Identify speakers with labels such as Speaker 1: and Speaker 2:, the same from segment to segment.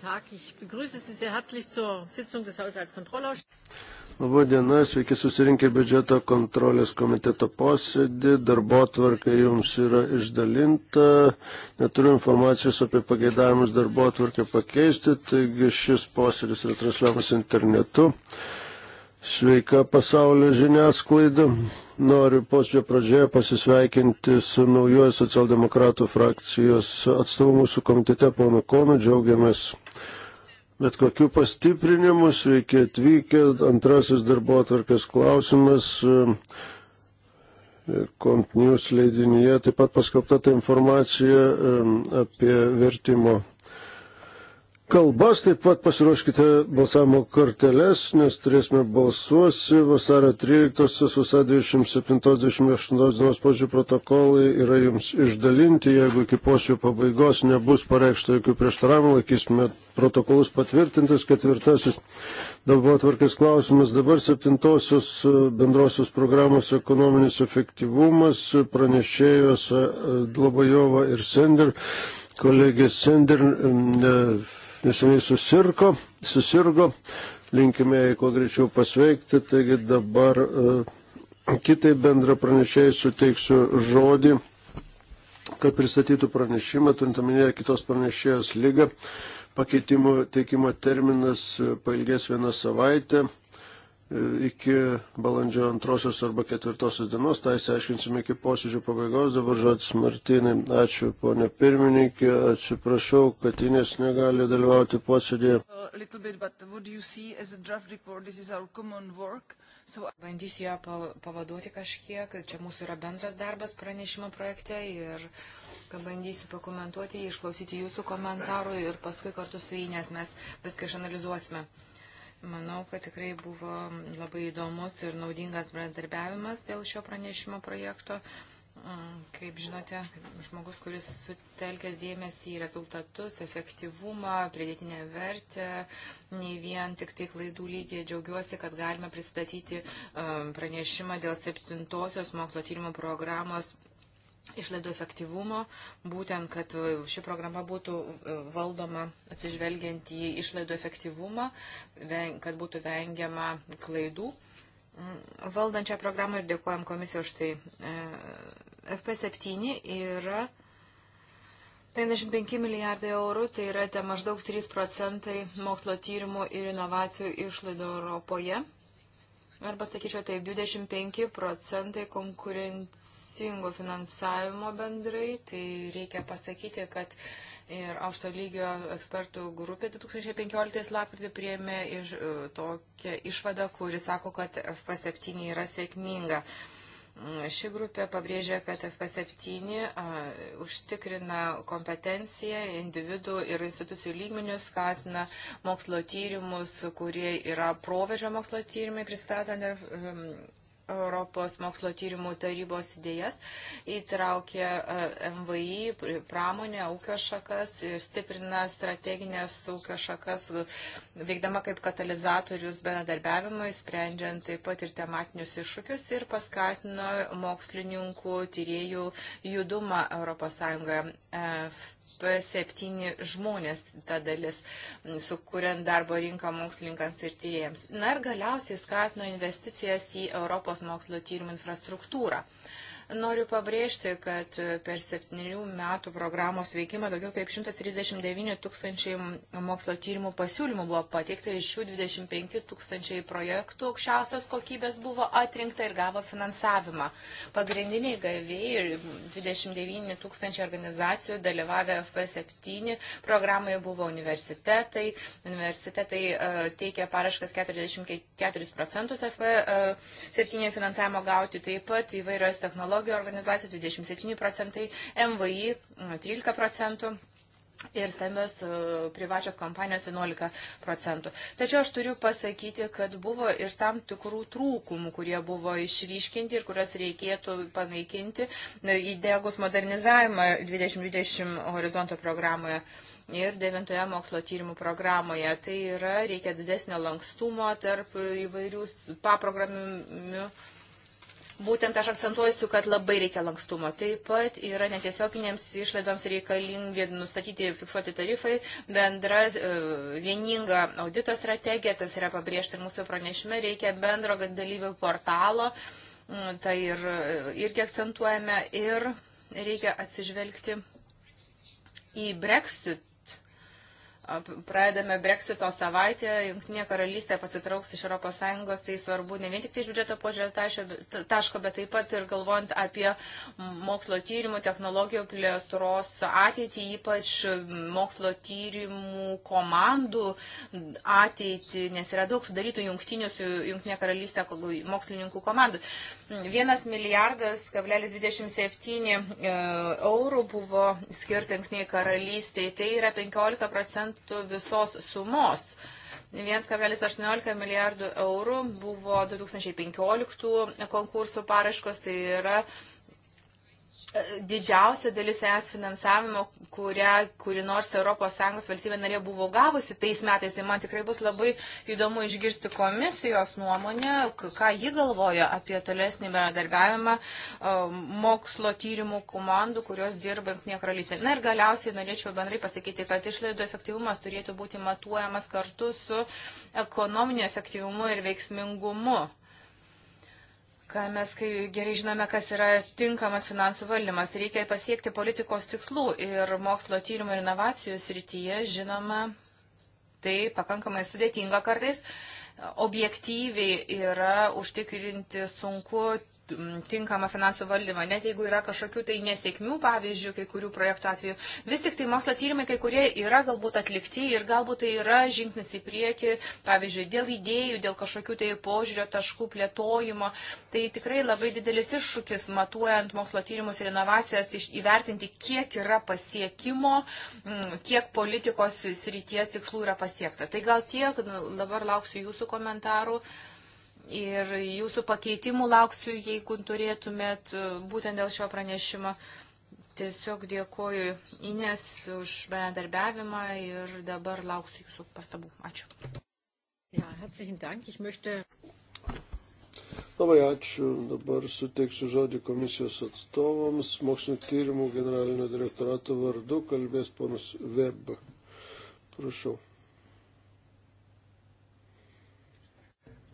Speaker 1: Tag. Ich begrüße Sie sehr herzlich zur Sitzung des Haushaltskontrollausschusses.
Speaker 2: Labą dieną, sveiki susirinkę biudžeto kontrolės komiteto posėdį. Darbo tvarka jums yra išdalinta. Neturiu informacijos apie pageidavimus darbo tvarkę pakeisti, taigi šis posėdis yra transliuojamas internetu. Sveika pasaulio žiniasklaida. Noriu posėdžio pradžioje pasisveikinti su naujoje socialdemokratų frakcijos atstovu mūsų komitete, pono Konu. Džiaugiamės bet kokių pastiprinimų, sveiki atvykę. Antrasis darbo atvarkės klausimas. Kont e, News leidinyje taip pat paskelbta ta informacija e, apie vertimo kalbas, taip pat pasiruoškite balsavimo korteles, nes turėsime balsuosi vasario 13, vasario 27-28 dienos posėdžių protokolai yra jums išdalinti, jeigu iki posėdžių pabaigos nebus pareikšta jokių prieštaravimų, laikysime protokolus patvirtintas, ketvirtasis darbo atvarkės klausimas, dabar septintosios bendrosios programos ekonominis efektyvumas, pranešėjos e, Dlabajova ir Sender. Kolegė Sender e, neseniai susirko, susirgo, linkime jai kuo greičiau pasveikti, taigi dabar e, kitai bendra pranešėjai suteiksiu žodį, kad pristatytų pranešimą, turintaminėje kitos pranešėjos lygą. Pakeitimo teikimo terminas e, pailgės vieną savaitę. E, iki balandžio antrosios arba ketvirtosios dienos, tai išsiaiškinsime iki posėdžio pabaigos, dabar žodis Martinai, ačiū ponė pirmininkė, atsiprašau, kad Inės negali dalyvauti posėdėje.
Speaker 3: So... Bandysiu ją pavaduoti kažkiek, čia mūsų yra bendras darbas pranešimo projekte ir pabandysiu pakomentuoti, išklausyti jūsų komentarų ir paskui kartu su Inės mes viską išanalizuosime. Uh, Manau, kad tikrai buvo labai įdomus ir naudingas bendarbiavimas dėl šio pranešimo projekto. Mm, kaip žinote, žmogus, kuris sutelkęs dėmesį į rezultatus, efektyvumą, pridėtinę vertę, nei vien tik tai klaidų lygiai, džiaugiuosi, kad galime pristatyti um, pranešimą dėl septintosios mokslo tyrimų programos išlaidų efektyvumo, būtent, kad e, ši programa būtų e, valdoma atsižvelgiant į išlaidų efektyvumą, kad būtų vengiama klaidų mm, valdančią programą ir dėkojam komisiją už tai. E, FP7 yra 55 milijardai eurų, tai yra te maždaug 3 procentai mokslo tyrimų ir inovacijų išlaidų Europoje. Arba sakyčiau taip, 25 procentai konkurencingo finansavimo bendrai, tai reikia pasakyti, kad ir aukšto lygio ekspertų grupė 2015 lapkritį priėmė iš, e, tokią išvadą, kuri sako, kad FP7 yra sėkminga. Uh, Ši grupė pabrėžia, kad FP7 užtikrina kompetenciją individų ir institucijų lygmenių, skatina mokslo tyrimus, kurie yra provežio mokslo tyrimai, pristatant Europos mokslo tyrimų tarybos idėjas, įtraukė e, MVI, pramonę, ūkio šakas ir stiprina strateginės ūkio šakas, veikdama kaip katalizatorius bendradarbiavimui, sprendžiant taip pat ir tematinius iššūkius ir paskatino mokslininkų tyriejų judumą Europos Sąjungoje. E, 7 žmonės ta dalis, sukuriant darbo rinką mokslininkams ir tyrėjams. Na ir galiausiai skatino investicijas į Europos mokslo tyrimų infrastruktūrą. Uh, Noriu pabrėžti, kad e, per septynių metų programos veikimą daugiau kaip 139 tūkstančiai mokslo tyrimų pasiūlymų buvo pateikta, iš jų 25 tūkstančiai projektų aukščiausios kokybės buvo atrinkta ir gavo finansavimą. Pagrindiniai gavėjai 29 tūkstančiai organizacijų dalyvavę FP7 programoje buvo universitetai. Universitetai teikia paraškas 44 procentus FP7 e, finansavimo gauti, taip pat įvairios technologijos technologijų organizacijų 27 procentai, MVI 13 nu, procentų ir stambios e, privačios kompanijos 11 procentų. Tačiau aš turiu pasakyti, kad buvo ir tam tikrų trūkumų, kurie buvo išryškinti ir kurias reikėtų panaikinti įdėgus modernizavimą 2020 horizonto programoje ir devintoje mokslo tyrimų programoje. Tai yra, reikia didesnio lankstumo tarp įvairių paprogramimių būtent aš akcentuosiu, kad labai reikia lankstumo. Taip pat yra netiesioginėms išlaidoms reikalingi nustatyti fiksuoti tarifai, bendra e, vieninga audito strategija, tas yra pabrėžta ir mūsų pranešime, reikia bendro dalyvių portalo, tai ir, e, irgi akcentuojame ir reikia atsižvelgti į Brexit pradedame breksito savaitę, jungtinė karalystė pasitrauks iš ES, tai svarbu ne vien tik tai iš biudžeto požiūrė taško, bet taip pat ir galvojant apie mokslo tyrimų, technologijų plėtros ateitį, ypač mokslo tyrimų komandų ateitį, nes yra daug sudarytų jungtinių su jungtinė karalystė mokslininkų komandų. Vienas milijardas, kablelis 27 e, eurų buvo skirta jungtiniai karalystiai, tai yra 15 procentų procentų visos sumos. 1,18 milijardų eurų buvo 2015 konkursų paraškos, tai yra didžiausia dalis ES finansavimo, kurią kuri nors ES valstybė narė buvo gavusi tais metais. Tai man tikrai bus labai įdomu išgirsti komisijos nuomonę, ką ji galvoja apie tolesnį bendradarbiavimą e, mokslo tyrimų komandų, kurios dirba Junktinėje karalystėje. Na ir galiausiai norėčiau bendrai pasakyti, kad išlaidų efektyvumas turėtų būti matuojamas kartu su ekonominiu efektyvumu ir veiksmingumu ką mes kai gerai žinome, kas yra tinkamas finansų valdymas. Reikia pasiekti politikos tikslų ir mokslo tyrimų ir inovacijų srityje, žinoma, tai pakankamai sudėtinga kartais objektyviai yra užtikrinti sunku tinkamą finansų valdymą, net jeigu yra kažkokių tai nesėkmių, pavyzdžių, kai kurių projektų atveju. Vis tik tai mokslo tyrimai, kai kurie yra galbūt atlikti ir galbūt tai yra žingsnis į priekį, pavyzdžiui, dėl idėjų, dėl kažkokių tai požiūrio taškų plėtojimo. Tai tikrai labai didelis iššūkis matuojant mokslo tyrimus ir inovacijas, įvertinti, kiek yra pasiekimo, kiek politikos srities tikslų yra pasiekta. Tai gal tiek, dabar lauksiu jūsų komentarų. Thank you ir jūsų pakeitimų lauksiu, jeigu turėtumėt e, būtent dėl šio pranešimo. Tiesiog dėkoju Ines už bendarbiavimą ir
Speaker 1: dabar lauksiu jūsų pastabų. Ačiū. Ja, herzlichen Dank. Ich möchte.
Speaker 2: Labai ačiū. Dabar suteiksiu žodį komisijos atstovams. Mokslinio tyrimų generalinio direktorato vardu kalbės ponas Web. Prašau.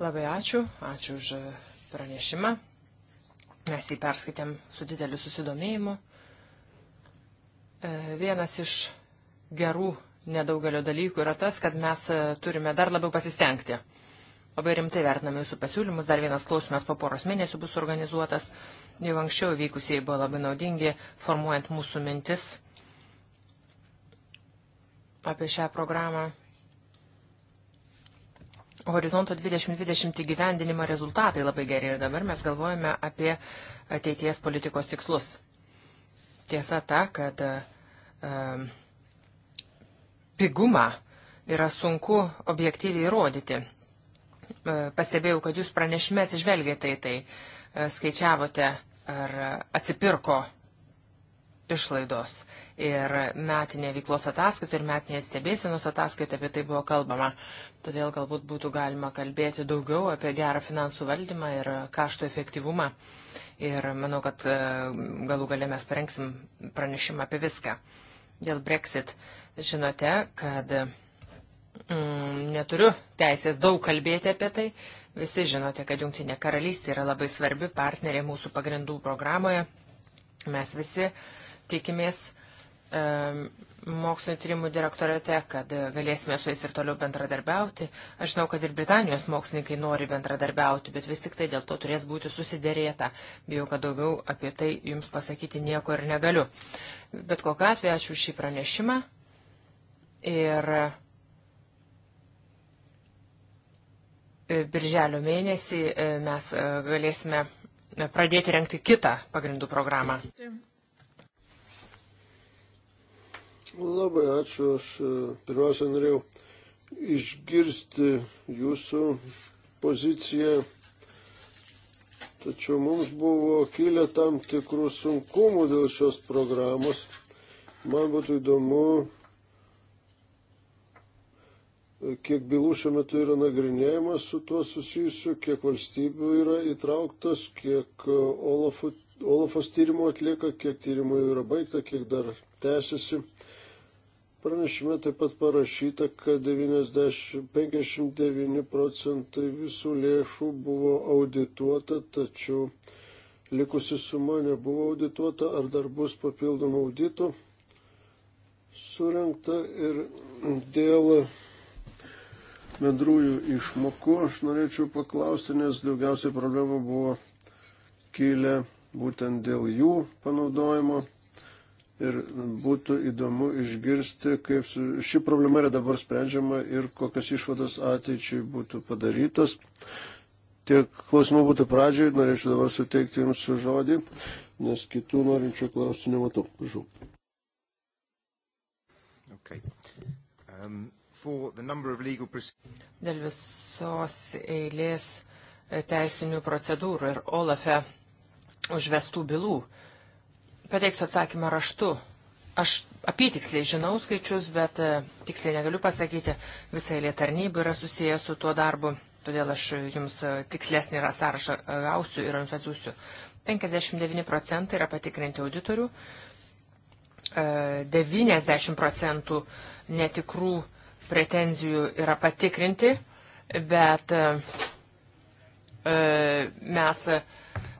Speaker 4: Labai ačiū, ačiū už pranešimą. Mes jį perskaitėm su dideliu susidomėjimu. E, vienas iš gerų nedaugelio dalykų yra tas, kad mes e, turime dar labiau pasistengti. Labai rimtai vertiname jūsų pasiūlymus, dar vienas klausimas po poros mėnesių bus organizuotas. Jau anksčiau vykusiai buvo labai naudingi, formuojant mūsų mintis apie šią programą. Horizonto 2020 gyvendinimo rezultatai labai geri ir dabar mes galvojame apie ateities politikos tikslus. Tiesa ta, kad um, pigumą yra sunku objektyviai įrodyti. E, pastebėjau, kad jūs pranešime atsižvelgėte į tai, e, skaičiavote ar atsipirko išlaidos. Ir metinė veiklos ataskaita ir metinė stebėsienos ataskaita apie tai buvo kalbama. Todėl galbūt būtų galima kalbėti daugiau apie gerą finansų valdymą ir kaštų efektyvumą. Ir manau, kad e, galų galę mes parengsim pranešimą apie viską. Dėl Brexit žinote, kad mm, neturiu teisės daug kalbėti apie tai. Visi žinote, kad Junktinė karalystė yra labai svarbi partnerė mūsų pagrindų programoje. Mes visi tikimės. Um, mokslinio tyrimų direktorate, kad galėsime su jais ir toliau bendradarbiauti. Aš žinau, kad ir Britanijos mokslininkai nori bendradarbiauti, bet vis tik tai dėl to turės būti susiderėta. Bijau, kad daugiau apie tai jums pasakyti nieko ir negaliu. Bet kokiu atveju ačiū šį pranešimą. Ir e, birželio mėnesį e, mes e, galėsime pradėti renkti kitą pagrindų programą.
Speaker 5: Taip.
Speaker 2: Labai ačiū. Aš e, pirmiausia norėjau išgirsti jūsų poziciją, tačiau mums buvo kilę tam tikrų sunkumų dėl šios programos. Man būtų įdomu, kiek bylų šiuo metu yra nagrinėjimas su tuo susijusiu, kiek valstybių yra įtrauktas, kiek e, Olafų, Olafas tyrimo atlieka, kiek tyrimų yra baigta, kiek dar tęsiasi. Pranešime taip pat parašyta, kad 90, 59 procentai visų lėšų buvo audituota, tačiau likusi suma nebuvo audituota, ar dar bus papildomų auditų surinkta ir dėl bendrųjų išmokų aš norėčiau paklausti, nes daugiausiai problemų buvo kilę būtent dėl jų panaudojimo. Ir būtų įdomu išgirsti, kaip ši problema yra dabar sprendžiama ir kokias išvadas ateičiai būtų padarytos. Tiek klausimų būtų pradžiai, norėčiau dabar suteikti Jums žodį, nes kitų
Speaker 5: norinčių klausti nematau. Prašau. Okay. Um, legal...
Speaker 4: Dėl visos eilės e, teisinių procedūrų ir OLAFE užvestų bylų. Uh, Pateiksiu atsakymą raštu. Aš apytiksliai žinau skaičius, bet e, tiksliai negaliu pasakyti, visai lietarnybų yra susijęs su tuo darbu, todėl aš jums e, tikslesnį yra sąrašą e, gausiu ir jums atsiųsiu. 59 procentai yra patikrinti auditorių, 90 procentų netikrų pretenzijų yra patikrinti, bet mes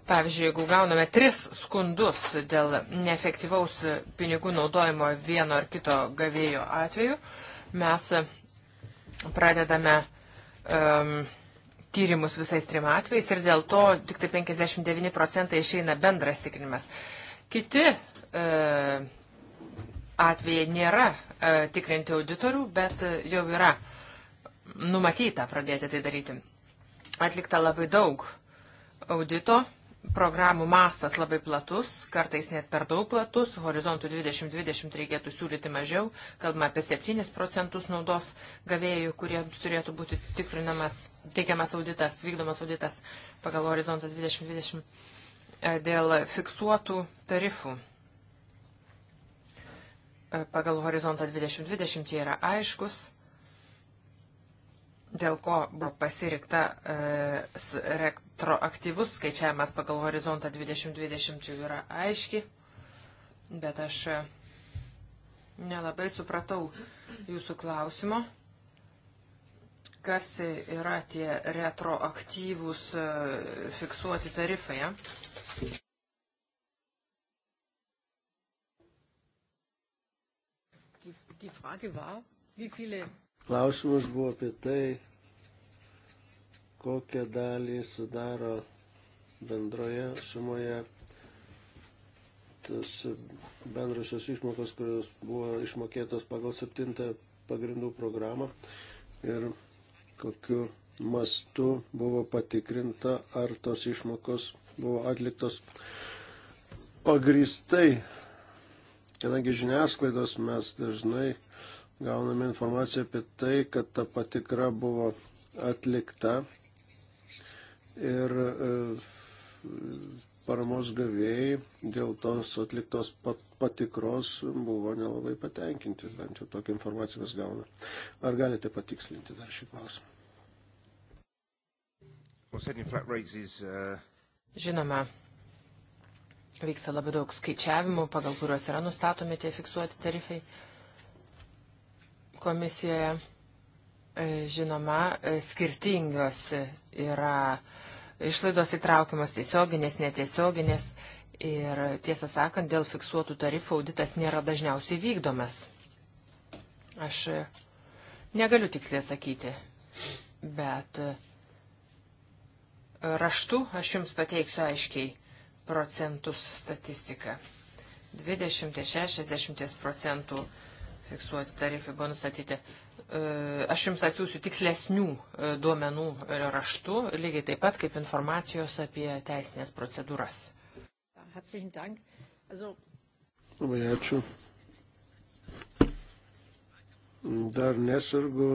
Speaker 4: Pavyzdžiui, jeigu gauname tris skundus dėl neefektyvaus pinigų naudojimo vieno ar kito gavėjo atveju, mes e, pradedame um, tyrimus visais trim atvejais ir dėl to tik tai 59 procentai išeina bendras tikrinimas. Kiti e, atvejai nėra e, tikrinti auditorių, bet e, jau yra numatyta pradėti tai daryti. Atlikta labai daug audito programų mastas labai platus, kartais net per daug platus, horizontų 2020 reikėtų siūlyti mažiau, kalbame apie 7 procentus naudos gavėjų, kurie turėtų būti tikrinamas, teikiamas auditas, vykdomas auditas pagal horizontą 2020 e, dėl fiksuotų tarifų. E, pagal horizontą 2020 jie yra aiškus dėl ko buvo pasirikta e, retroaktyvus skaičiavimas pagal horizontą 2020 yra aiški, bet aš e, nelabai supratau jūsų klausimo, kas yra tie retroaktyvūs
Speaker 1: e, fiksuoti tarifai. Ja? Die Frage war, wie viele
Speaker 2: Klausimas buvo apie tai, kokią dalį sudaro bendroje sumoje tas bendrosios išmokos, kurios buvo išmokėtos pagal septintą pagrindų programą ir kokiu mastu buvo patikrinta, ar tos išmokos buvo atliktos pagristai. Kadangi žiniasklaidos mes dažnai gauname informaciją apie tai, kad ta patikra buvo atlikta ir e, paramos gavėjai dėl tos atliktos patikros buvo nelabai patenkinti, bent jau tokią informaciją mes gauname. Ar galite patikslinti dar šį klausimą?
Speaker 4: Uh, Žinoma, vyksta labai daug skaičiavimų, pagal kuriuos yra nustatomi tie fiksuoti tarifai. Uh, komisijoje. E, žinoma, e, skirtingos yra išlaidos įtraukiamos tiesioginės, netiesioginės ir tiesą sakant, dėl fiksuotų tarifų auditas nėra dažniausiai vykdomas. Aš e, negaliu tiksliai atsakyti, bet raštu aš jums pateiksiu aiškiai procentus statistiką. 20-60 procentų fiksuoti tarifai buvo nustatyti. E, aš jums atsiųsiu tikslesnių e, duomenų raštų, lygiai taip pat kaip informacijos apie teisinės procedūras.
Speaker 2: Labai ačiū. Dar nesirgu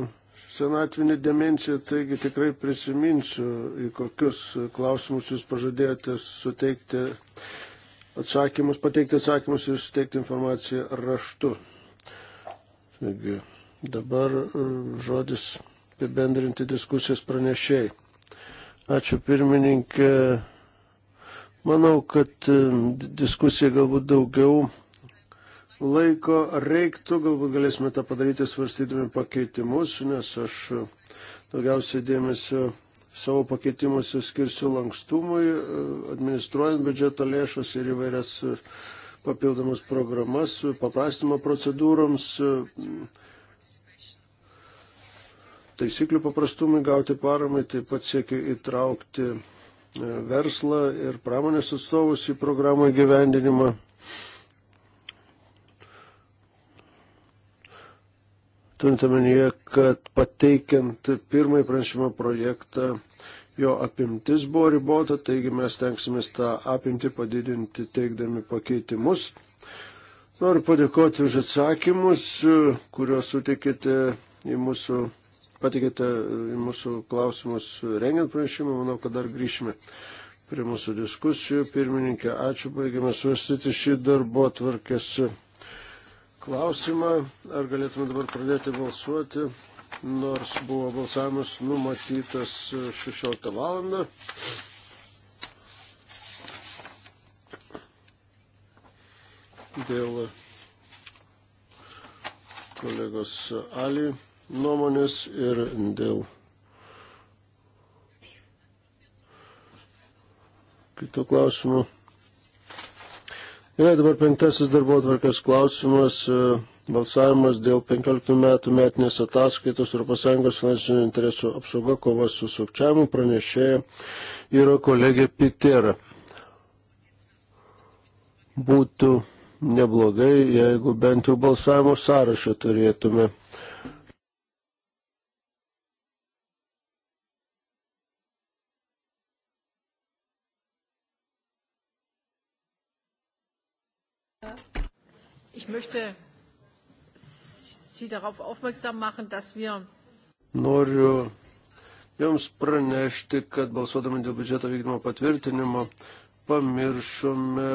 Speaker 2: senatvinė demencija, taigi tikrai prisiminsiu, į kokius klausimus jūs pažadėjote suteikti atsakymus, pateikti atsakymus ir suteikti informaciją raštu. Taigi, dabar žodis apibendrinti diskusijos pranešėjai. Ačiū pirmininkė. Manau, kad diskusija galbūt daugiau laiko reiktų, galbūt galėsime tą padaryti svarstydami pakeitimus, nes aš daugiausiai dėmesio savo pakeitimuose skirsiu lankstumui, administruojant biudžeto lėšas ir įvairias papildomas programas, paprastimo procedūroms, taisyklių paprastumui gauti paramai, taip pat siekia įtraukti e, verslą ir pramonės atstovus į programų gyvendinimą. Turint omenyje, kad pateikiant pirmąjį pranešimo projektą jo apimtis buvo ribota, taigi mes tenksimės tą apimtį padidinti teikdami pakeitimus. Noriu padėkoti už atsakymus, kuriuos sutikite į mūsų, patikite į mūsų klausimus rengiant pranešimą, manau, kad dar grįšime prie mūsų diskusijų. Pirmininkė, ačiū, baigėme svarstyti šį darbo tvarkės klausimą. Ar galėtume dabar pradėti balsuoti? nors buvo balsavimas numatytas 16 valandą. Dėl kolegos Ali nuomonės ir dėl kitų klausimų. Yra dabar penktasis darbo atvarkės klausimas. E, Balsavimas dėl 15 metų metinės ataskaitos ES finansinių interesų apsauga kova su sukčiavimu pranešėja yra kolegė Pitera. Būtų neblogai, jeigu bent jau balsavimo sąrašą turėtume.
Speaker 1: Ich möchte Sie darauf aufmerksam machen, dass wir.
Speaker 2: Noriu Jums pranešti, kad balsuodami dėl biudžeto vykdymo patvirtinimo pamiršome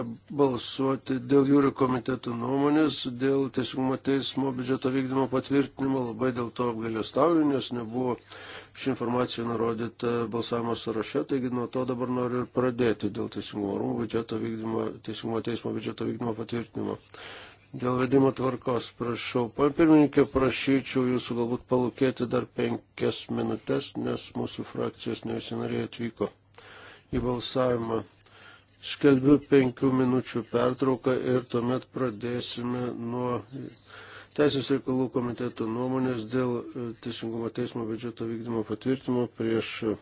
Speaker 2: balsuoti dėl jūrių komiteto nuomonės, dėl teisingumo teismo biudžeto vykdymo patvirtinimo. Labai dėl to apgailestauju, nes nebuvo ši informacija nurodyta balsavimo sąraše, taigi nuo to dabar noriu ir pradėti dėl teisingumo rūmų biudžeto vykdymo, teisingumo teismo biudžeto vykdymo patvirtinimo. Dėl vedimo tvarkos, prašau. Pane pirmininkė, prašyčiau jūsų galbūt palūkėti dar penkias minutės, nes mūsų frakcijos ne visi nariai atvyko į balsavimą. Skelbiu penkių minučių pertrauką ir tuomet pradėsime nuo Teisės reikalų komiteto nuomonės dėl e, Teisingumo teismo biudžeto vykdymo patvirtimo prieš e,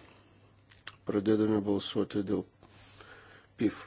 Speaker 2: pradėdami balsuoti dėl PIF.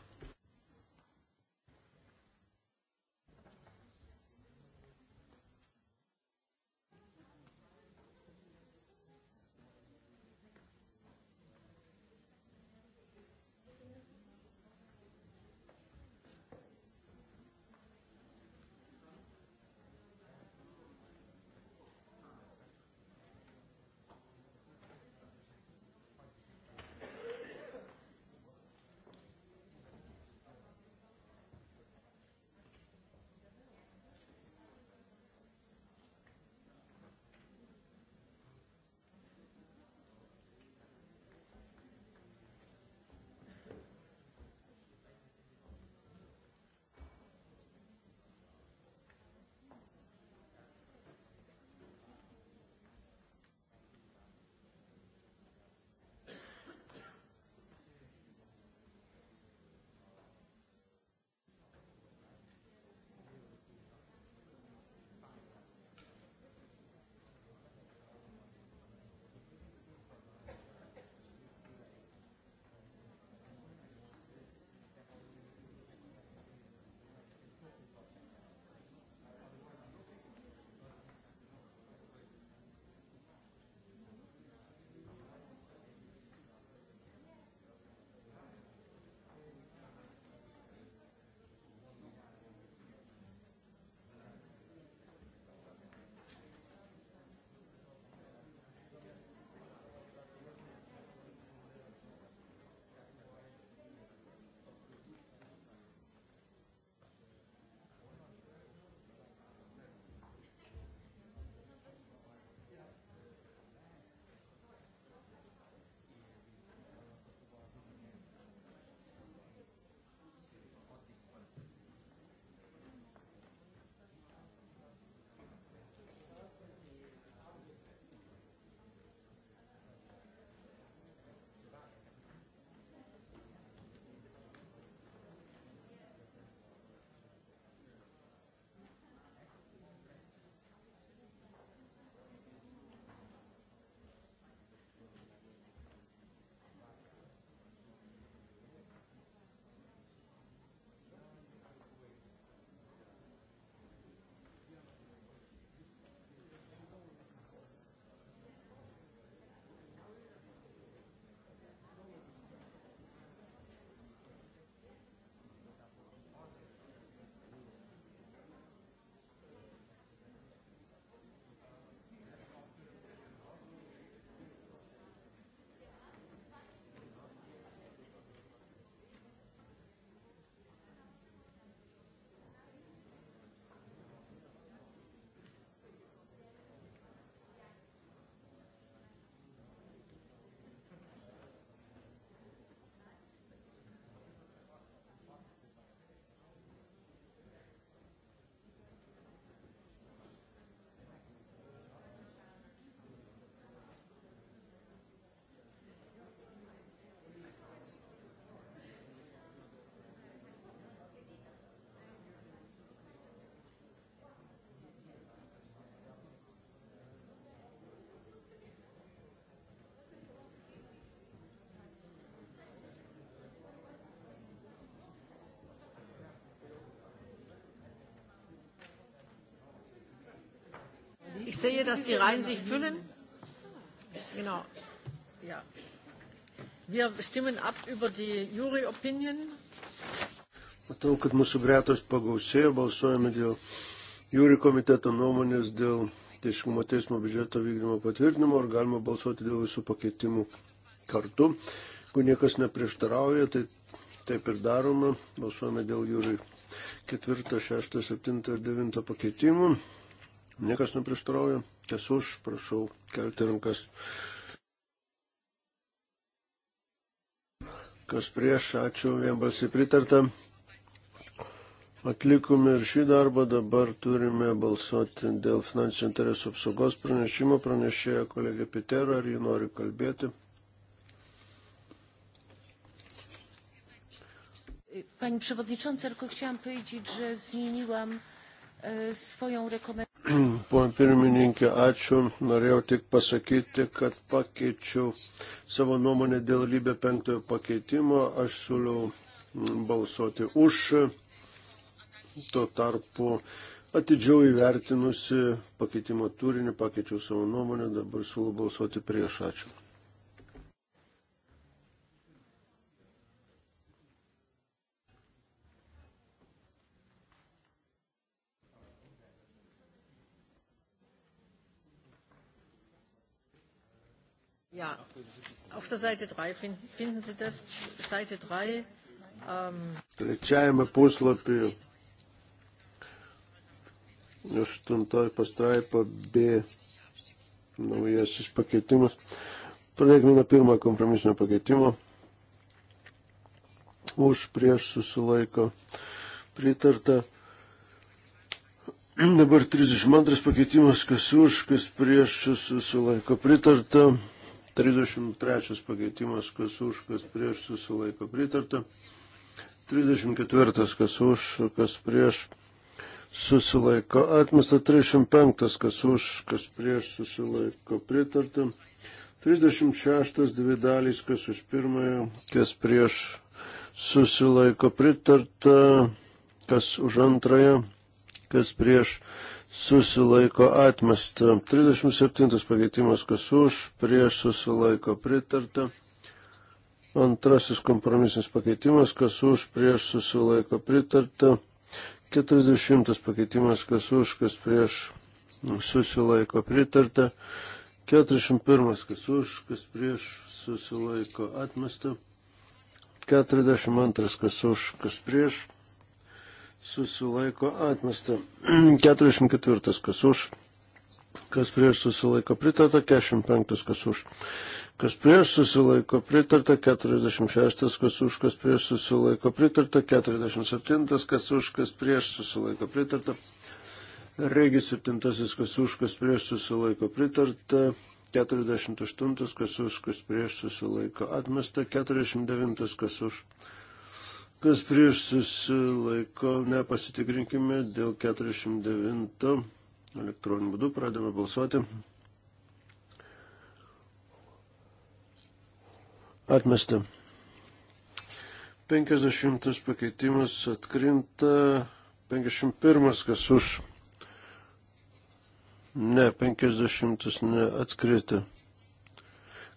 Speaker 1: Ich sehe, dass die Reihen sich füllen. Genau. Ja. Wir stimmen ab über die Jury Opinion.
Speaker 2: Matau, kad mūsų gretos pagausėjo, balsuojame dėl jūri komiteto nuomonės dėl teisingumo teismo biudžeto vykdymo patvirtinimo, ar galima balsuoti dėl visų pakeitimų kartu. Jeigu niekas neprieštarauja, tai taip ir daroma. Balsuojame dėl jūri 4, 6, 7 ir 9 pakeitimų. Niekas neprieštarauja. Kas už, prašau, kelti rankas. Kas prieš, ačiū, vienbalsiai pritarta. Atlikome ir šį darbą, dabar turime balsuoti dėl finansinių interesų apsaugos pranešimo. Pranešėjo kolegė Pitero, ar jį nori kalbėti?
Speaker 4: Pani Przewodnicząca, tylko chciałam powiedzieć, że zmieniłam swoją rekomendacją.
Speaker 2: Pone pirmininkė, ačiū. Norėjau tik pasakyti, kad pakeičiau savo nuomonę dėl lybė penktojo pakeitimo. Aš siūliau mm, balsuoti už. Tuo tarpu atidžiau įvertinusi pakeitimo turinį, pakeičiau savo nuomonę, dabar siūlau balsuoti prieš. Ačiū.
Speaker 1: Ja, auf der Seite 3 finden, finden Sie das. Seite 3. Um... Ähm,
Speaker 2: Trečiajame puslapyje, aštuntoji pastraipa B, naujasis pakeitimas. Pradėkime nuo pirmojo kompromisinio pakeitimo. Už prieš susilaiko pritarta. Dabar 32 pakeitimas, kas už, kas prieš susilaiko pritarta. 33 pakeitimas, kas už, kas prieš susilaiko pritarta. 34 kas už, kas prieš susilaiko atmesta. 35 kas už, kas prieš susilaiko pritarta. 36 dvi dalys, kas už pirmąją, kas prieš susilaiko pritarta, kas už antrąją, kas prieš susilaiko atmesta. 37 pakeitimas, kas už, prieš susilaiko pritarta. Antrasis kompromisinis pakeitimas, kas už, prieš susilaiko pritarta. 40 pakeitimas, kas už, kas prieš susilaiko pritarta. 41 kas už, kas prieš susilaiko atmesta. 42 kas už, kas prieš susilaiko atmesta. 44 kas už, kas prieš susilaiko pritarta, 45 kas už. Kas prieš susilaiko pritarta, 46 kas už, kas prieš susilaiko pritarta, 47 kas už, kas prieš susilaiko pritarta. Regis 7 kas už, kas prieš susilaiko pritarta. 48 kas už, kas prieš susilaiko atmesta, 49 kas už Kas prieš susilaiko, nepasitikrinkime dėl 49 elektroninių būdų, pradėme balsuoti. Atmesta. 50 pakeitimas atkrinta, 51 kas už. Ne, 50 neatkrita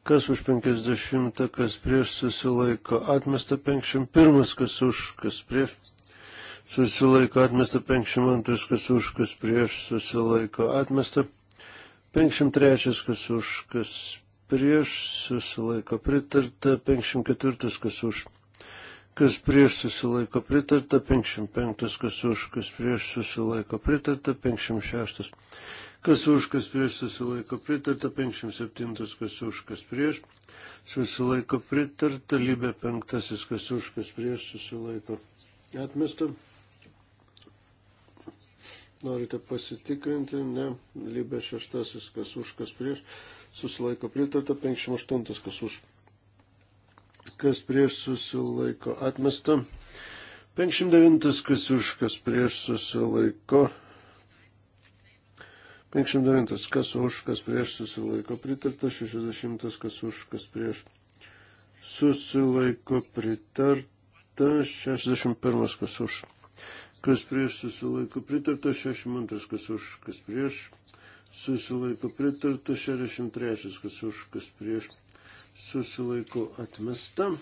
Speaker 2: kas už 50, kas prieš susilaiko, atmesta 51, kas už, kas prieš susilaiko, atmesta 52, kas už, kas prieš susilaiko, atmesta 53, kas už, kas prieš susilaiko, pritarta 54, kas už, kas prieš susilaiko, pritarta 55, kas už, kas prieš susilaiko, pritarta 56 kas už, kas prieš susilaiko pritarta, 57 kas už, kas prieš susilaiko pritarta, lybė penktasis kas už, kas prieš susilaiko atmesta. Norite pasitikrinti, ne, lybė šeštasis kas už, kas prieš susilaiko pritarta, 58 kas už, kas prieš susilaiko atmesta. 59 kas už, kas prieš susilaiko atmesta. 59. Kas už, kas prieš susilaiko pritarta. 60. Kas už, kas prieš susilaiko pritarta. 61. Kas už, kas prieš susilaiko pritarta. 62. Kas už, kas prieš susilaiko pritarta. 63. Kas už, kas prieš susilaiko atmesta.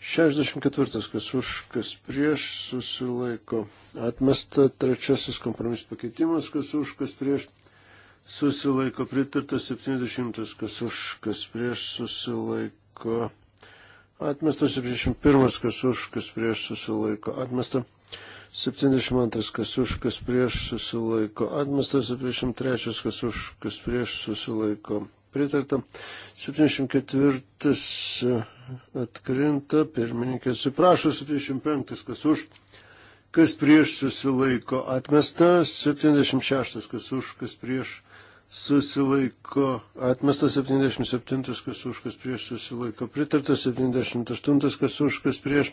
Speaker 2: 64. Kas už, kas prieš susilaiko. Atmesta trečiasis kompromisų pakeitimas. Kas už, kas prieš susilaiko. Pritarta 70. Kas už, kas prieš susilaiko. Atmesta 71. Kas už, kas prieš susilaiko. Atmesta 72. Kas už, kas prieš susilaiko. Atmesta 73. Kas už, kas prieš susilaiko. Pritarta 74 atkrinta, pirmininkė suprašo 75, kas už, kas prieš susilaiko atmesta, 76, kas už, kas prieš susilaiko atmesta, 77, kas už, kas prieš susilaiko pritarta, 78, kas už, kas prieš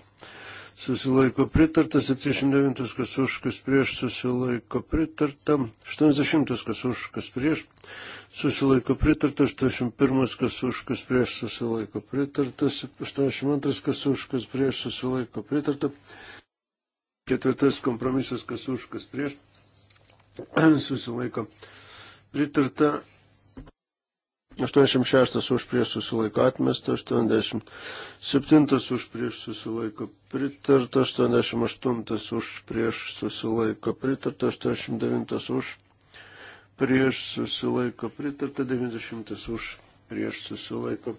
Speaker 2: susilaiko pritarta, 79, kas už, kas prieš susilaiko pritarta, 80, kas už, kas prieš susilaiko pritartas, 81 kas už, kas prieš susilaiko pritartas, 82 kas už, kas prieš susilaiko pritarta, ketvirtas kompromisas kas už, kas prieš susilaiko pritarta, 86 už prieš susilaiko atmesta, 87 už prieš susilaiko pritarta, 88 už prieš susilaiko pritarta, 89 už prieš susilaiko pritarta, 90 už prieš susilaiko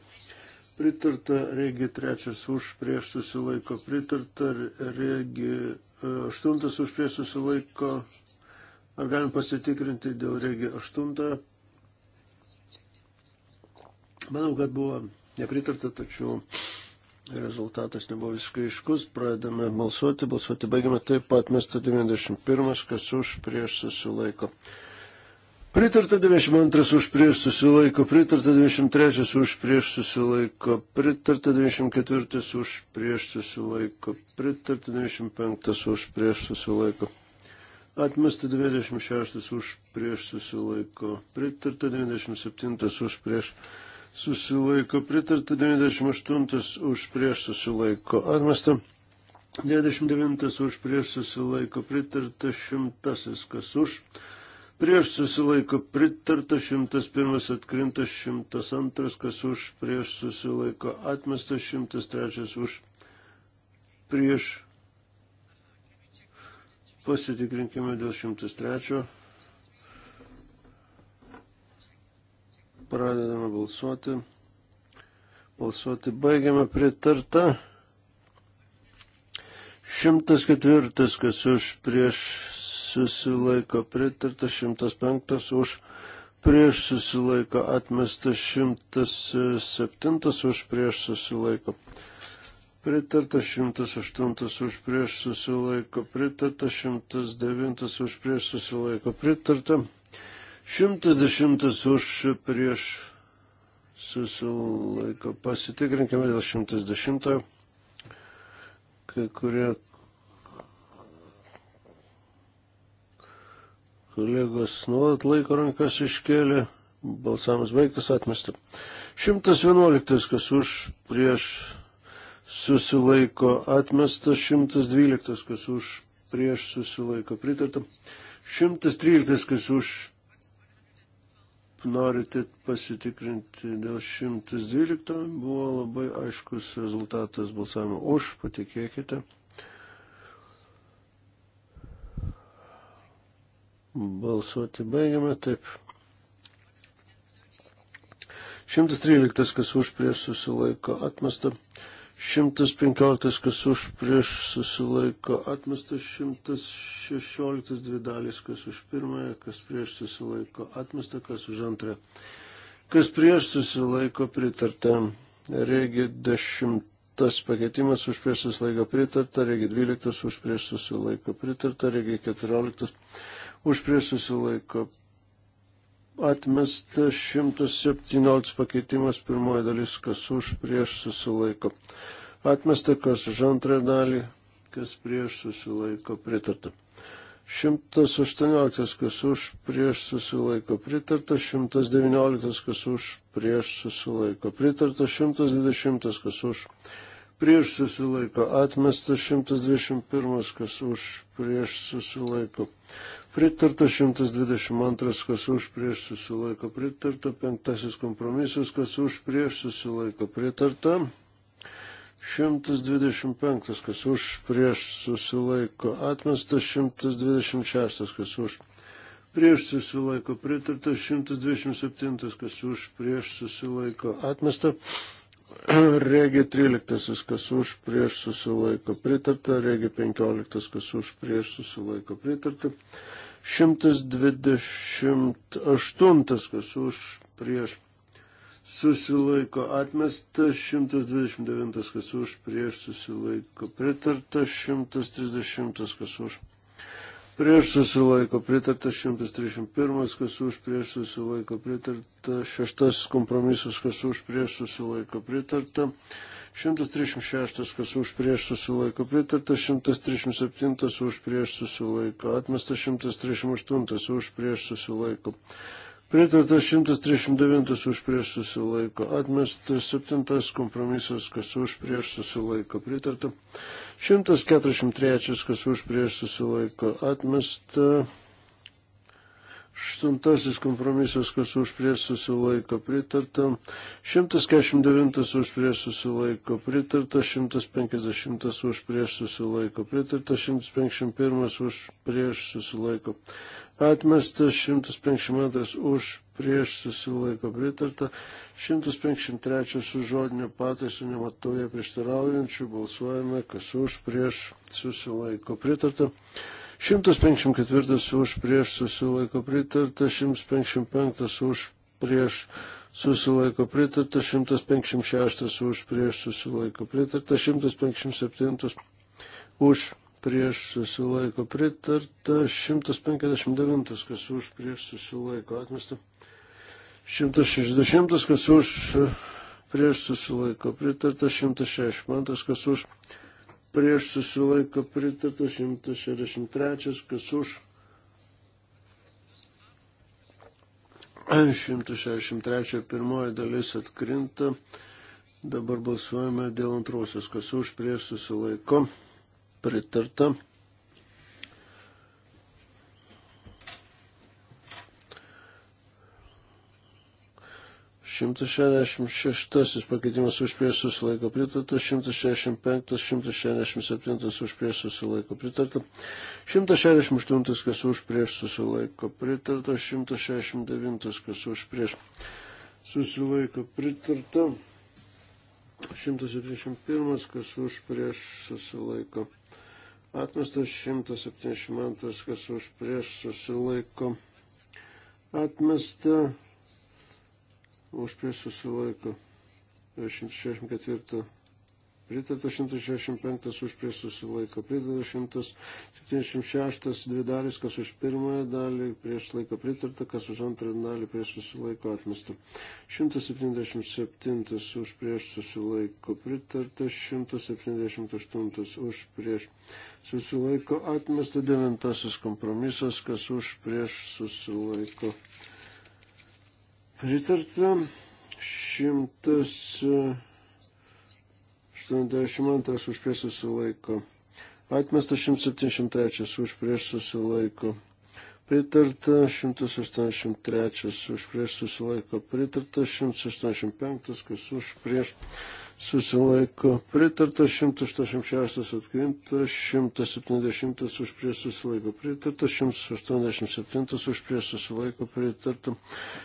Speaker 2: pritarta, regi 3 už prieš susilaiko pritarta, regi 8 e, už prieš susilaiko. Ar galim pasitikrinti dėl regi 8? Manau, kad buvo nepritarta, tačiau rezultatas nebuvo visiškai iškus. Pradedame balsuoti, balsuoti baigiame taip pat, mes 91, kas už prieš susilaiko. Pritarta 92 už prieš susilaiko, pritarta 93 už prieš susilaiko, pritarta 94 už prieš susilaiko, pritarta 95 už prieš susilaiko. Atmesta 26 už prieš susilaiko, pritarta 97 už prieš susilaiko, pritarta 98 už prieš susilaiko, atmesta 29 už prieš susilaiko, pritarta 100 kas už. Prieš susilaiko, prieš susilaiko pritarta, 101 atkrinta, 102 kas už, prieš susilaiko atmestas, 103 už, prieš pasitikrinkime dėl 103. Pradedame balsuoti. Balsuoti baigiame pritarta. 104 kas už prieš susilaiko pritarta, 105 už prieš susilaiko atmestas, 107 e, už prieš susilaiko pritarta, 108 už prieš susilaiko pritarta, 109 už prieš susilaiko pritarta, 110 už prieš susilaiko. Pasitikrinkime dėl 110 kai kurie Kolegos nuolat laiko rankas iškėlė, balsavimas baigtas atmesti. 111, kas už, prieš susilaiko atmestas, 112, kas už, prieš susilaiko pritarta, 113, kas už, norite pasitikrinti dėl 112, buvo labai aiškus rezultatas balsavimo už, patikėkite. Balsuoti baigiame, taip. 113, kas už prieš susilaiko atmesta. 115, kas už prieš susilaiko atmestas, 116 dvi dalys, kas už pirmąją, kas prieš susilaiko atmestą, kas už antrąją, kas prieš susilaiko pritarta. Regi 10 pakeitimas už prieš susilaiko pritarta, regi 12 už prieš susilaiko pritarta, regi 14 už prieš susilaiko. Atmestas 117 pakeitimas pirmoji dalis, kas už prieš susilaiko. Atmesta kas už antrąją dalį, kas prieš susilaiko pritarta. 118 kas už prieš susilaiko pritarta, 119 kas už prieš susilaiko pritarta, 120 kas už prieš susilaiko atmestas, 121 kas už prieš susilaiko Pritarta 122, kas už prieš susilaiko pritarta, penktasis kompromisas, kas už prieš susilaiko pritarta, 125, kas už prieš susilaiko atmestas, 126, kas už prieš susilaiko pritarta, 127, kas už prieš susilaiko atmestas. Regi 13, kas už prieš susilaiko pritarta, regi 15, kas už prieš susilaiko pritarta, 128, kas už prieš susilaiko atmestas, 129, kas už prieš susilaiko pritartas, 130, kas už prieš susilaiko pritartas, 131, kas už prieš susilaiko pritartas, 6 kompromisas, kas už prieš susilaiko pritartas. 136, kas už prieš susilaiko pritarta, 137 už prieš susilaiko, atmestas 138 už prieš susilaiko. Pritartas 139 už prieš susilaiko, atmestas 7 kompromisas, kas už prieš susilaiko, pritarta. 143, kas už prieš susilaiko, atmestas. Aštuntasis kompromisas, kas už prieš susilaiko pritarta. 149 už prieš susilaiko pritarta. 150 už prieš susilaiko pritarta. 151 už prieš susilaiko atmestas. 152 už prieš susilaiko pritarta. 153 su žodinio pataisu nematoje prieštaraujančių. Balsuojame, kas už prieš susilaiko pritarta. 154 už prieš susilaiko pritarta, 155 už prieš susilaiko pritarta, 156 už prieš susilaiko pritarta, 157 už prieš susilaiko pritarta, 159 kas už prieš susilaiko atmesta, 160 kas už prieš susilaiko pritarta, 160 kas už prieš susilaiko pritarta prieš susilaiko pritarta 163, kas už 163 pirmoji dalis atkrinta. Dabar balsuojame dėl antrosios, kas už prieš susilaiko pritarta. 166 pakeitimas už prieš susilaiko pritarta, 165, 167 už prieš susilaiko pritarta, 168 kas už prieš susilaiko pritarta, 169 kas už prieš susilaiko pritarta, 171 kas už prieš susilaiko atmestas, 172 kas už prieš susilaiko atmestas už prieš susilaiko. 164 pritarta, 165 už prieš susilaiko. Pritarta 176 dvi dalis, kas už pirmąją dalį prieš laiko pritarta, kas už antrąją dalį prieš susilaiko atmesta. 177 už prieš susilaiko pritarta, 178 už prieš susilaiko atmesta, devintasis kompromisas, kas už prieš susilaiko atmesta Pritarta 182 e, už prieš susilaiko. Atmestas 173 už prieš susilaiko. Pritarta 183 už prieš susilaiko. Pritarta 185 kas už prieš susilaiko susilaiko pritarta, 186 atkrinta, 170 už prie susilaiko pritarta, 187 už prie susilaiko pritarta,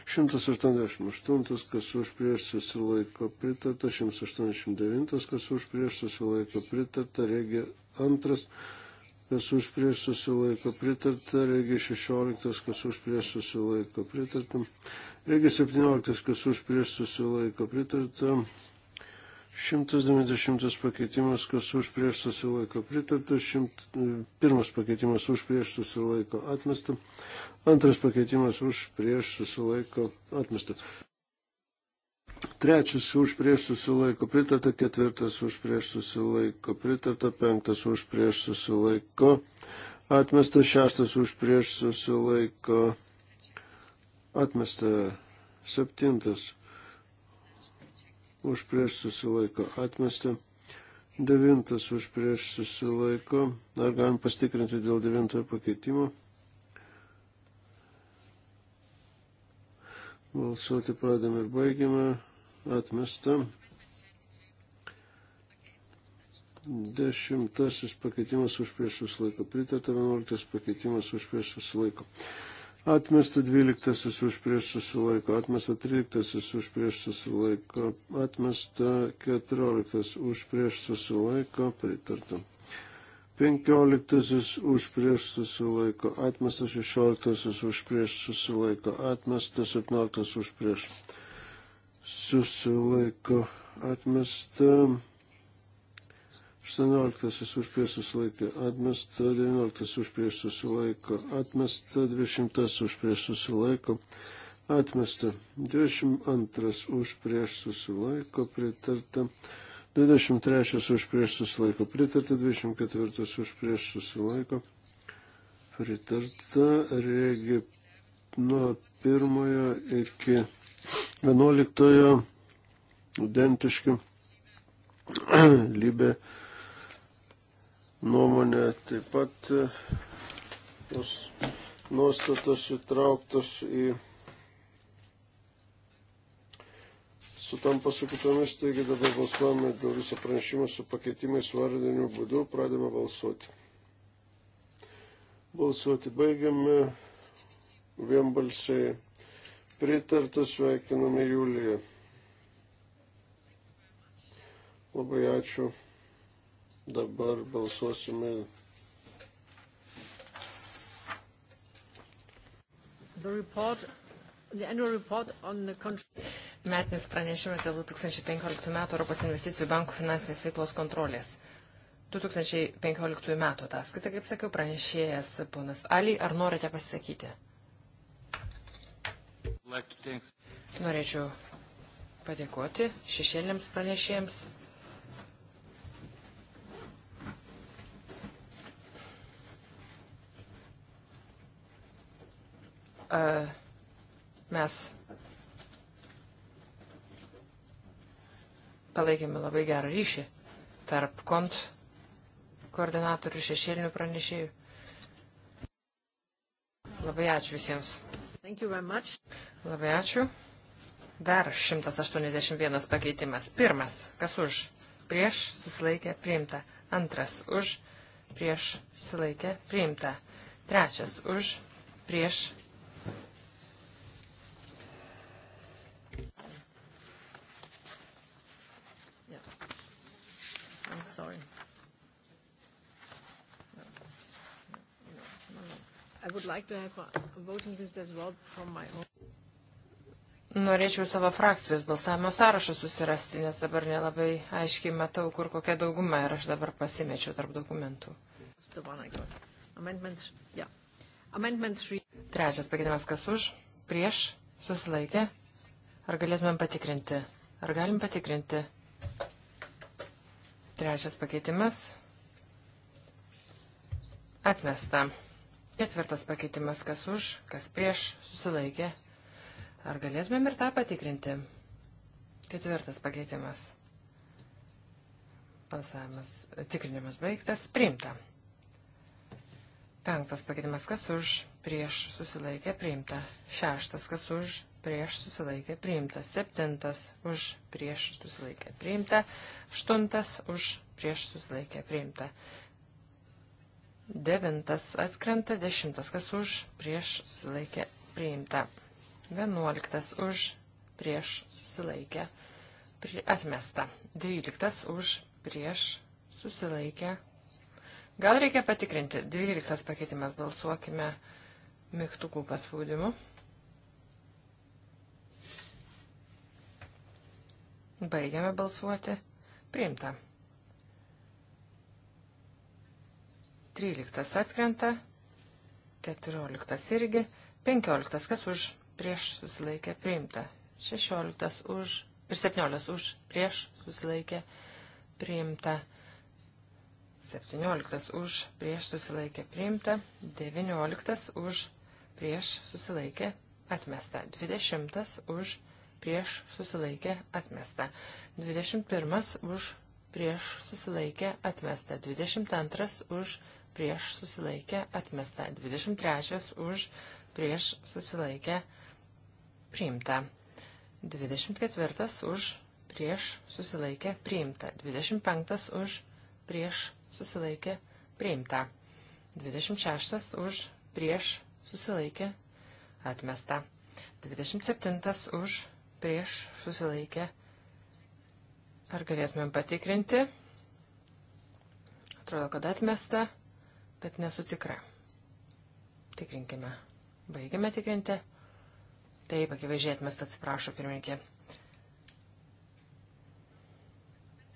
Speaker 2: 188 kas už prie susilaiko pritarta, 189 kas už prie susilaiko pritarta, regė antras kas už prieš susilaiko pritarta, regi 16, kas už prieš susilaiko pritarta, regi 17, kas už prieš susilaiko pritarta, 190 pakeitimas, kas už prieš susilaiko pritarta, šimt, e, pirmas pakeitimas už prieš susilaiko atmesta, antras pakeitimas už prieš susilaiko atmesta, trečias už prieš susilaiko pritarta, ketvirtas už prieš susilaiko pritarta, penktas už prieš susilaiko atmesta, šeštas už prieš susilaiko atmesta, septintas už prieš susilaiko atmesta. Devintas už prieš susilaiko. Dar galim pastikrinti dėl devintojo pakeitimo. Balsuoti pradėm ir baigiame. Atmesta. Dešimtasis pakeitimas už prieš susilaiko. Pritarta vienuoliktas pakeitimas už prieš susilaiko. laiko. Atmesta 12 už prieš susilaiko, atmesta 13 už prieš susilaiko, atmesta 14 už prieš susilaiko, pritarta. 15 už prieš susilaiko, atmesta 16 už prieš susilaiko, atmesta 17 už prieš susilaiko, atmesta 18 už prieš susilaikė atmesta, 19 už prieš susilaiko atmesta, 20 už prieš susilaiko atmesta, 22 už prieš susilaiko pritarta, 23 už prieš susilaiko pritarta, 24 už prieš susilaiko pritarta, regi nuo pirmojo iki 11 identiški lybė nuomonė taip pat tos e, nuostatos įtrauktos į sutampa su kitomis, taigi dabar balsuojame dėl viso pranešimo su pakeitimais vardiniu būdu, pradėme balsuoti. Balsuoti baigiame, vienbalsiai pritarta, sveikiname Juliją. Labai ačiū. Dabar balsuosime.
Speaker 1: The report, the annual report on the
Speaker 4: Metinis pranešimas dėl 2015 m. Europos investicijų bankų finansinės veiklos kontrolės. 2015 m. ataskaita, kaip sakiau, pranešėjas ponas Ali, ar norite pasisakyti? Norėčiau padėkoti šešėlėms pranešėjams mes palaikėme labai gerą ryšį tarp kont koordinatorių šešėlinių pranešėjų. Labai ačiū visiems. Labai ačiū. Dar 181 pakeitimas. Pirmas, kas už, prieš, susilaikė, priimta. Antras, už, prieš, susilaikė, priimta. Trečias, už, prieš,
Speaker 1: I'm sorry. No, no, no, I would like to have a voting list as well from my own.
Speaker 4: Norėčiau savo frakcijos balsavimo sąrašą susirasti, nes dabar nelabai aiškiai matau, kur kokia dauguma ir aš dabar pasimečiau tarp dokumentų. Amendment, yeah. Amendment Trečias pagėdimas, kas už, prieš, susilaikė. Ar galėtumėm patikrinti? Ar galim patikrinti? Trečias pakeitimas. Atmesta. Ketvirtas pakeitimas, kas už, kas prieš, susilaikė. Ar galėtumėm ir tą patikrinti? Ketvirtas pakeitimas. Balsavimas, tikrinimas baigtas, priimta. Penktas pakeitimas, kas už, prieš susilaikę priimta. Šeštas, kas už, prieš susilaikę priimta. Septintas, už, prieš susilaikę priimta. Aštuntas, už, prieš susilaikę priimta. Devintas atkrenta, dešimtas, kas už, prieš susilaikę priimta. Vienuoliktas, už, prieš susilaikę atmesta. Dvyliktas, už, prieš susilaikę Gal reikia patikrinti. 12 pakeitimas balsuokime mygtukų paspaudimu. Baigiame balsuoti. Priimta. 13 atkrenta, 14 irgi, 15 kas už prieš susilaikė priimta, 16 už ir 17 už prieš susilaikė priimta, 17 už prieš susilaikė priimta, 19 už prieš susilaikė atmesta. 20 už prieš susilaikė atmesta. 21 už prieš susilaikė atmesta. 22 už prieš susilaikė atmesta. 23 už prieš susilaikė priimta. 24 už prieš susilaikė priimta. 25 už prieš susilaikė priimta. 26 už prieš susilaikė, atmesta. 27 už, prieš, susilaikė. Ar galėtumėm patikrinti? Atrodo, kad atmesta, bet nesu tikra. Tikrinkime. Baigiame tikrinti. Taip, akivaizdžiai atmesta, atsiprašau, pirmininkė.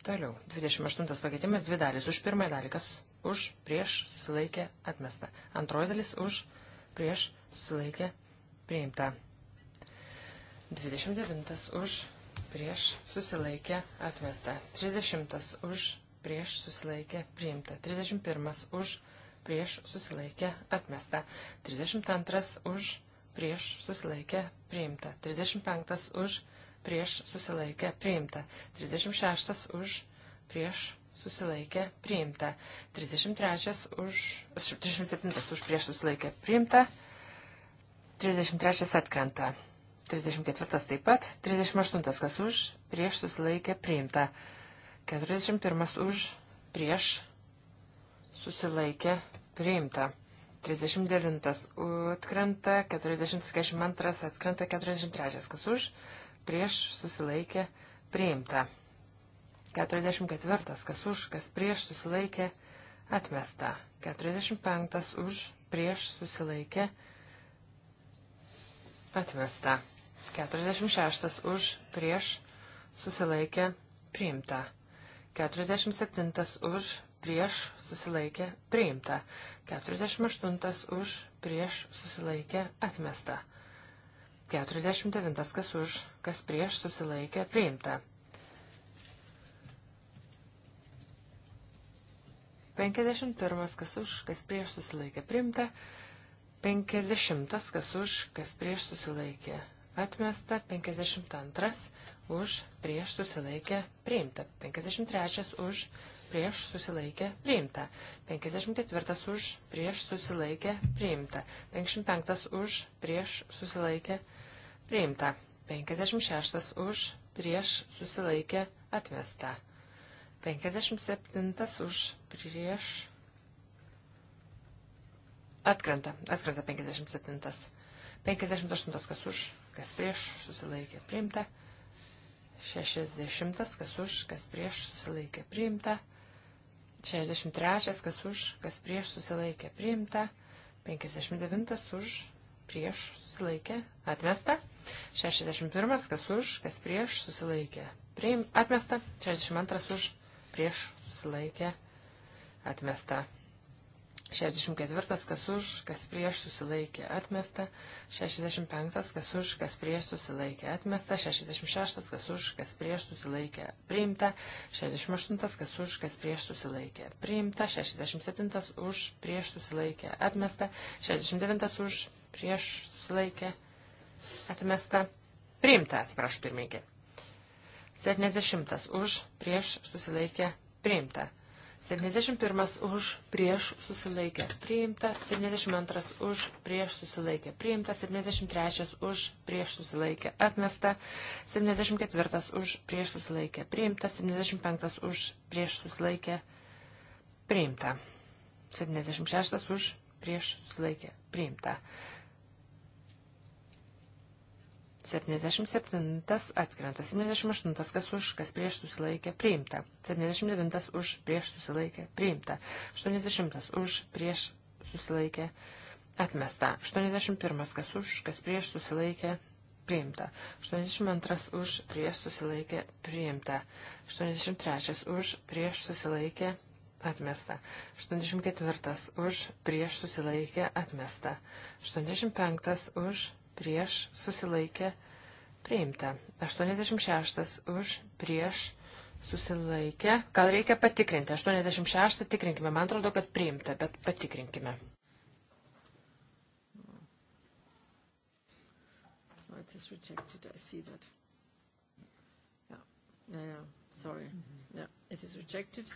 Speaker 4: Toliau. 28 pakeitimas, dvi dalis. Už pirmąją dalį, kas už, prieš, susilaikė, atmesta. Antroji dalis už, prieš susilaikė priimta. 29 už prieš susilaikė atmesta. 30 už prieš susilaikė priimta. 31 už prieš susilaikė atmesta. 32 už prieš susilaikė priimta. 35 už prieš susilaikė priimta. 36 už prieš susilaikė priimta. 33 už, 37 už prieš susilaikė priimta. 33 atkrenta. 34 taip pat. 38 kas už, prieš susilaikė priimta. 41 už, prieš susilaikė priimta. 39 atkrenta, 40-42 atkrenta, 43 kas už, prieš susilaikė priimta. 44. Kas už, kas prieš susilaikė atmesta. 45. Už, prieš susilaikė atmesta. 46. Už, prieš susilaikė priimta. 47. Už, prieš susilaikė priimta. 48. Už, prieš susilaikė atmesta. 49. Kas už, kas prieš susilaikė priimta. 51 kas už, kas prieš susilaikė primta, 50 kas už, kas prieš susilaikė atmesta, 52 už, prieš susilaikė priimta, 53 už, prieš susilaikė priimta, 54 už, prieš susilaikė priimta, 55 už, prieš susilaikė priimta, 56 už, prieš susilaikė atmesta. 57 už prieš. Atkrenta, atkrenta 57. 58 kas už, kas prieš, susilaikė priimta. 60 kas už, kas prieš, susilaikė priimta. 63 kas už, kas prieš, susilaikė priimta. 59 už, prieš, susilaikė, atmesta. 61 kas už, kas prieš, susilaikė priimta. Atmesta. 62 už prieš susilaikę atmesta. 64. kas už, kas prieš susilaikė atmesta. 65. kas už, kas prieš susilaikė atmesta. 66. kas už, kas prieš susilaikė priimta. 68. kas už, kas prieš susilaikė priimta. 67. už, prieš susilaikė atmesta. 69. už, prieš susilaikė atmesta. Priimta, atsiprašau, pirmininkė. 70 už, prieš susilaikė priimta. 71 už, prieš susilaikė priimta. 72 už, prieš susilaikė priimta. 73 už, prieš susilaikė atmesta. 74 už, prieš susilaikė priimta. 75 už, prieš susilaikė priimta. 76 už, prieš susilaikė priimta. 77 atkrenta, 78 kas už, kas prieš susilaikė priimta, 79 už, prieš susilaikė priimta, 80 už, prieš susilaikė atmesta, 81 kas už, kas prieš susilaikė priimta, 82 už, prieš susilaikė priimta, 83 už, prieš susilaikė atmesta, 84 už, prieš susilaikė atmesta, 85 už, prieš susilaikė priimta. 86 už prieš susilaikė. Gal reikia patikrinti. 86 tikrinkime. Man atrodo, kad priimta, bet patikrinkime.
Speaker 1: Oh, it is rejected. I see that. Yeah. Yeah, yeah. Sorry. Mm-hmm. Yeah, it is rejected.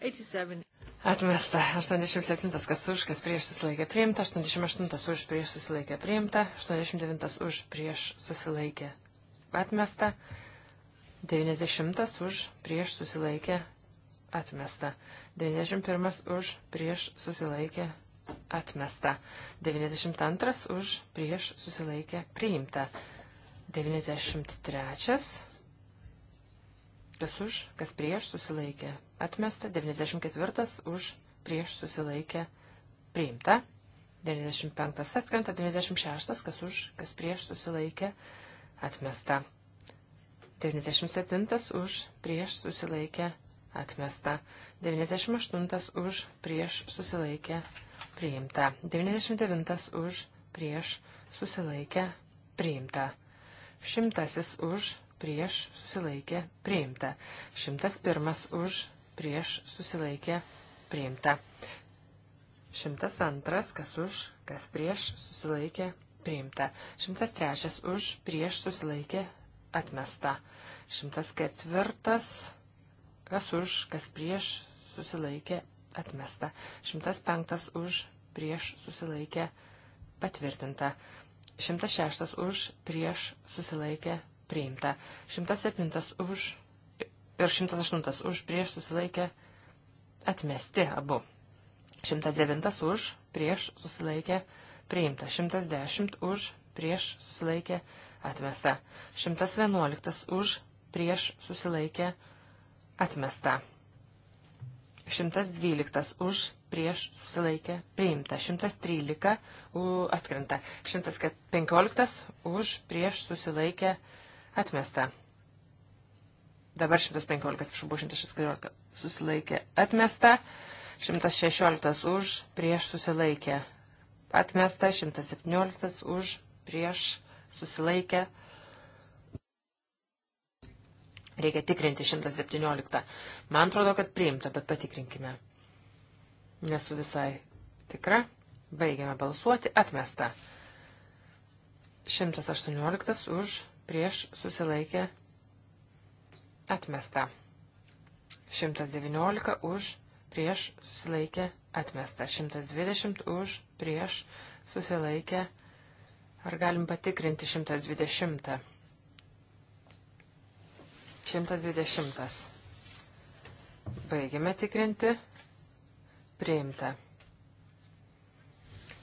Speaker 1: 87.
Speaker 4: Atmesta 87, kas už, kas prieš susilaikė priimta, 88 už prieš susilaikė priimta, 89 už prieš susilaikė atmesta, 90 už prieš susilaikė atmesta, 91 už prieš susilaikė atmesta, 92 už prieš susilaikė priimta, 93 kas už, kas prieš susilaikė atmesta, 94 už prieš susilaikę priimta, 95 atkrenta, 96 kas už, kas prieš susilaikė atmesta, 97 už prieš susilaikė atmesta, 98 už prieš susilaikė priimta, 99 už prieš susilaikė priimta, 100 už prieš susilaikė priimta, 101 už prieš susilaikė priimta. 102, kas už, kas prieš susilaikė priimta. 103 už, prieš susilaikė atmesta. 104, kas už, kas prieš susilaikė atmesta. 105 už, prieš susilaikė patvirtinta. 106 už, prieš susilaikė priimta. 107 už, ir 108 už prieš susilaikė atmesti abu. 109 už prieš susilaikė priimta. 110 už prieš susilaikė atmesta. 111 už prieš susilaikė atmesta. 112 už prieš susilaikė priimta. 113 atkrenta. 115 už prieš susilaikė atmesta. Dabar 115, atsiprašau, buvo 116 susilaikė atmesta, 116 už, prieš susilaikė atmesta, 117 už, prieš susilaikė. Reikia tikrinti 117. Man atrodo, kad priimta, bet patikrinkime. Nesu visai tikra. Baigiame balsuoti. Atmesta. 118 už prieš susilaikę atmesta. 119 už, prieš susilaikė atmesta. 120 už, prieš susilaikė. Ar galim patikrinti 120? 120. Baigiame tikrinti. Priimta.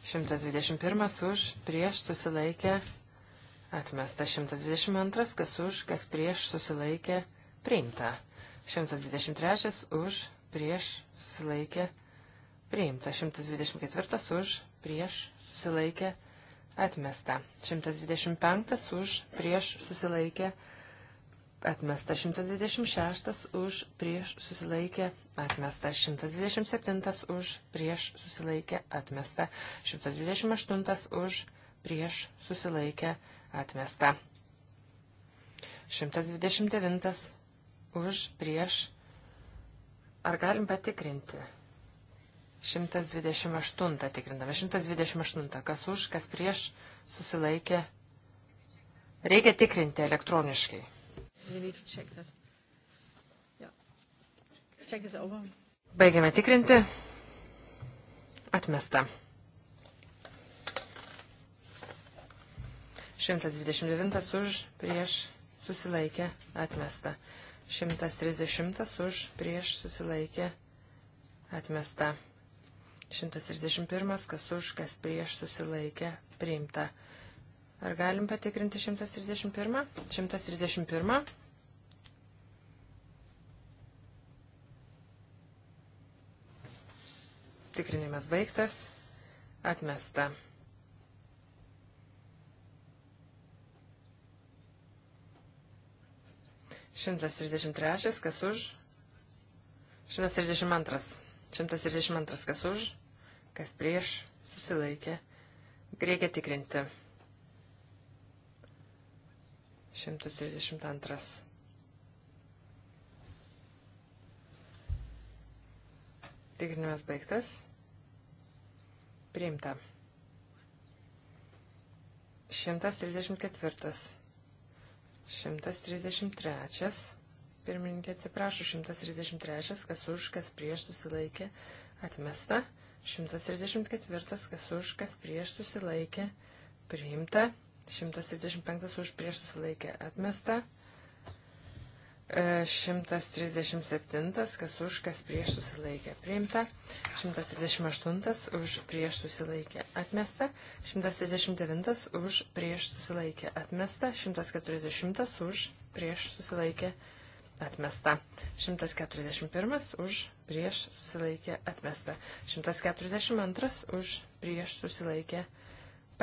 Speaker 4: 121 už, prieš susilaikė atmesta. 122, kas už, kas prieš susilaikė atmesta priimta. 123 už, prieš, susilaikė, priimta. 124 už, prieš, susilaikė, atmesta. 125 už, prieš, susilaikė, atmesta. 126 už, prieš, susilaikė, atmesta. 127 už, prieš, susilaikė, atmesta. 128 už, prieš, susilaikė, atmesta. 129 už, prieš. Ar galim patikrinti? 128 tikrindame. 128. Kas už, kas prieš susilaikė. Reikia tikrinti elektroniškai.
Speaker 1: Yeah. Baigiame tikrinti.
Speaker 4: Atmesta. 129 už, prieš susilaikė. Atmesta. 130 už prieš susilaikė atmesta. 131 kas už, kas prieš susilaikė priimta. Ar galim patikrinti 131? 131. Tikrinimas baigtas. Atmesta. 133, kas už. 132. 132, kas už. Kas prieš. Susilaikė. Reikia tikrinti. 132. Tikrinimas baigtas. Priimta. 134. 133. Pirmininkė atsiprašo, 133, kas už, kas prieš susilaikė, atmesta. 134, kas už, kas prieš susilaikė, priimta. 135 už prieš susilaikė, atmesta. 137, kas už, kas prieš susilaikė. Priimta. 138 už prieš susilaikė. Atmesta. 139 už prieš susilaikė. Atmesta. 140 už prieš susilaikė. Atmesta. 141 už prieš susilaikė. Atmesta. 142 už prieš susilaikė.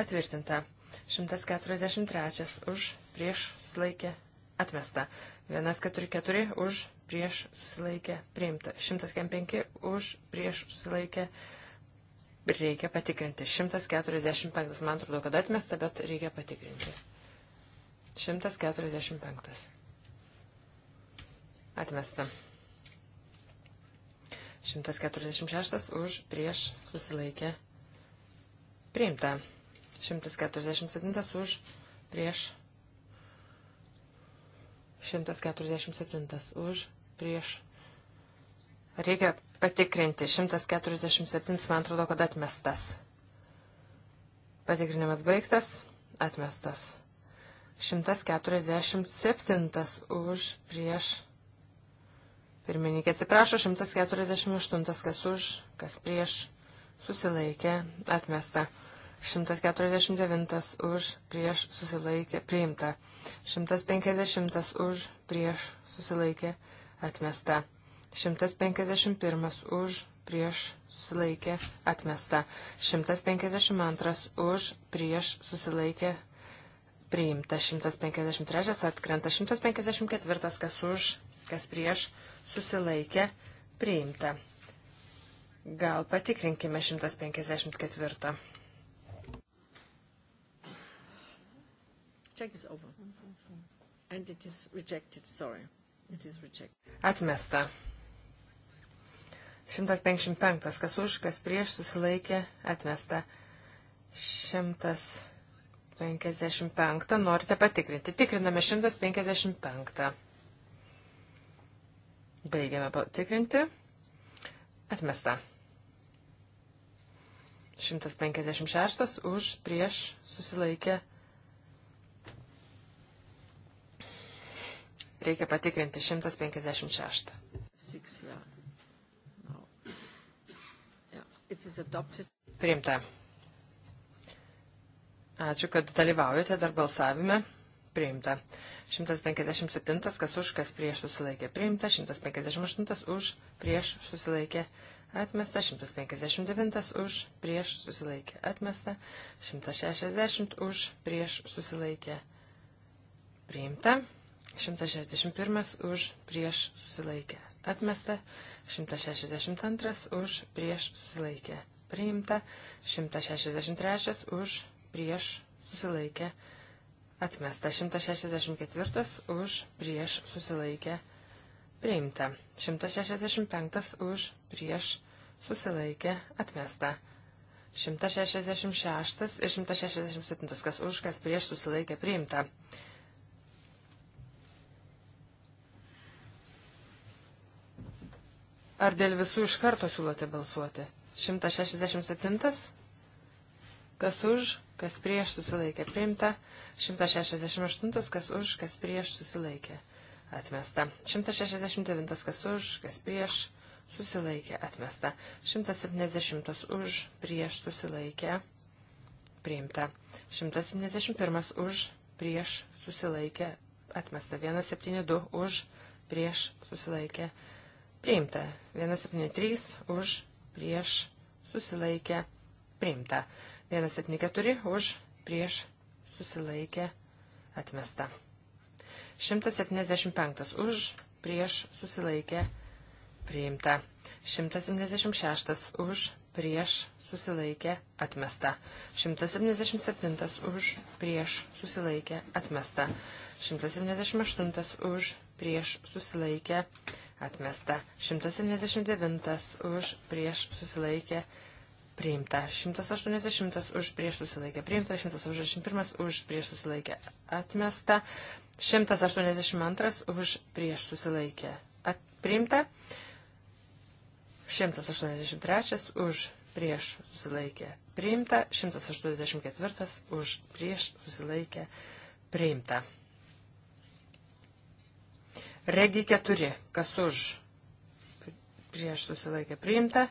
Speaker 4: Patvirtinta. 143 už prieš susilaikė. Atmesta. 144 už prieš susilaikę priimta. 105 už prieš susilaikę reikia patikrinti. 145. Man atrodo, kad atmesta, bet reikia patikrinti. 145. Atmesta. 146 už prieš susilaikę priimta. 147 už prieš 147 už, prieš. Reikia patikrinti. 147, man atrodo, kad atmestas. Patikrinimas baigtas, atmestas. 147 už, prieš. Pirmininkė atsiprašo, 148 kas už, kas prieš. Susilaikė, atmesta. 149 už prieš susilaikė priimta, 150 už prieš susilaikė atmesta, 151 už prieš susilaikė atmesta, 152 už prieš susilaikė priimta, 153 atkrenta, 154 kas už, kas prieš susilaikė priimta. Gal patikrinkime 154.
Speaker 1: Check is over. And it is rejected, sorry. It is rejected. Atmesta.
Speaker 4: 155. Kas už, kas prieš, susilaikė, atmesta. 155. Norite patikrinti. Tikriname 155. Baigiame patikrinti. Atmesta. 156 už prieš susilaikė Reikia patikrinti 156.
Speaker 1: Six, yeah. no. yeah.
Speaker 4: Priimta. Ačiū, kad dalyvaujate dar balsavime. Priimta. 157, kas už, kas prieš susilaikė. Priimta. 158 už, prieš susilaikė atmesta, 159 už, prieš susilaikė atmesta, 160 už, prieš susilaikė priimta, 161 už prieš susilaikę atmesta, 162 už prieš susilaikę priimta, 163 už prieš susilaikę atmesta, 164 už prieš susilaikę priimta, 165 už prieš susilaikę atmesta. 166 ir 167, kas už, kas prieš susilaikė priimta. Ar dėl visų iš karto siūlote balsuoti? 167. Kas už, kas prieš susilaikė. Priimta. 168. Kas už, kas prieš susilaikė. Atmesta. 169. Kas už, kas prieš susilaikė. Atmesta. 170. Už, prieš susilaikė. Priimta. 171. Už, prieš susilaikė. Atmesta. 172. Už, prieš susilaikė. Atmesta priimta. 173 už, prieš, susilaikė, priimta. 174 už, prieš, susilaikė, atmesta. 175 už, prieš, susilaikė, priimta. 176 už, prieš, susilaikė, atmesta. 177 už, prieš, susilaikė, atmesta. 178 už, prieš susilaikę atmesta. 179 už prieš susilaikę priimta. 180 už prieš susilaikę priimta. 181 už prieš susilaikę atmesta. 182 už prieš susilaikę at, priimta. 183 už prieš susilaikę priimta. 184 už prieš susilaikę priimta. Regi 4, kas už, prieš susilaikė priimta.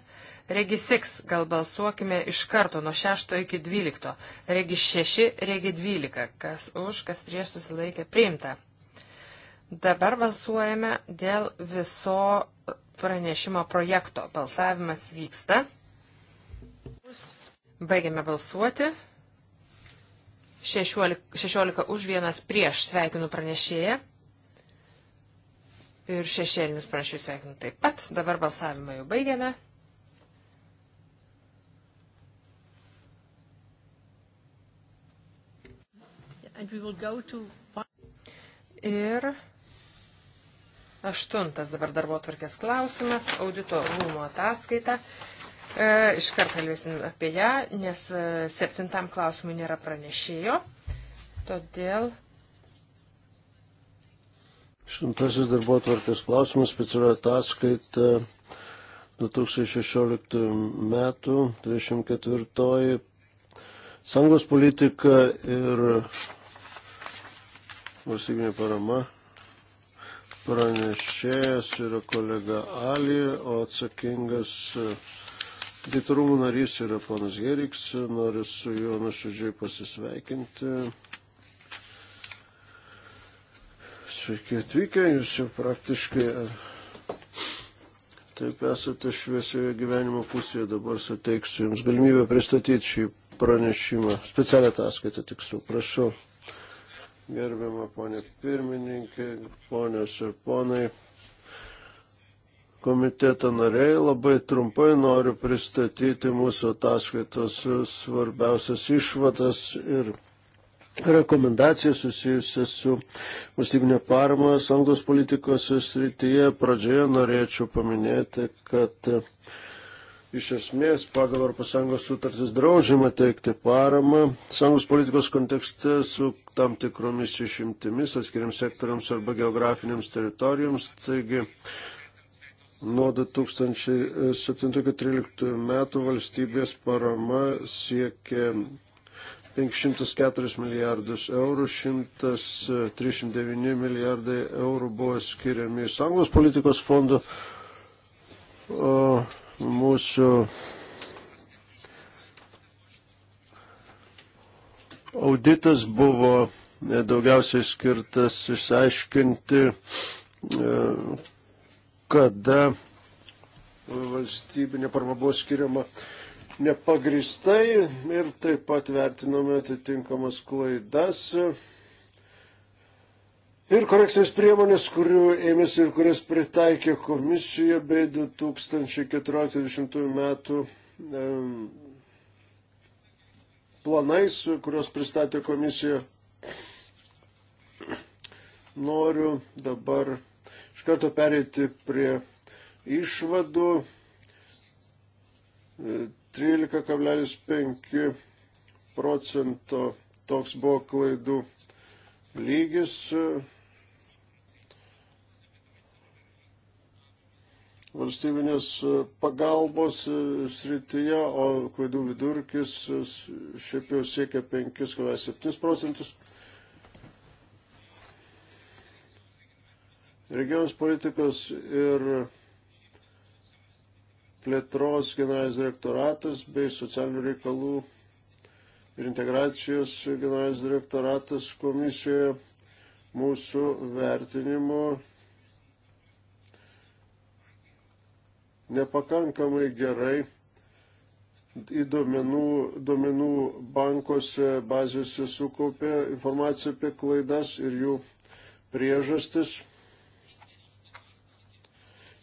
Speaker 4: Regi 6, gal balsuokime iš karto nuo 6 iki 12. Regi 6, regi 12, kas už, kas prieš susilaikė priimta. Dabar balsuojame dėl viso pranešimo projekto. Balsavimas vyksta. Baigiame balsuoti. 16, 16 už vienas prieš sveikinu pranešėją ir šešėlinius prašius sveikinu taip pat. Dabar balsavimą jau
Speaker 1: baigiame. To... Ir
Speaker 4: aštuntas dabar darbo tvarkės klausimas, audito rūmo ataskaita. E, Iškart kalbėsim apie ją, nes e, septintam klausimui nėra pranešėjo. Todėl
Speaker 2: Šimtasis darbo tvarkės klausimas, specialioje ataskaita 2016 metų 24. Sanglos politika ir valstybinė parama. Pranešėjas yra kolega Ali, o atsakingas Ditorumų narys yra ponas Geriks. Noriu su juo nuoširdžiai pasisveikinti. Sveiki atvykę, jūs jau praktiškai e, taip esate šviesioje gyvenimo pusėje, dabar suteiksiu jums galimybę pristatyti šį pranešimą, specialią ataskaitą tiksliau, prašau. Gerbiama ponė pirmininkė, ponios ir ponai, komiteto nariai, labai trumpai noriu pristatyti mūsų ataskaitos svarbiausias išvadas ir rekomendacijas susijusias su valstybinė parama sanglos politikos srityje. Pradžioje norėčiau paminėti, kad e, iš esmės pagal ES sutartis draudžiama teikti paramą sanglos politikos kontekste su tam tikromis išimtimis atskiriams sektoriams arba geografinėms teritorijoms. Taigi, Nuo 2007-2013 metų valstybės parama siekia 504 milijardus eurų, 139 milijardai eurų buvo skiriami sąjungos politikos fondų, o mūsų auditas buvo e, daugiausiai skirtas išsiaiškinti, e, kada valstybinė parma buvo skiriama nepagristai ir taip pat vertinome atitinkamas klaidas. Ir korekcijos priemonės, kurių ėmėsi ir kurias pritaikė komisija bei 2014-2020 metų planais, kurios pristatė komisija. Noriu dabar iš karto pereiti prie išvadų. 13,5 procento toks buvo klaidų lygis. Valstybinės pagalbos srityje, o klaidų vidurkis šiaip jau siekia 5,7 procentus. Regionos politikos ir plėtros generalinis direktoratas bei socialinių reikalų ir integracijos generalinis direktoratas komisijoje mūsų vertinimu nepakankamai gerai į duomenų, duomenų bankose bazėse sukaupė informaciją apie klaidas ir jų priežastis.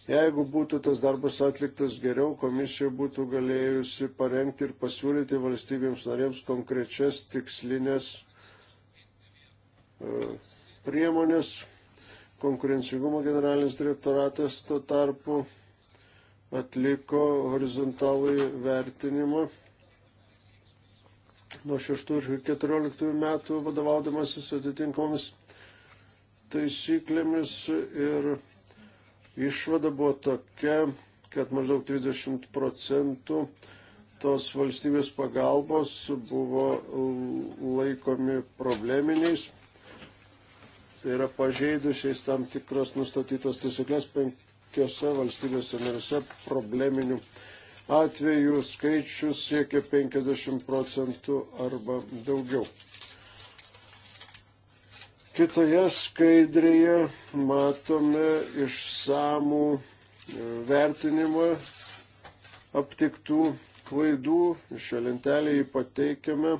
Speaker 2: Jeigu būtų tas darbas atliktas geriau, komisija būtų galėjusi parengti ir pasiūlyti valstybėms narėms konkrečias tikslinės e, priemonės. Konkurencingumo generalinis direktoratas tuo tarpu atliko horizontalų vertinimą nuo 6 iki 14 metų vadovaudamasis atitinkomis taisyklėmis ir Išvada buvo tokia, kad maždaug 30 procentų tos valstybės pagalbos buvo laikomi probleminiais. Tai yra pažeidusiais tam tikras nustatytas taisyklės penkiose valstybėse narėse probleminių atvejų skaičius siekia 50 procentų arba daugiau. Kitoje skaidrėje matome išsamų e, vertinimą aptiktų klaidų. Šią lentelę įpateikiame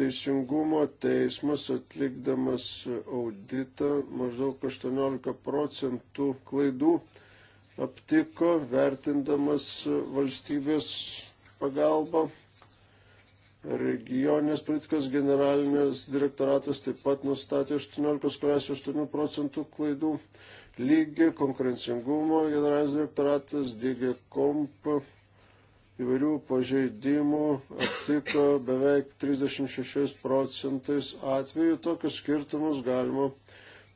Speaker 2: teisingumo teismas atlikdamas auditą maždaug 18 procentų klaidų aptiko vertindamas valstybės pagalbą Regioninės politikos generalinės direktoratas taip pat nustatė 18,8 procentų klaidų lygį, konkurencingumo generalinis direktoratas DG Komp įvairių pažeidimų aptiko beveik 36 procentais atveju. Tokius skirtumus galima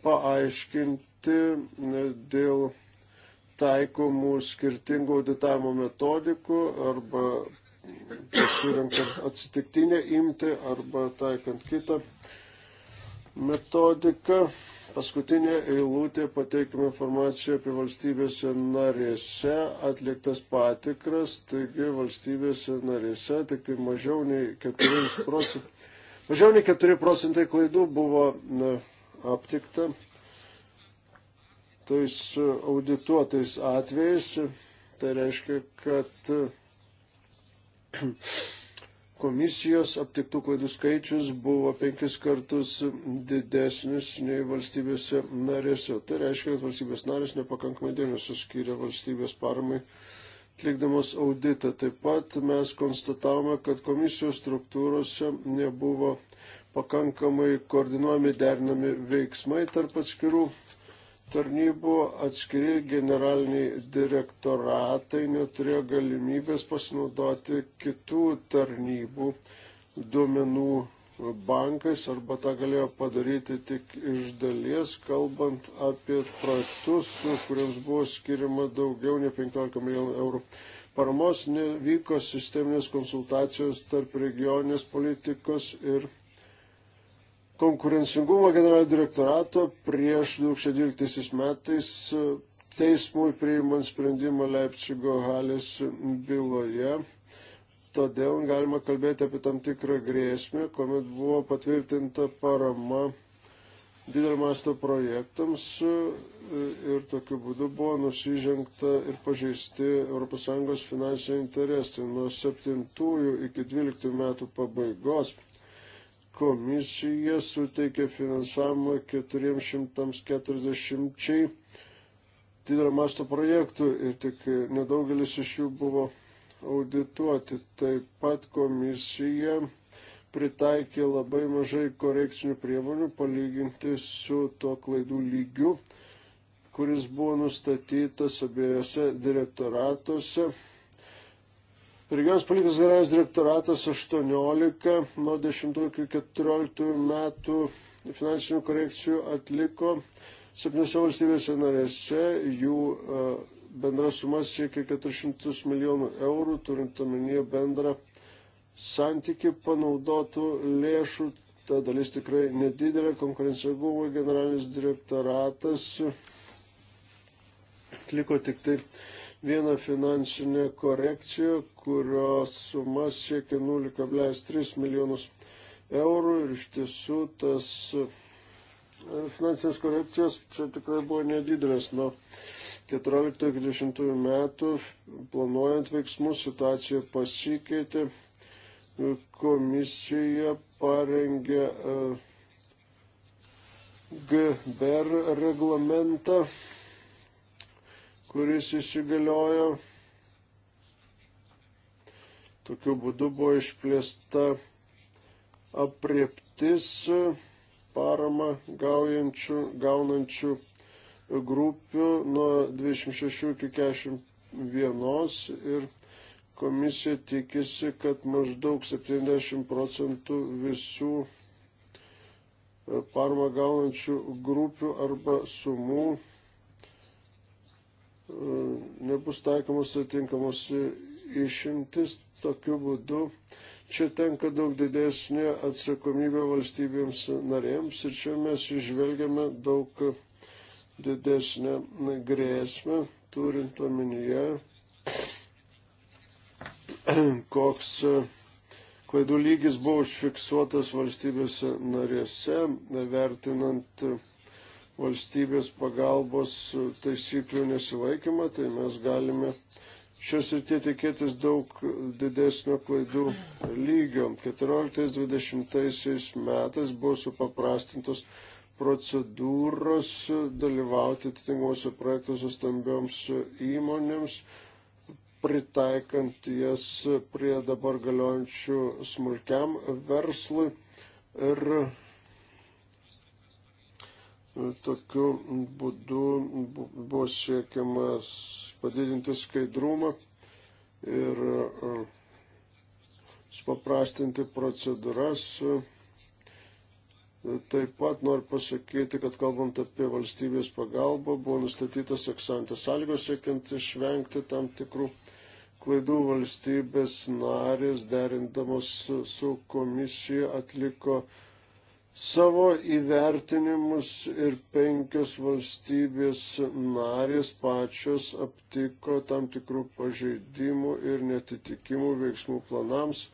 Speaker 2: paaiškinti e, dėl taikomų skirtingų auditavimo metodikų arba pasirinkant atsitiktinę imti arba taikant kitą metodiką. Paskutinė eilutė pateikime informaciją apie valstybėse narėse atliktas patikras, taigi valstybėse narėse tik tai mažiau nei 4 procentai, mažiau nei 4 procentai klaidų buvo na, aptikta tais audituotais atvejais. Tai reiškia, kad Komisijos aptiktų klaidų skaičius buvo penkis kartus didesnis nei valstybėse narėse. Tai reiškia, kad valstybės narės nepakankamai dėmesio skiria valstybės paramai atlikdamos auditą. Taip pat mes konstatavome, kad komisijos struktūrose nebuvo pakankamai koordinuojami derinami veiksmai tarp atskirų tarnybų atskiri generaliniai direktoratai neturėjo galimybės pasinaudoti kitų tarnybų duomenų bankais arba tą galėjo padaryti tik iš dalies, kalbant apie projektus, kuriems buvo skiriama daugiau nei 15 milijonų eurų. Paramos vyko sisteminės konsultacijos tarp regioninės politikos ir konkurencingumo generalinio direktorato prieš 2012 metais e, teismui priimant sprendimą Leipcigo halės byloje. Todėl galima kalbėti apie tam tikrą grėsmę, kuomet buvo patvirtinta parama didelio masto projektams e, ir tokiu būdu buvo nusižengta ir pažeisti ES finansiniai interesai. Nuo 7 iki 12 metų pabaigos komisija suteikė finansavimą 440 didelio masto projektų ir tik nedaugelis iš jų buvo audituoti. Taip pat komisija pritaikė labai mažai korekcinių priemonių palyginti su tuo klaidų lygiu, kuris buvo nustatytas abiejose direktoratuose Regionos politikos generalinis direktoratas 18 nuo 10 iki 14 metų finansinių korekcijų atliko septyniose valstybėse narėse, jų e, bendra suma siekia 400 milijonų eurų, turint omenyje bendrą santyki panaudotų lėšų. Ta dalis tikrai nedidelė, konkurencingumo generalinis direktoratas atliko tik tai vieną finansinę korekciją, kurios suma siekia 0,3 milijonus eurų ir iš tiesų tas e, finansinės korekcijos čia tikrai buvo nedidelės. Nuo 14-20 metų planuojant veiksmus situacija pasikeitė. Komisija parengė e, GBR reglamentą, kuris įsigaliojo. Tokiu būdu buvo išplėsta apriptis parama gaujančių, gaunančių grupių nuo 26 iki 41 ir komisija tikisi, kad maždaug 70 procentų visų parama gaunančių grupių arba sumų nebus taikomas atinkamos išimtis tokiu būdu. Čia tenka daug didesnė atsakomybė valstybėms narėms ir čia mes išvelgiame daug didesnę grėsmę, turint omenyje, koks uh, klaidų lygis buvo užfiksuotas valstybėse narėse, vertinant uh, valstybės pagalbos taisyklių nesilaikymą, tai mes galime šios ir tie tikėtis daug didesnio klaidų lygio. 14-20 metais buvo supaprastintos procedūros dalyvauti atitinkamuose projektuose stambioms įmonėms, pritaikant jas prie dabar galiojančių smulkiam verslui ir Tokiu būdu buvo siekiamas padidinti skaidrumą ir supaprastinti procedūras. Taip pat noriu pasakyti, kad kalbant apie valstybės pagalbą, buvo nustatytas eksantės sąlygos, siekiant išvengti tam tikrų klaidų valstybės narės, derindamos su komisija, atliko savo įvertinimus ir penkios valstybės narės pačios aptiko tam tikrų pažeidimų ir netitikimų veiksmų planams.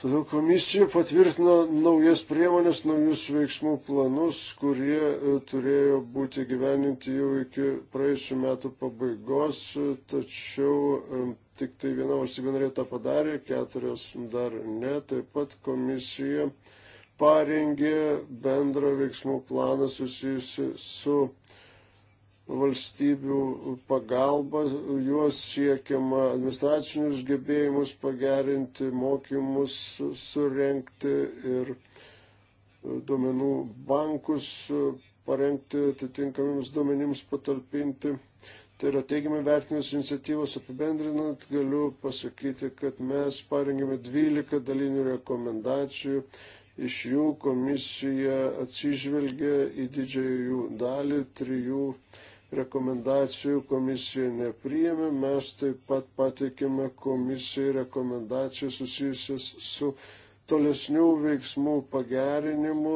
Speaker 2: Todėl komisija patvirtino naujas priemonės, naujus veiksmų planus, kurie e, turėjo būti gyveninti jau iki praėjusių metų pabaigos, e, tačiau e, tik tai viena valstybė narė tą padarė, keturios dar ne. Taip pat komisija parengė bendrą veiksmų planą susijusi su valstybių pagalba, juos siekiama administracinius gebėjimus pagerinti, mokymus surenkti ir duomenų bankus parengti atitinkamiems duomenims patalpinti. Tai yra teigiamai vertinus iniciatyvos apibendrinant, galiu pasakyti, kad mes parengėme 12 dalinių rekomendacijų Iš jų komisija atsižvelgia į didžiąją jų dalį, trijų rekomendacijų komisija nepriėmė, mes taip pat pateikėme komisijai rekomendacijas susijusias su tolesnių veiksmų pagerinimu,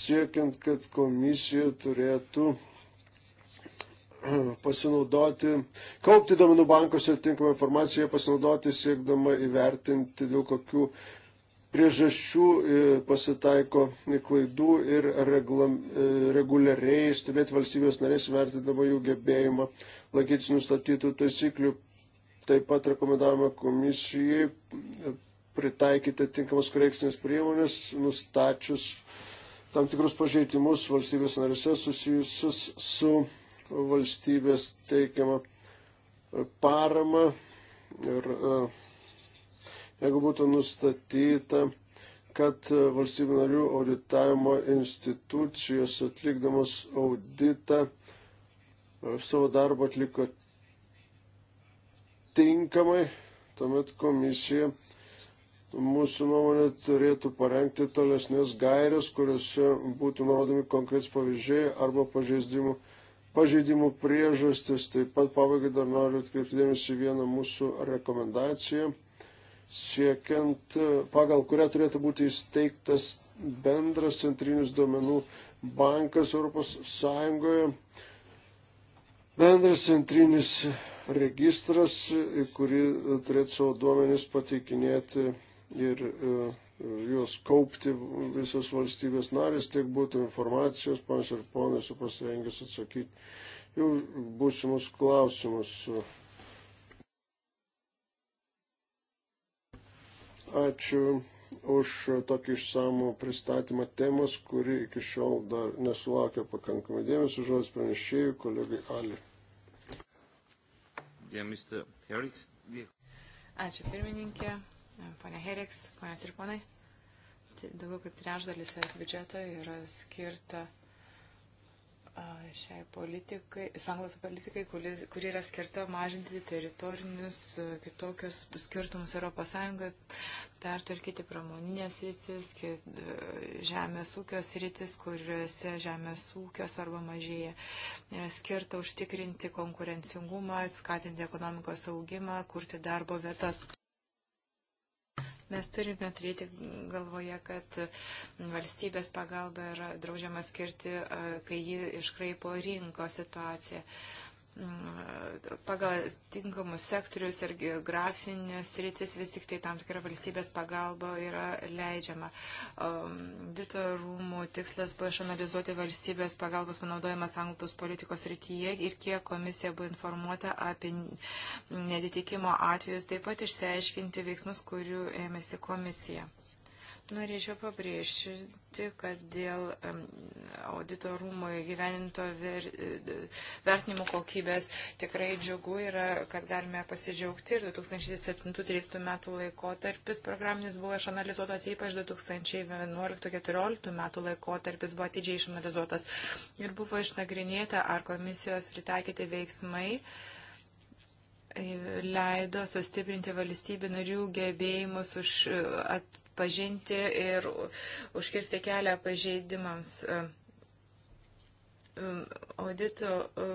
Speaker 2: siekiant, kad komisija turėtų pasinaudoti, kaupti domenų bankose atitinkamą informaciją, pasinaudoti siekdama įvertinti, dėl kokių priežasčių e, pasitaiko klaidų ir reglam, e, reguliariai stebėti valstybės narės vertindama jų gebėjimą laikytis nustatytų taisyklių. Taip pat rekomendavome komisijai e, pritaikyti tinkamas korekcinės priemonės, nustačius tam tikrus pažeidimus valstybės narėse susijusius su valstybės teikiama parama ir uh, jeigu būtų nustatyta, kad valstybių narių auditavimo institucijos atlikdamos auditą e, savo darbą atliko tinkamai, tuomet komisija mūsų nuomonė turėtų parengti tolesnės gairias, kuriuose būtų nurodomi konkrets pavyzdžiai arba pažeidimų, pažeidimų priežastis. Taip pat pabaigai dar noriu atkreipti dėmesį vieną mūsų rekomendaciją siekiant, pagal kurią turėtų būti įsteigtas bendras centrinis duomenų bankas Europos Sąjungoje, bendras centrinis registras, kuri turėtų savo duomenis pateikinėti ir e, juos kaupti visos valstybės narės, tiek būtų informacijos, panas ir ponai, esu pasirengęs atsakyti jau būsimus klausimus. Ačiū už tokį išsamų pristatymą temos, kuri iki šiol dar nesulaukė pakankamai dėmesio. Žodis pranešėjų kolegai Ali.
Speaker 3: Ačiū pirmininkė, ponė Heriks, ponės ir ponai. Daugiau kaip trešdalis es biudžeto yra skirta šiai politikai, sanglos politikai, kuri, kuri yra skirta mažinti teritorinius kitokius skirtumus ES, pertvarkyti pramoninės rytis, žemės ūkio rytis, kuriuose žemės ūkios arba mažėja. Yra skirta užtikrinti konkurencingumą, skatinti ekonomikos augimą, kurti darbo vietas. Mes turime turėti galvoje, kad valstybės pagalba yra draudžiama skirti, kai ji iškraipo rinko situaciją pagal tinkamus sektorius ir grafinės rytis vis tik tai tam tikra valstybės pagalba yra leidžiama. Um, Dito rūmų tikslas buvo išanalizuoti valstybės pagalbos panaudojimas anglos politikos rytyje ir kiek komisija buvo informuota apie netitikimo atvejus, taip pat išsiaiškinti veiksmus, kurių ėmėsi komisija. Norėčiau pabrėžti, kad dėl audito rūmų įgyveninto ver, e, vertinimo kokybės tikrai džiugu yra, kad galime pasidžiaugti ir 2007-2013 metų laikotarpis programinis buvo išanalizuotas, ypač 2011-2014 metų laikotarpis buvo atidžiai išanalizuotas ir buvo išnagrinėta, ar komisijos pritaikyti veiksmai e, leido sustiprinti valstybių narių gebėjimus už e, at, pažinti ir užkirsti kelią pažeidimams. Uh, audito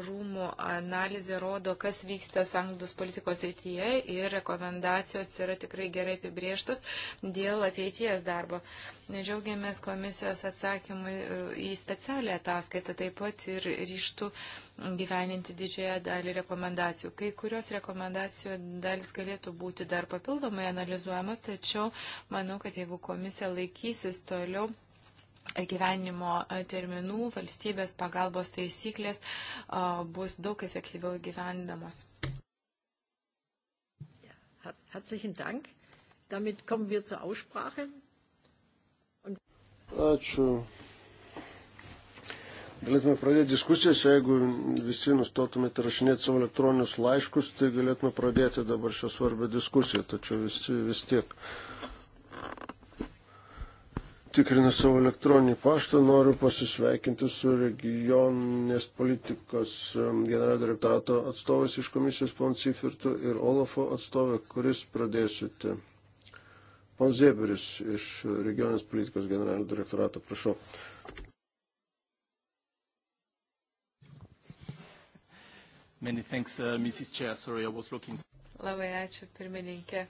Speaker 3: rūmų analizė rodo, kas vyksta sangdus politikos rytyje ir rekomendacijos yra tikrai gerai apibrieštos dėl ateities darbo. Džiaugiamės komisijos atsakymui e, į specialią ataskaitą, taip pat ir ryštų gyveninti didžiąją dalį rekomendacijų. Kai kurios rekomendacijų dalis galėtų būti dar papildomai analizuojamas, tačiau manau, kad jeigu komisija laikysis toliau gyvenimo e, terminų, valstybės pagalbos taisyklės e, bus daug efektyviau gyvendamos.
Speaker 1: Herzlichen Dank. Damit kommen wir zur Aussprache.
Speaker 2: Und Ačiū. Galėtume pradėti diskusijas, jeigu visi nustotumėte rašinėti savo elektroninius laiškus, tai galėtume pradėti dabar šią svarbę diskusiją, tačiau visi vis tiek tikrinu savo elektroninį paštą, noriu pasisveikinti su regioninės politikos generalinio direktorato atstovais iš komisijos pon Sifirtų ir Olafo atstovė, kuris pradėsite. Pon Zėberis iš regioninės politikos generalinio direktorato, prašau.
Speaker 5: Many thanks, uh, Mrs. Chair. Sorry, I was looking.
Speaker 3: Labai ačiū, pirmininkė.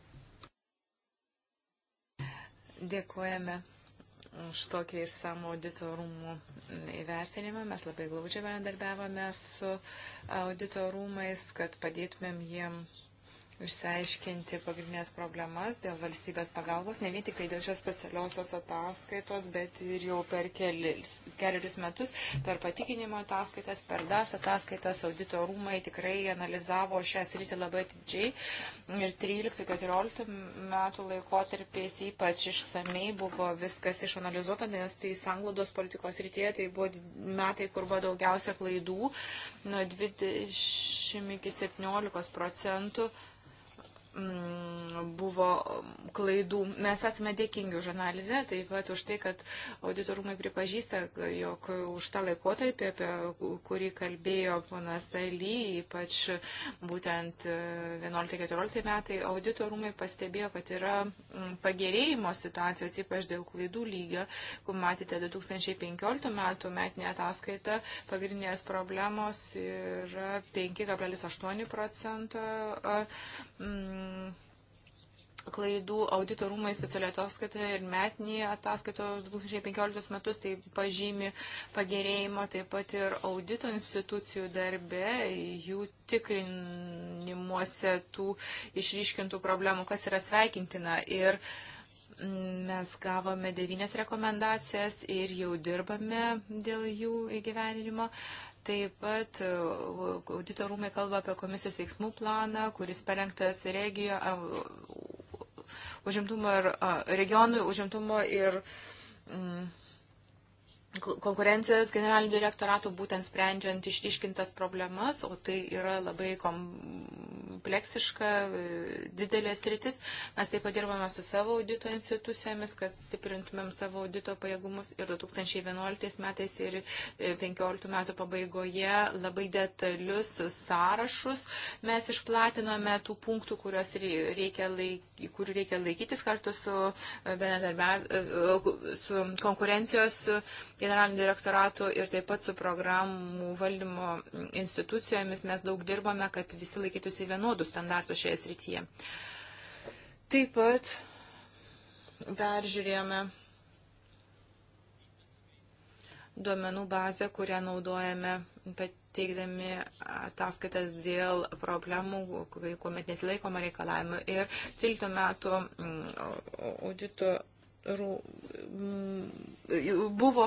Speaker 3: Dėkojame už tokį išsamų auditorumų įvertinimą. Mes labai glaudžiai bendarbiavome su auditorumais, kad padėtumėm jiem išsiaiškinti pagrindinės problemas dėl valstybės pagalbos, ne vien tik tai dėl šios specialiosios ataskaitos, bet ir jau per kelis, kelius metus, per patikinimo ataskaitas, per DAS ataskaitas, audito rūmai tikrai analizavo šią sritį labai atidžiai ir 13-14 metų laikotarpiais ypač išsamei buvo viskas išanalizuota, nes tai sanglodos politikos rytėje, tai buvo metai, kur buvo daugiausia klaidų, nuo 20 iki 17 procentų Mm, buvo klaidų. Mes esame dėkingi už analizę, taip pat už tai, kad auditorumai pripažįsta, jog už tą laikotarpį, apie kurį kalbėjo ponas Daly, ypač būtent 11-14 metai, auditorumai pastebėjo, kad yra mm, pagerėjimo situacijos, ypač dėl klaidų lygio. Kur matėte 2015 metų metinė ataskaita, pagrindinės problemos yra 5,8 procento. Mm, m, mm, klaidų audito rūmai specialioje ataskaitoje ir metinėje ataskaitoje 2015 metus, tai pažymi pagerėjimą taip pat ir audito institucijų darbe, jų tikrinimuose tų išryškintų problemų, kas yra sveikintina. Ir mm, mes gavome devynias rekomendacijas ir jau dirbame dėl jų įgyvenimo. Taip pat e, audito rūmai kalba apie komisijos veiksmų planą, kuris parengtas regijo, užimtumo ir regionų užimtumo ir. Mm, konkurencijos generalinių direktoratų būtent sprendžiant išryškintas problemas, o tai yra labai kompleksiška, didelės rytis. Mes taip pat dirbame su savo audito institucijomis, kad stiprintumėm savo audito pajėgumus ir 2011 metais ir 2015 e, metų pabaigoje labai detalius sąrašus mes išplatinome tų punktų, reikia laik, kurių reikia laikytis kartu su, e, e, su konkurencijos generaliniu direktoratu ir taip pat su programų valdymo institucijomis mes daug dirbame, kad visi laikytųsi vienodų standartų šioje srityje. Taip pat peržiūrėjome duomenų bazę, kurią naudojame pateikdami ataskaitas dėl problemų, kuomet nesilaikoma reikalavimų. Ir 13 metų mm, audito Mm, buvo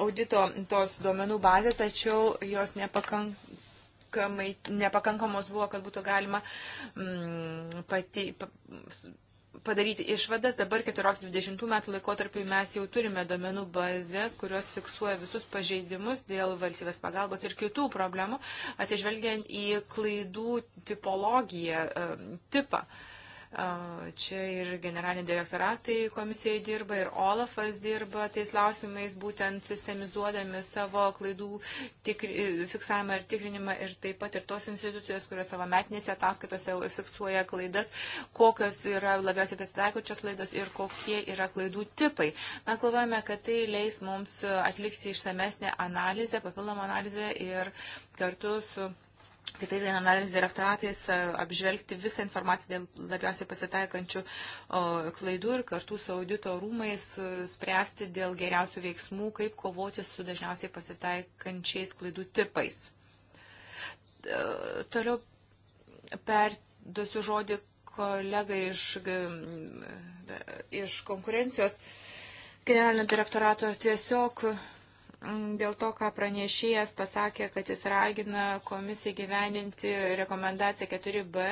Speaker 3: audito tos duomenų bazės, tačiau jos nepakankamai, nepakankamos buvo, kad būtų galima mm, pati, pa, padaryti išvadas. Dabar 14-20 metų laikotarpiu mes jau turime domenų bazės, kurios fiksuoja visus pažeidimus dėl valstybės pagalbos ir kitų problemų, atsižvelgiant į klaidų tipologiją, e, tipą. Uh, Čia ir generaliniai direktoratai komisijai dirba, ir Olafas dirba tais klausimais, būtent sistemizuodami savo klaidų tikri, fiksavimą ir tikrinimą, ir taip pat ir tos institucijos, kurios savo metinėse ataskaitose fiksuoja klaidas, kokios yra labiausiai pasitaikančios klaidos ir kokie yra klaidų tipai. Mes galvojame, kad tai leis mums atlikti išsamesnę analizę, papildomą analizę ir kartu su kitais generaliniais direktoratais e, apžvelgti visą informaciją dėl labiausiai pasitaikančių klaidų ir kartu su audito rūmais e, spręsti dėl geriausių veiksmų, kaip kovoti su dažniausiai pasitaikančiais klaidų tipais. E, toliau perduosiu žodį kolegai iš, iš konkurencijos generalinio direktorato tiesiog Mm, dėl to, ką pranešėjas pasakė, kad jis ragina komisiją gyveninti rekomendaciją 4B.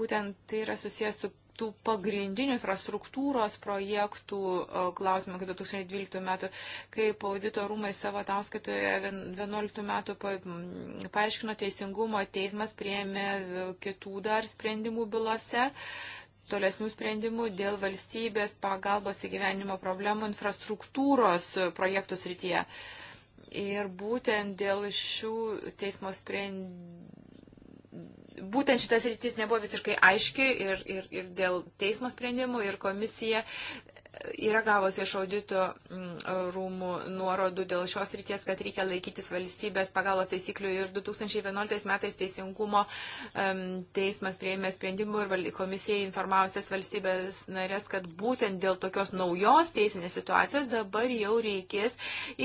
Speaker 3: Būtent tai yra susijęs su tų pagrindinių infrastruktūros projektų e, klausimą iki 2012 metų, kaip audito rūmai savo ataskaitoje 2011 metų mm, paaiškino teisingumo teismas prieėmė e, kitų dar sprendimų bylose tolesnių sprendimų dėl valstybės pagalbos įgyvenimo problemų infrastruktūros projektų srityje. Ir būtent dėl šių teismo sprendimų. Būtent šitas rytis nebuvo visiškai aiški ir, ir, ir dėl teismo sprendimų ir komisija yra gavusi iš audito mm, rūmų nuorodų dėl šios ryties, kad reikia laikytis valstybės pagalbos taisyklių ir 2011 metais Teisingumo teismas prieėmė sprendimų ir komisija informavusias valstybės narės, kad būtent dėl tokios naujos teisinės situacijos dabar jau reikės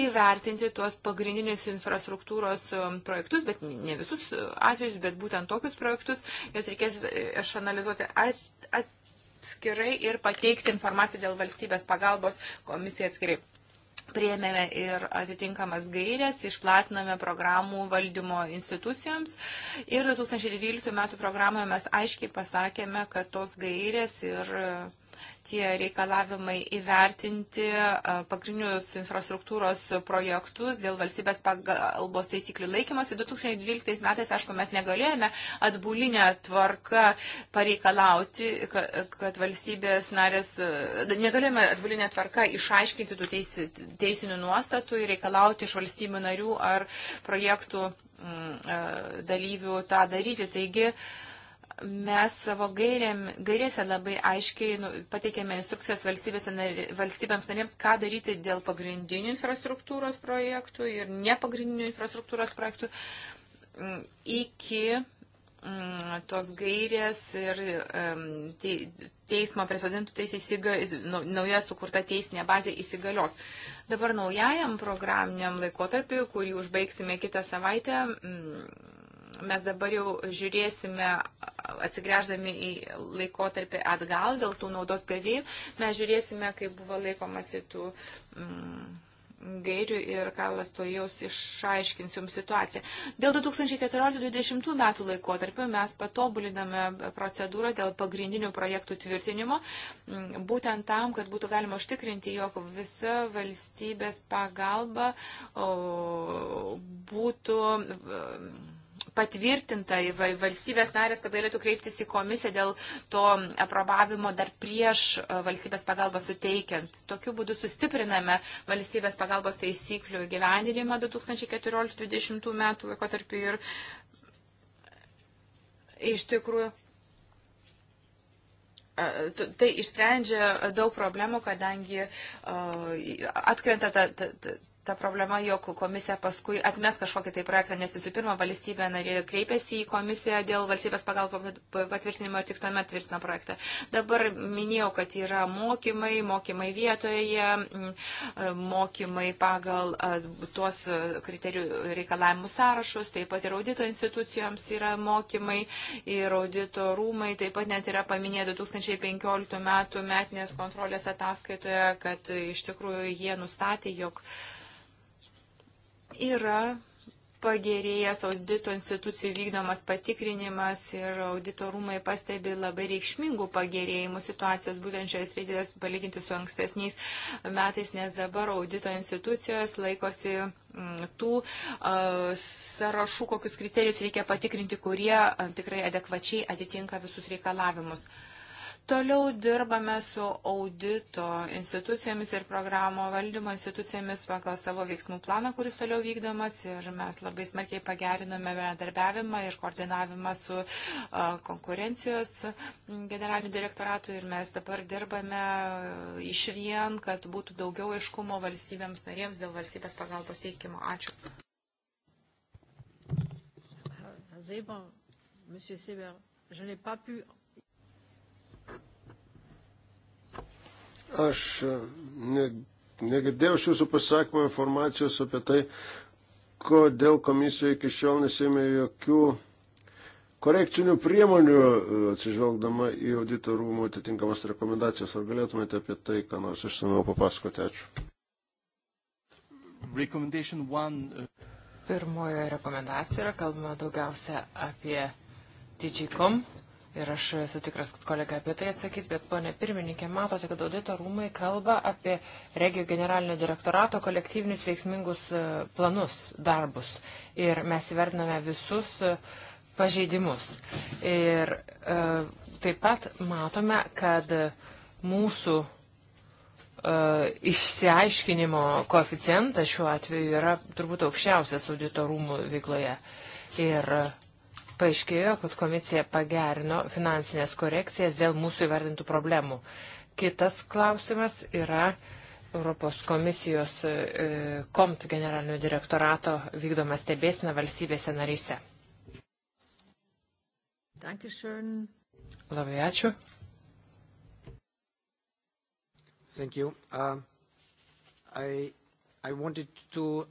Speaker 3: įvertinti tuos pagrindinius infrastruktūros projektus, bet ne visus atvejus, bet būtent tokius projektus, jos reikės e, išanalizuoti at, at, atskirai ir pateikti informaciją dėl valstybės pagalbos komisijai atskirai. Priemėme ir atitinkamas gairias, išplatiname programų valdymo institucijoms ir 2012 metų programoje mes aiškiai pasakėme, kad tos gairės ir uh, tie reikalavimai įvertinti pagrindinius infrastruktūros projektus dėl valstybės pagalbos taisyklių laikymosi. 2012 metais, aišku, mes negalėjome atbulinę tvarką pareikalauti, kad valstybės narės, negalėjome atbulinę tvarką išaiškinti tų teisinių nuostatų ir reikalauti iš valstybių narių ar projektų mm, dalyvių tą daryti. Taigi, uh, mes savo gairėm, gairėse labai aiškiai nu, pateikėme instrukcijas nar, valstybėms narėms, ką daryti dėl pagrindinių infrastruktūros projektų ir nepagrindinių infrastruktūros projektų mm, iki mm, tos gairės ir te, teismo precedentų teisė įsiga, nu, nauja sukurta teisinė bazė įsigalios. Dabar naujajam programiniam laikotarpiu, kurį užbaigsime kitą savaitę, mm, mes dabar jau žiūrėsime, atsigręždami į laikotarpį atgal dėl tų naudos gavėjų, mes žiūrėsime, kaip buvo laikomasi tų mm, gairių ir Karlas to jaus išaiškins jums situaciją. Dėl 2014-2020 metų laikotarpio mes patobuliname procedūrą dėl pagrindinių projektų tvirtinimo, mm, būtent tam, kad būtų galima užtikrinti, jog visa valstybės pagalba o, būtų. O, patvirtinta valstybės narės, kad galėtų kreiptis į komisiją dėl to aprobavimo dar prieš e, valstybės pagalbą suteikiant. Tokiu būdu sustipriname valstybės pagalbos taisyklių gyvendinimą 2014-2020 metų laikotarpiu ir iš tikrųjų. E, tai išsprendžia daug problemų, kadangi uh, e, atkrenta ta, ta, ta, ta problema, jog komisija paskui atmes kažkokį tai projektą, nes visų pirma valstybė narė kreipėsi į komisiją dėl valstybės pagalbos patvirtinimo ir tik tuomet tvirtina projektą. Dabar minėjau, kad yra mokymai, mokymai vietoje, mokymai pagal tuos kriterijų reikalavimų sąrašus, taip pat ir audito institucijoms yra mokymai ir audito rūmai, taip pat net yra paminėję 2015 metų metinės kontrolės ataskaitoje, kad iš tikrųjų jie nustatė, jog uh, yra pagerėjęs audito institucijų vykdomas patikrinimas ir auditorumai pastebi labai reikšmingų pagerėjimų situacijos būtent šioje srityje palyginti su ankstesniais metais, nes dabar audito institucijos laikosi mm, tų uh, sąrašų, kokius kriterijus reikia patikrinti, kurie tikrai adekvačiai atitinka visus reikalavimus. Uh, Toliau dirbame su audito institucijomis ir programo valdymo institucijomis pagal savo veiksmų planą, kuris toliau vykdomas ir mes labai smarkiai pagerinome bendradarbiavimą ir koordinavimą su konkurencijos generaliniu direktoratu ir mes dabar dirbame iš vien, kad būtų daugiau aiškumo valstybėms narėms dėl valstybės pagalbos teikimo. Ačiū.
Speaker 1: Zébon, Monsieur Seber, je n'ai pas pu
Speaker 2: Aš e, ne, negirdėjau iš jūsų pasakymo informacijos apie tai, kodėl komisija iki šiol nesėmė jokių korekcinių priemonių, e, atsižvelgdama į audito rūmų atitinkamas rekomendacijas. Ar galėtumėte apie tai, ką nors išsameu papasakoti? Ačiū.
Speaker 5: One... E,
Speaker 4: Pirmojo rekomendacija yra kalbama daugiausia apie DigiCom Ir aš esu tikras, kad kolega apie tai atsakys, bet ponė pirmininkė, matote, kad audito rūmai kalba apie regio generalinio direktorato kolektyvinius veiksmingus e, planus, darbus. Ir mes įvertiname visus e, pažeidimus. Ir e, taip pat matome, kad mūsų e, išsiaiškinimo koeficientas šiuo atveju yra turbūt aukščiausias audito rūmų veikloje. Ir e, paaiškėjo, kad komisija pagerino finansinės korekcijas dėl mūsų įvardintų problemų. Kitas klausimas yra Europos komisijos e, KOMT generalinio direktorato vykdoma stebėsina valstybėse narise. Labai ačiū. Thank you. Uh, I, I wanted to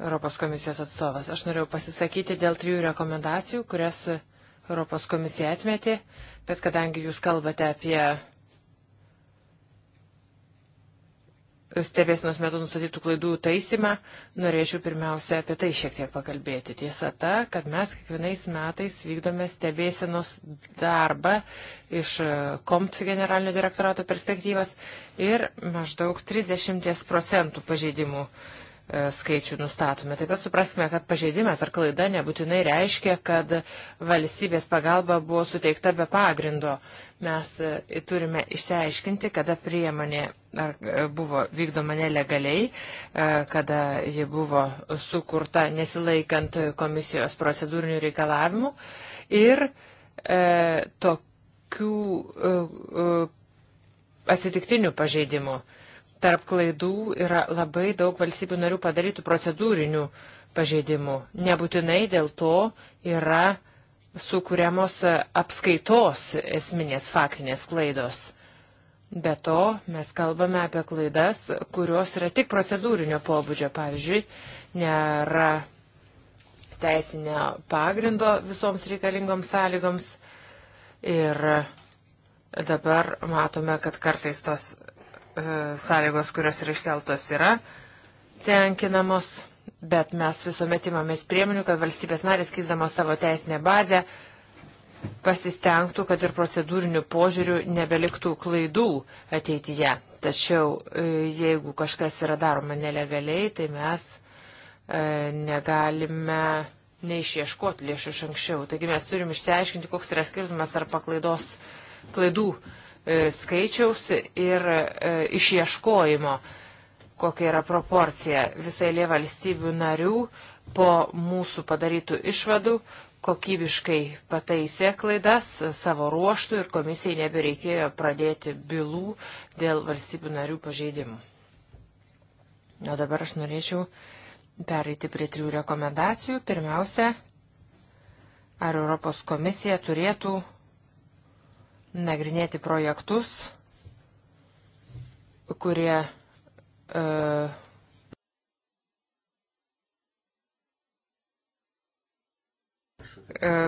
Speaker 4: Europos komisijos atstovas. Aš norėjau pasisakyti dėl trijų rekomendacijų, kurias Europos komisija atmetė, bet kadangi jūs kalbate apie stebėsinos metu nustatytų klaidų taisymą, norėčiau pirmiausia apie tai šiek tiek pakalbėti. Tiesa ta, kad mes kiekvienais metais vykdome stebėsinos darbą iš KOMT generalinio direktorato perspektyvas ir maždaug 30 procentų pažeidimų uh, E, skaičių nustatome. Taip pat supraskime, kad pažeidimas ar klaida nebūtinai reiškia, kad valstybės pagalba buvo suteikta be pagrindo. Mes e, turime išsiaiškinti, kada priemonė e, buvo vykdoma nelegaliai, kada ji buvo sukurta nesilaikant komisijos procedūrinių reikalavimų ir e, tokių e, e, atsitiktinių pažeidimų. E, tarp klaidų yra labai daug valstybių narių padarytų procedūrinių pažeidimų. Nebūtinai dėl to yra sukūriamos apskaitos esminės faktinės klaidos. Be to, mes kalbame apie klaidas, kurios yra tik procedūrinio pobūdžio. Pavyzdžiui, nėra teisinio pagrindo visoms reikalingoms sąlygoms ir dabar matome, kad kartais tos E, sąlygos, kurios yra iškeltos, yra tenkinamos, bet mes visuomet imamės priemonių, kad valstybės narės, keisdamos savo teisinę bazę, pasistengtų, kad ir procedūrinių požiūrių nebeliktų klaidų ateityje. Tačiau e, jeigu kažkas yra daroma nelegaliai, tai mes e, negalime neišieškoti lėšų iš anksčiau. Taigi mes turim išsiaiškinti, koks yra skirtumas ar paklaidos klaidų E, skaičiaus ir e, išieškojimo, kokia yra proporcija visai lė valstybių narių po mūsų padarytų išvadų kokybiškai pataisė klaidas savo ruoštų ir komisijai nebereikėjo pradėti bylų dėl valstybių narių pažeidimų. O dabar aš norėčiau pereiti prie trijų rekomendacijų. Pirmiausia, ar Europos komisija turėtų nagrinėti projektus, kurie uh,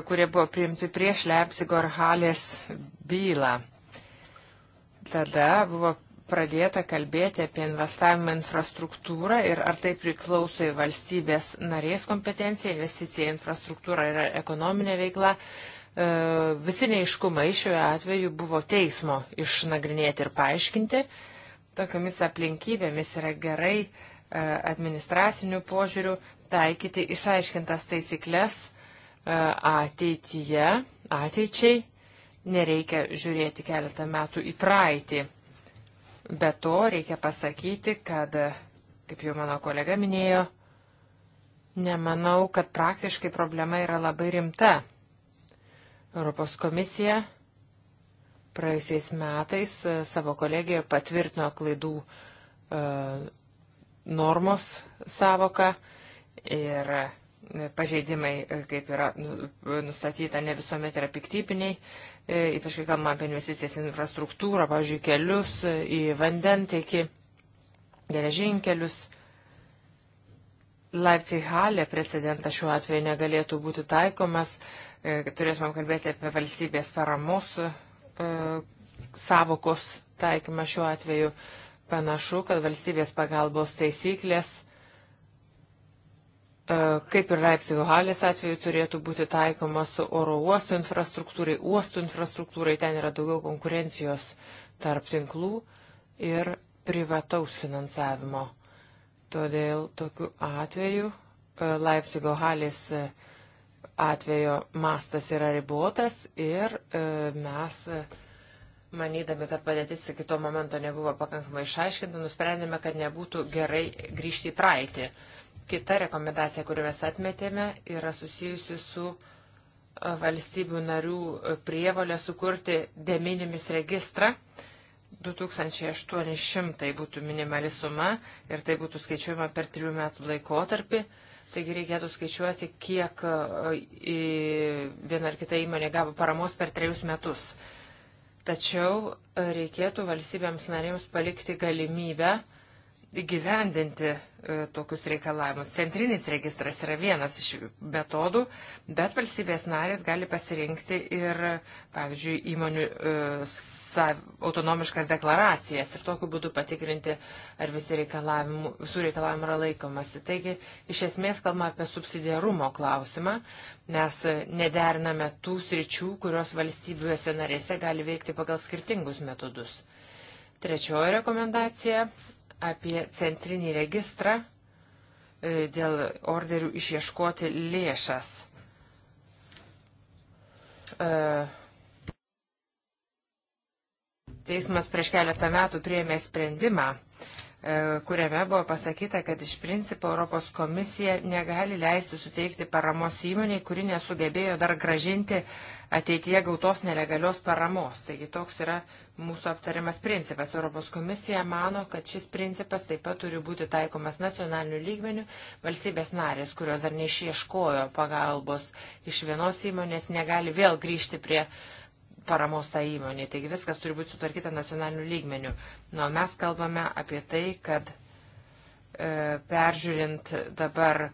Speaker 4: kurie buvo priimti prieš Leipzigo ir Halės bylą. Tada buvo pradėta kalbėti apie investavimą infrastruktūrą ir ar tai priklauso į valstybės narės kompetenciją, investicija į infrastruktūrą yra ekonominė veikla, E, visi neiškumai šiuo atveju buvo teismo išnagrinėti ir paaiškinti. Tokiamis aplinkybėmis yra gerai e, administracinių požiūrių taikyti išaiškintas taisyklės e, ateityje, ateičiai. Nereikia žiūrėti keletą metų į praeitį. Be to reikia pasakyti, kad, kaip jau mano kolega minėjo, nemanau, kad praktiškai problema yra labai rimta. Europos komisija praėjusiais metais e, savo kolegijoje patvirtino klaidų e, normos savoką ir e, pažeidimai, e, kaip yra nu, nustatyta, ne visuomet yra piktybiniai, e, ypač kai kalbame apie investicijas į infrastruktūrą, pavyzdžiui, kelius, į vandentekį, geležinkelius. Leipzig halė precedentas šiuo atveju negalėtų būti taikomas, e, E, turėtumėm kalbėti apie valstybės paramos e, savokos taikymą šiuo atveju. Panašu, kad valstybės pagalbos taisyklės, e, kaip ir Leipzigo halės atveju, turėtų būti taikomas oro uostų infrastruktūrai, uostų infrastruktūrai, ten yra daugiau konkurencijos tarp tinklų ir privataus finansavimo. Todėl tokiu atveju Leipzigo halės atveju atvejo mastas yra ribotas ir e, mes, e, manydami, kad padėtis iki to momento nebuvo pakankamai išaiškinta, nusprendėme, kad nebūtų gerai grįžti į praeitį. Kita rekomendacija, kurią mes atmetėme, yra susijusi su e, valstybių narių prievalė sukurti deminimis registrą. 2800 būtų minimali suma ir tai būtų skaičiuojama per trijų metų laikotarpį. Taigi reikėtų skaičiuoti, kiek e, viena ar kita įmonė gavo paramos per trejus metus. Tačiau e, reikėtų valstybėms narėms palikti galimybę įgyvendinti e, tokius reikalavimus. Centrinis registras yra vienas iš metodų, bet valstybės narės gali pasirinkti ir, pavyzdžiui, įmonių autonomiškas deklaracijas ir tokiu būdu patikrinti, ar visi reikalavimų, visų reikalavimų yra laikomasi. Taigi, iš esmės kalbame apie subsidiarumo klausimą, nes nederiname tų sričių, kurios valstybiuose narėse gali veikti pagal skirtingus metodus. Trečioji rekomendacija apie centrinį registrą e, dėl orderių išieškoti lėšas. Uh, Teismas prieš keletą metų priėmė sprendimą, e, kuriame buvo pasakyta, kad iš principo Europos komisija negali leisti suteikti paramos įmoniai, kuri nesugebėjo dar gražinti ateityje gautos nelegalios paramos. Taigi toks yra mūsų aptariamas principas. Europos komisija mano, kad šis principas taip pat turi būti taikomas nacionaliniu lygmeniu. Valstybės narės, kurios dar neišieškojo pagalbos iš vienos įmonės, negali vėl grįžti prie uh, paramos tą tai įmonį. Taigi viskas turi būti sutvarkyta nacionaliniu lygmeniu. Nu, mes kalbame apie tai, kad e, peržiūrint dabar e,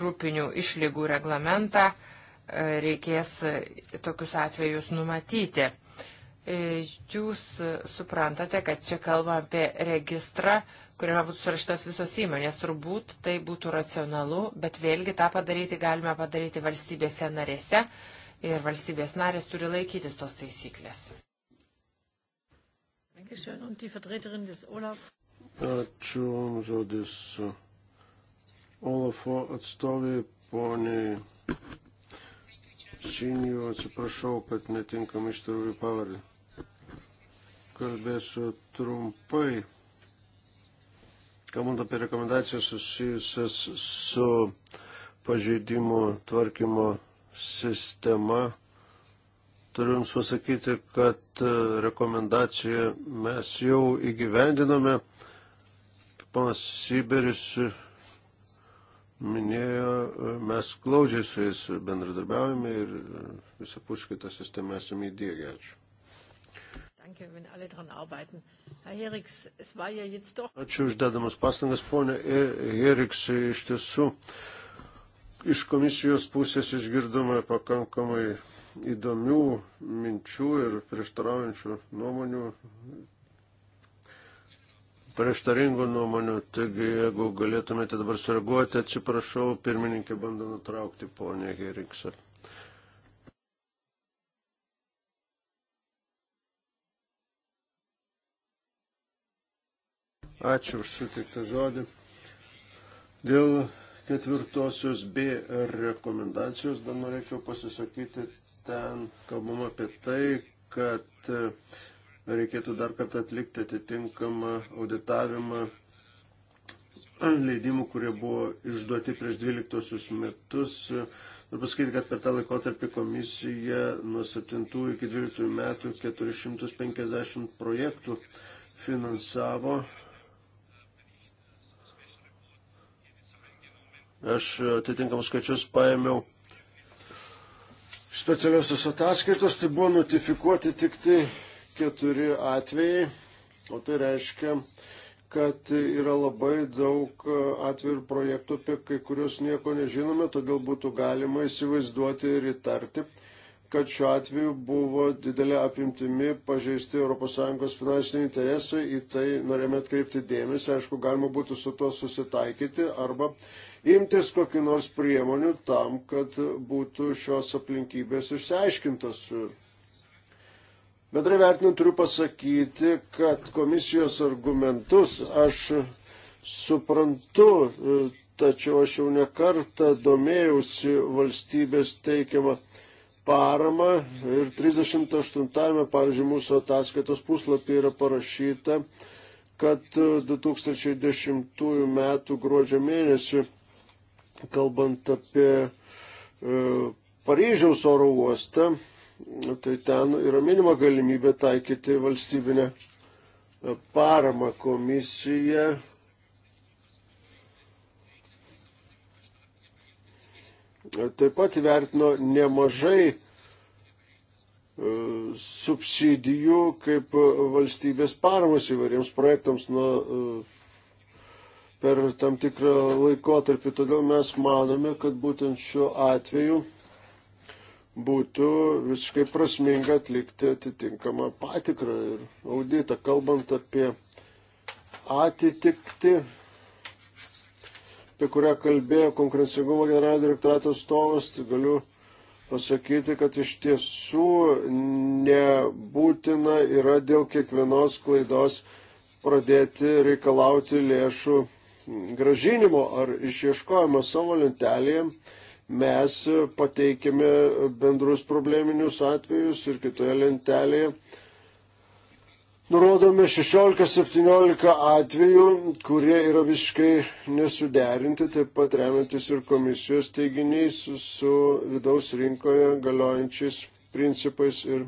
Speaker 4: grupinių išlygų reglamentą, e, reikės tokius atvejus numatyti. E, jūs suprantate, kad čia kalbam apie registrą, kuriame būtų surašytos visos įmonės. Turbūt tai būtų racionalu, bet vėlgi tą padaryti galime padaryti valstybėse narėse. E, ir valstybės narės turi laikytis tos taisyklės.
Speaker 2: Ačiū žodis Olafo atstovai, poniai Sinijų, atsiprašau, kad netinkam ištariu pavardę. Kalbėsiu trumpai. Kalbant apie rekomendacijas susijusias su pažeidimo tvarkymo sistema. Turiu Jums pasakyti, kad e, rekomendaciją mes jau įgyvendiname. Panas Siberis minėjo, e, mes glaudžiai su jais bendradarbiaujame ir e, visapuškai tą sistemą esame įdėgę. Ačiū. Ačiū uždedamas pastangas, ponė Eriks, iš tiesų iš komisijos pusės išgirdome pakankamai įdomių minčių ir prieštaraujančių nuomonių, prieštaringų nuomonių. Taigi, jeigu galėtumėte dabar sureaguoti, atsiprašau, pirmininkė bando nutraukti ponę Geriksą. Ačiū už sutiktą žodį. Dėl ketvirtosios B rekomendacijos dar norėčiau pasisakyti. Ten kalbama apie tai, kad e, reikėtų dar kartą atlikti atitinkamą auditavimą leidimų, kurie buvo išduoti prieš 12 metus. Noriu pasakyti, kad per tą laikotarpį komisija nuo 7 iki 12 metų 450 projektų finansavo Aš atitinkamus skaičius paėmiau specialiosios ataskaitos, tai buvo notifikuoti tik tai keturi atvejai, o tai reiškia, kad yra labai daug atvirų projektų, apie kai kuriuos nieko nežinome, todėl būtų galima įsivaizduoti ir įtarti, kad šiuo atveju buvo didelė apimtimi pažeisti ES finansiniai interesai, į tai norėjome atkreipti dėmesį, aišku, galima būtų su tuo susitaikyti arba imtis kokiu nors priemonių tam, kad būtų šios aplinkybės išsiaiškintos. Bendrai vertinant turiu pasakyti, kad komisijos argumentus aš suprantu, tačiau aš jau nekartą domėjausi valstybės teikiamą paramą ir 38-ame, pavyzdžiui, mūsų ataskaitos puslapyje yra parašyta, kad 2010 m. gruodžio mėnesį kalbant apie e, Paryžiaus oro uostą, tai ten yra minima galimybė taikyti valstybinę e, paramą komisiją. E, taip pat įvertino nemažai subsidijų kaip valstybės paramos įvairiems projektams nuo per tam tikrą laikotarpį. Todėl mes manome, kad būtent šiuo atveju būtų visiškai prasminga atlikti atitinkamą patikrą ir auditą. Kalbant apie atitikti, apie kurią kalbėjo konkurencingumo generalinio direktorato stovas, tai galiu pasakyti, kad iš tiesų nebūtina yra dėl kiekvienos klaidos pradėti reikalauti lėšų gražinimo ar išieškojimo savo lentelėje mes pateikėme bendrus probleminius atvejus ir kitoje lentelėje nurodome 16-17 atvejų, kurie yra visiškai nesuderinti, taip pat remiantis ir komisijos teiginiais su vidaus rinkoje galiojančiais principais ir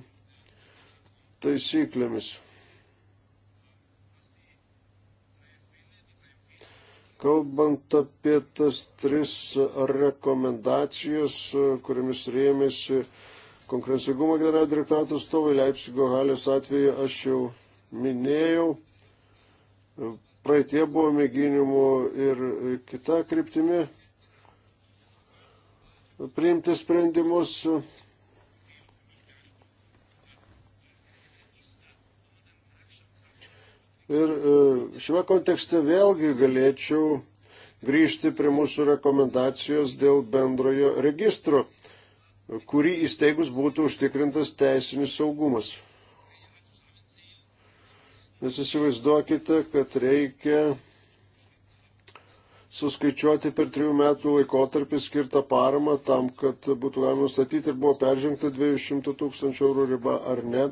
Speaker 2: taisyklėmis. Kalbant apie tas tris rekomendacijas, kuriamis rėmėsi konkurencingumo generalinio direktorato atstovai Leipzigo halės atveju, aš jau minėjau, praeitie buvo mėginimų ir kita kryptimi priimti sprendimus Ir e, šiame kontekste vėlgi galėčiau grįžti prie mūsų rekomendacijos dėl bendrojo registro, kurį įsteigus būtų užtikrintas teisinis saugumas. Nes įsivaizduokite, kad reikia suskaičiuoti per trijų metų laikotarpį skirtą paramą tam, kad būtų galima nustatyti, ar buvo peržengta 200 tūkstančių eurų riba ar ne.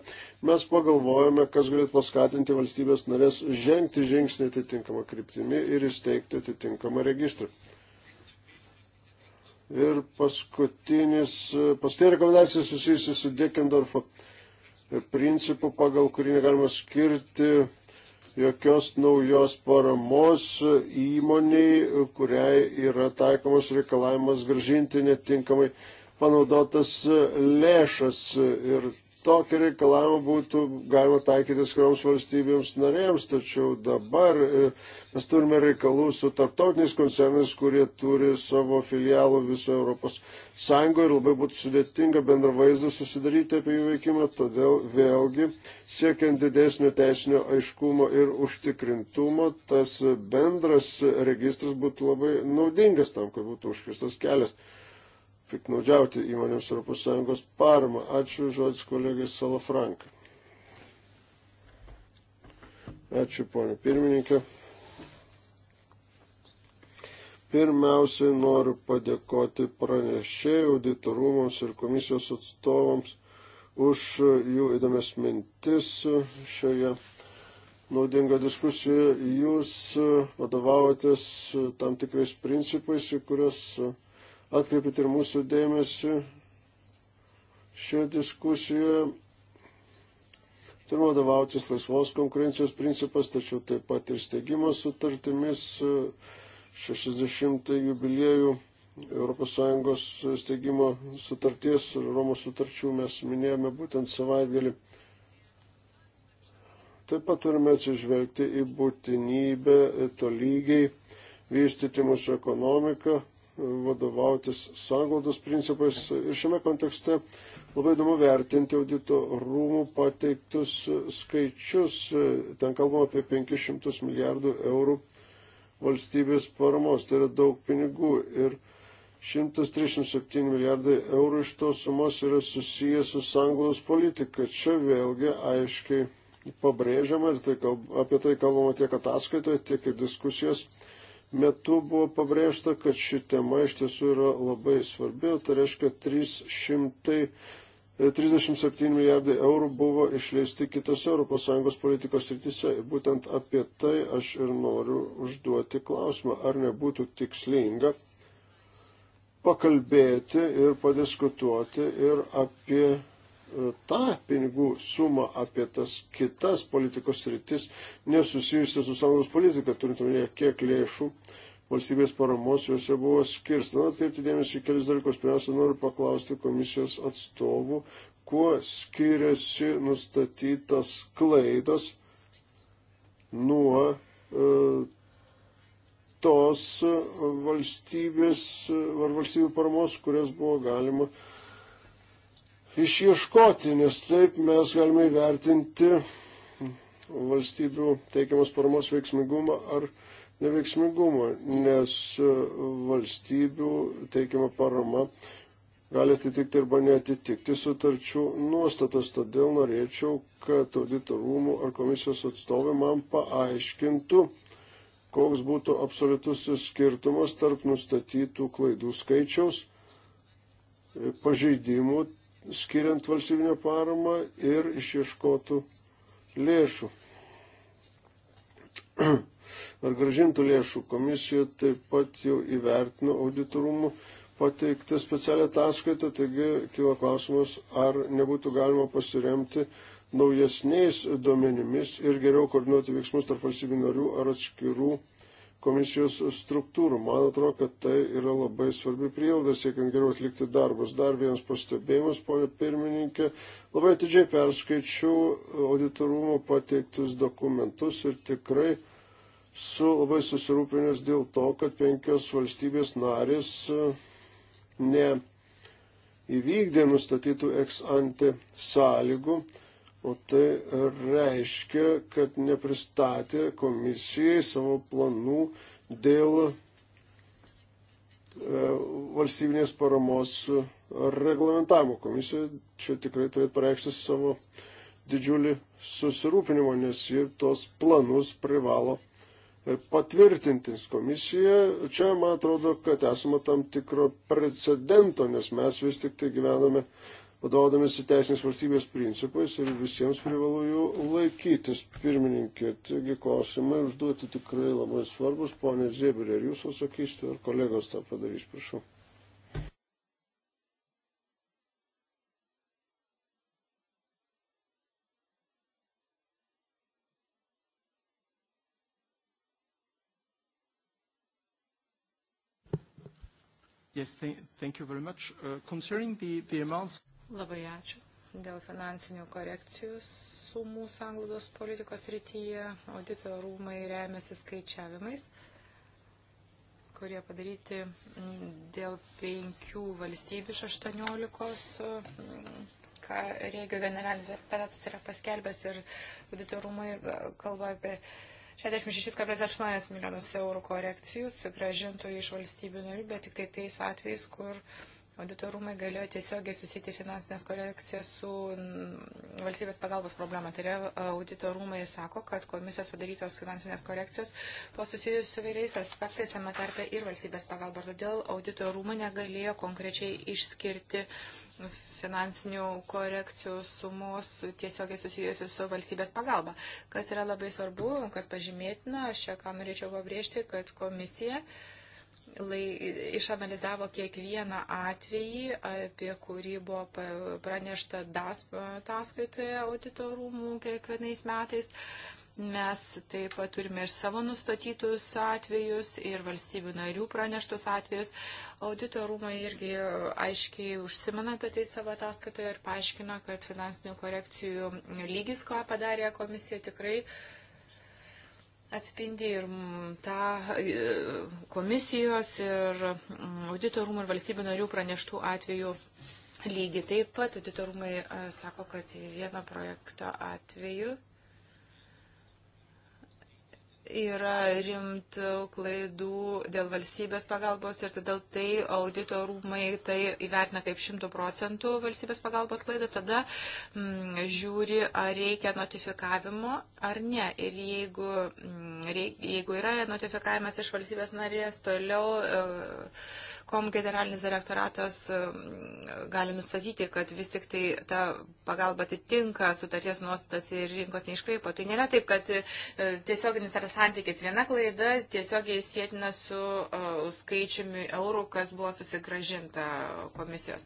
Speaker 2: Mes pagalvojame, kas galėtų paskatinti valstybės narės žengti žingsnį atitinkamą kryptimį ir įsteigti atitinkamą registrą. Ir paskutinis, paskutinė rekomendacija susijusi su Dekendorfo principu, pagal kurį negalima skirti jokios naujos paramos įmoniai, kuriai yra taikomas reikalavimas gražinti netinkamai panaudotas lėšas. Ir tokį reikalavimą būtų galima taikyti skirioms valstybėms narėms, tačiau dabar e, mes turime reikalų su tarptautiniais koncernais, kurie turi savo filialų viso Europos Sąjungoje ir labai būtų sudėtinga bendrą vaizdą susidaryti apie jų veikimą, todėl vėlgi siekiant didesnio teisinio aiškumo ir užtikrintumo, tas bendras registras būtų labai naudingas tam, kad būtų užkirstas kelias piknaudžiauti įmonėms ES paramą. Ačiū žodis kolegai Salafranka. Ačiū, ponė pirmininkė. Pirmiausiai noriu padėkoti pranešėjai, auditorumams ir komisijos atstovams už jų įdomias mintis šioje naudingoje diskusijoje. Jūs vadovavotės tam tikrais principais, į kuriuos atkreipėt ir mūsų dėmesį šioje diskusijoje. Turime vadovautis laisvos konkurencijos principas, tačiau taip pat ir steigimo sutartimis 60 jubiliejų ES steigimo sutarties ir Romos sutarčių mes minėjome būtent savaitgalį. Taip pat turime atsižvelgti į būtinybę tolygiai vystyti mūsų ekonomiką, vadovautis sanglaudos principais. Ir šiame kontekste labai įdomu vertinti audito rūmų pateiktus skaičius. Ten kalbama apie 500 milijardų eurų valstybės paramos. Tai yra daug pinigų. Ir 137 milijardai eurų iš tos sumos yra susijęs su sanglaudos politika. Čia vėlgi aiškiai pabrėžiama ir tai kalb, apie tai kalbama tiek ataskaitoje, tiek ir diskusijos metu buvo pabrėžta, kad ši tema iš tiesų yra labai svarbi, tai reiškia 300. 37 e, milijardai eurų buvo išleisti kitose ES politikos rytise. Būtent apie tai aš ir noriu užduoti klausimą, ar nebūtų tikslinga pakalbėti ir padiskutuoti ir apie tą pinigų sumą apie tas kitas politikos rytis nesusijusias su sąjungos politika, turint omenyje, kiek lėšų valstybės paramos juose buvo skirs. Na, atkreipti dėmesį į kelis dalykus. Pirmiausia, noriu paklausti komisijos atstovų, kuo skiriasi nustatytas klaidos nuo e, tos valstybės ar valstybių paramos, kurias buvo galima e, išieškoti, nes taip mes galime įvertinti valstybių teikiamos paramos veiksmingumą ar neveiksmingumą, nes valstybių teikiama parama gali atitikti arba netitikti sutarčių nuostatas. Todėl norėčiau, kad auditorumų ar komisijos atstovai man paaiškintų, koks būtų absoliutus skirtumas tarp nustatytų klaidų skaičiaus pažeidimų skiriant valstybinę paramą ir išieškotų lėšų. Ar gražintų lėšų komisija taip pat jau įvertino auditorumų pateikti specialią ataskaitą, taigi kyla klausimas, ar nebūtų galima pasiremti naujesniais duomenimis ir geriau koordinuoti veiksmus tarp valstybių narių ar atskirų komisijos struktūrų. Man atrodo, kad tai yra labai svarbi prielaida, siekiant geriau atlikti darbus. Dar vienas pastebėjimas, ponė pirmininkė. Labai atidžiai perskaičiau auditorumo pateiktus dokumentus ir tikrai su labai susirūpinęs dėl to, kad penkios valstybės narės e, ne įvykdė nustatytų ex ante sąlygų O tai reiškia, kad nepristatė komisijai savo planų dėl e, valstybinės paramos reglamentavimo. Komisija čia tikrai turėtų pareikšti savo didžiulį susirūpinimą, nes ji tos planus privalo e, patvirtintis. Komisija čia, man atrodo, kad esame tam tikro precedento, nes mes vis tik tai gyvename vadovodamėsi teisinės valstybės principais ir visiems privalu jų laikytis. Pirmininkė, taigi klausimai užduoti tikrai labai svarbus. Pone Zėbirė, ar jūs atsakysite, ar kolegos tą padarys, prašau.
Speaker 5: Yes, thank you very much. Uh, concerning the, the amounts
Speaker 3: Labai ačiū dėl finansinių korekcijų sumų sanglaudos politikos rytyje. Audito rūmai remiasi skaičiavimais, kurie padaryti mm, dėl penkių valstybių iš 18 mm, ką Rėgio generalinis operacijos yra paskelbęs ir audito rūmai e, kalba apie 66,8 milijonus eurų korekcijų sugražintų iš valstybių narių, bet tik tai tais atvejais, kur uh, auditorumai galėjo tiesiogiai susiti finansinės korekcijas su mm, valstybės pagalbos problema. Tai yra auditorumai sako, kad komisijos padarytos finansinės korekcijos po susijusius su vairiais aspektais, tame tarpe ir valstybės pagalba. Todėl auditorumai negalėjo konkrečiai išskirti finansinių korekcijų sumos tiesiogiai susijusių su valstybės pagalba. Kas yra labai svarbu, kas pažymėtina, aš čia ką norėčiau pabrėžti, kad komisija uh, lai, išanalizavo kiekvieną atvejį, apie kurį buvo pranešta DAS ataskaitoje auditorumų kiekvienais metais. Mes taip pat turime ir savo nustatytus atvejus, ir valstybių narių praneštus atvejus. Audito rūmai irgi aiškiai užsimena apie tai savo ataskaitoje ir paaiškina, kad finansinių korekcijų lygis, ko padarė komisija, tikrai uh, atspindi ir tą e, komisijos ir auditorumų ir valstybių narių praneštų atvejų lygį. Taip pat auditorumai e, sako, kad vieno projekto atveju yra rimtų klaidų dėl valstybės pagalbos ir todėl tai audito rūmai tai įvertina kaip 100 procentų valstybės pagalbos klaidą, tada m, mm, žiūri, ar reikia notifikavimo ar ne. Ir jeigu, m, mm, reik, jeigu yra notifikavimas iš valstybės narės, toliau. E, kom generalinis direktoratas mm, gali nustatyti, kad vis tik tai ta pagalba atitinka sutarties nuostatas ir rinkos neiškraipo. Tai nėra taip, kad e, tiesioginis ar santykis. Viena klaida tiesiogiai sėtina su e, skaičiumi eurų, kas buvo susigražinta komisijos.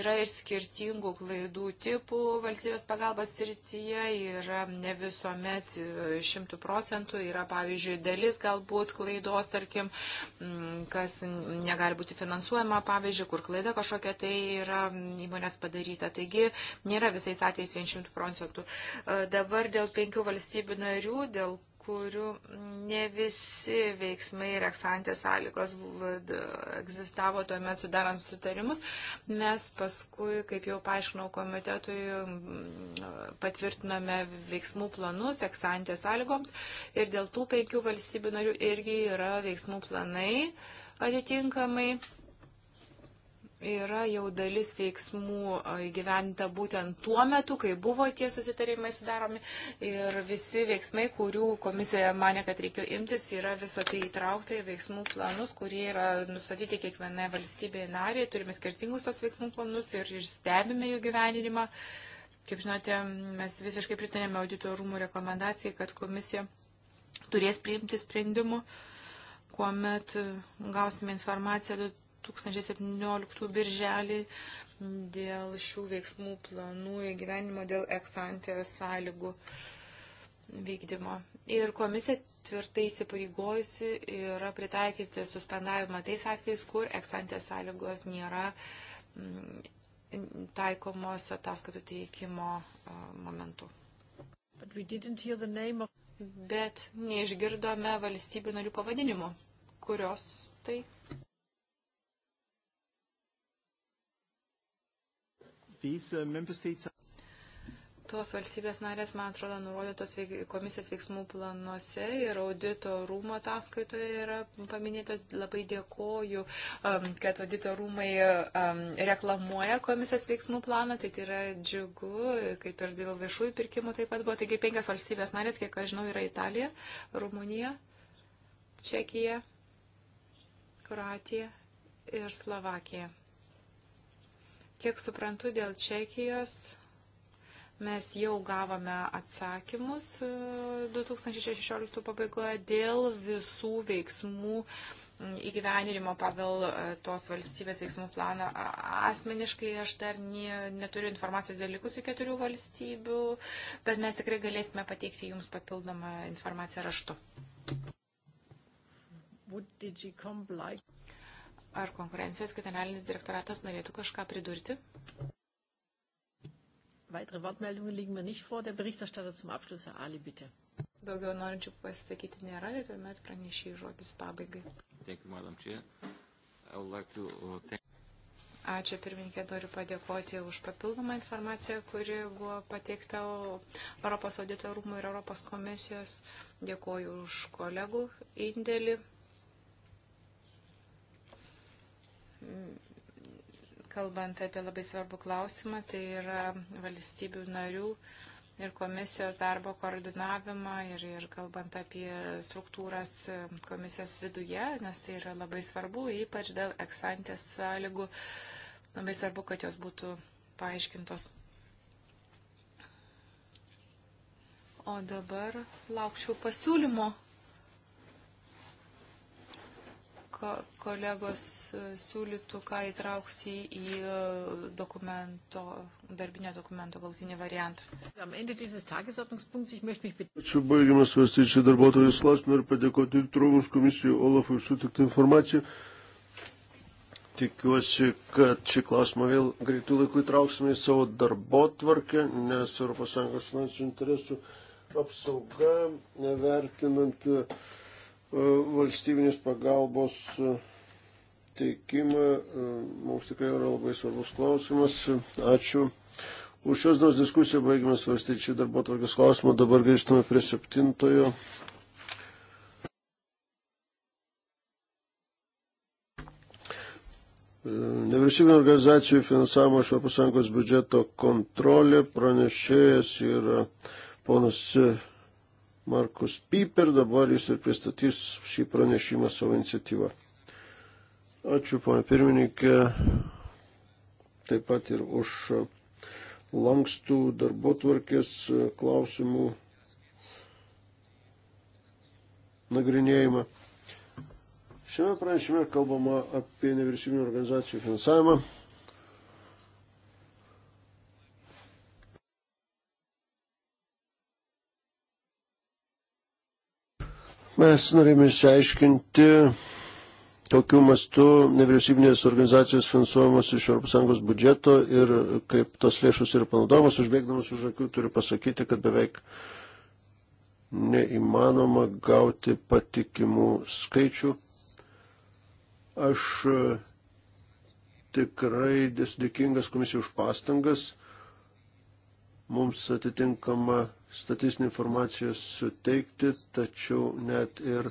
Speaker 3: Yra ir skirtingų klaidų tipų valstybės pagalbos srityje, yra ne visuomet e, šimtų procentų, yra pavyzdžiui dalis galbūt klaidos, tarkim, kas negali būti finansuojama, pavyzdžiui, kur klaida kažkokia tai yra įmonės padaryta. Taigi nėra visais atvejais 100 procentų. E, dabar dėl penkių valstybių narių, dėl kurių ne visi veiksmai ir eksantės sąlygos egzistavo tuo metu sudarant sutarimus. Mes paskui, kaip jau paaiškinau komitetui, patvirtiname veiksmų planus eksantės sąlygoms ir dėl tų penkių valstybių narių irgi yra veiksmų planai atitinkamai yra jau dalis veiksmų įgyventa būtent tuo metu, kai buvo tie susitarimai sudaromi ir visi veiksmai, kurių komisija mane, kad reikėjo imtis, yra visą tai įtraukta į veiksmų planus, kurie yra nustatyti kiekvienai valstybėje nariai. Turime skirtingus tos veiksmų planus ir, ir stebime jų gyvenimą. Kaip žinote, mes visiškai pritarėme audito rūmų rekomendacijai, kad komisija turės priimti sprendimų, kuomet gausime informaciją 2017 birželį dėl šių veiksmų planų įgyvenimo, dėl eksantės sąlygų vykdymo. Ir komisija tvirtai įsipareigojusi yra pritaikyti suspendavimą tais atvejais, kur eksantės sąlygos nėra mm, taikomos ataskaitų teikimo momentu.
Speaker 1: Of...
Speaker 3: Bet neišgirdome valstybių narių pavadinimų, kurios tai
Speaker 5: Uh,
Speaker 3: Tos valstybės narės, man atrodo, nurodytos komisijos veiksmų planuose ir audito rūmo ataskaitoje yra paminėtos. Labai dėkoju, um, kad audito rūmai um, reklamuoja komisijos veiksmų planą. Tai, tai yra džiugu, kaip ir dėl viešųjų pirkimų taip pat buvo. Taigi penkias valstybės narės, kiek aš žinau, yra Italija, Rumunija, Čekija, Kroatija ir Slovakija. Kiek suprantu, dėl Čekijos mes jau gavome atsakymus 2016 e, pabaigoje dėl visų veiksmų įgyvenimo pagal e, tos valstybės veiksmų planą. Asmeniškai aš dar nie, neturiu informacijos dėl likusių keturių valstybių, bet mes tikrai galėsime pateikti Jums papildomą informaciją raštu. Ar konkurencijos generalinis direktoratas norėtų kažką pridurti? Weitere Wortmeldungen liegen mir nicht vor. Der Berichterstatter zum Abschluss, Herr Ali, bitte. Daugiau norinčių pasisakyti nėra, tai tuomet pranešiai žodis pabaigai. Uh, Ačiū pirmininkė, noriu padėkoti už papildomą informaciją, kuri buvo pateikta Europos audito rūmų ir Europos komisijos. Dėkoju už kolegų indėlį kalbant apie labai svarbų klausimą, tai yra valstybių narių ir komisijos darbo koordinavimą ir, ir kalbant apie struktūras komisijos viduje, nes tai yra labai svarbu, ypač dėl eksantės sąlygų, labai svarbu, kad jos būtų paaiškintos. O dabar laukčiau pasiūlymo kolegos e, siūlytų, ką įtraukti į e, dokumento, darbinio dokumento galtinį variantą. Ačiū,
Speaker 2: baigiamas svarstyti šį darbuotojus klausimą ir padėkoti Trūmus komisijų Olafui už sutiktą informaciją. Tikiuosi, kad šį klausimą vėl greitų laikų įtrauksime į savo darbo tvarkę, nes ES finansų interesų apsauga, nevertinant uh, E, valstybinės pagalbos e, teikimą. E, mums tikrai yra labai svarbus klausimas. Ačiū. Už šios dienos diskusiją baigime svarstyti šį darbo tvarkės klausimą. Dabar grįžtame prie septintojo. Nevyriausybinio organizacijų finansavimo iš Europos Sąjungos biudžeto kontrolė pranešėjas yra ponas Markus Piper, dabar jis ir pristatys šį pranešimą savo iniciatyvą. Ačiū, pana pirmininkė, taip pat ir už lankstų darbo tvarkės klausimų nagrinėjimą. Šiame pranešime kalbama apie nevyriausybinio organizacijų finansavimą. Mes norėjome išsiaiškinti tokiu mastu nevyriausybinės organizacijos finansuojamos iš ES biudžeto ir kaip tos lėšos yra panaudojamos, užbėgdamas už akių turiu pasakyti, kad beveik neįmanoma gauti patikimų skaičių. Aš e, tikrai dėkingas komisijai už pastangas. Mums atitinkama statistinę informaciją suteikti, tačiau net ir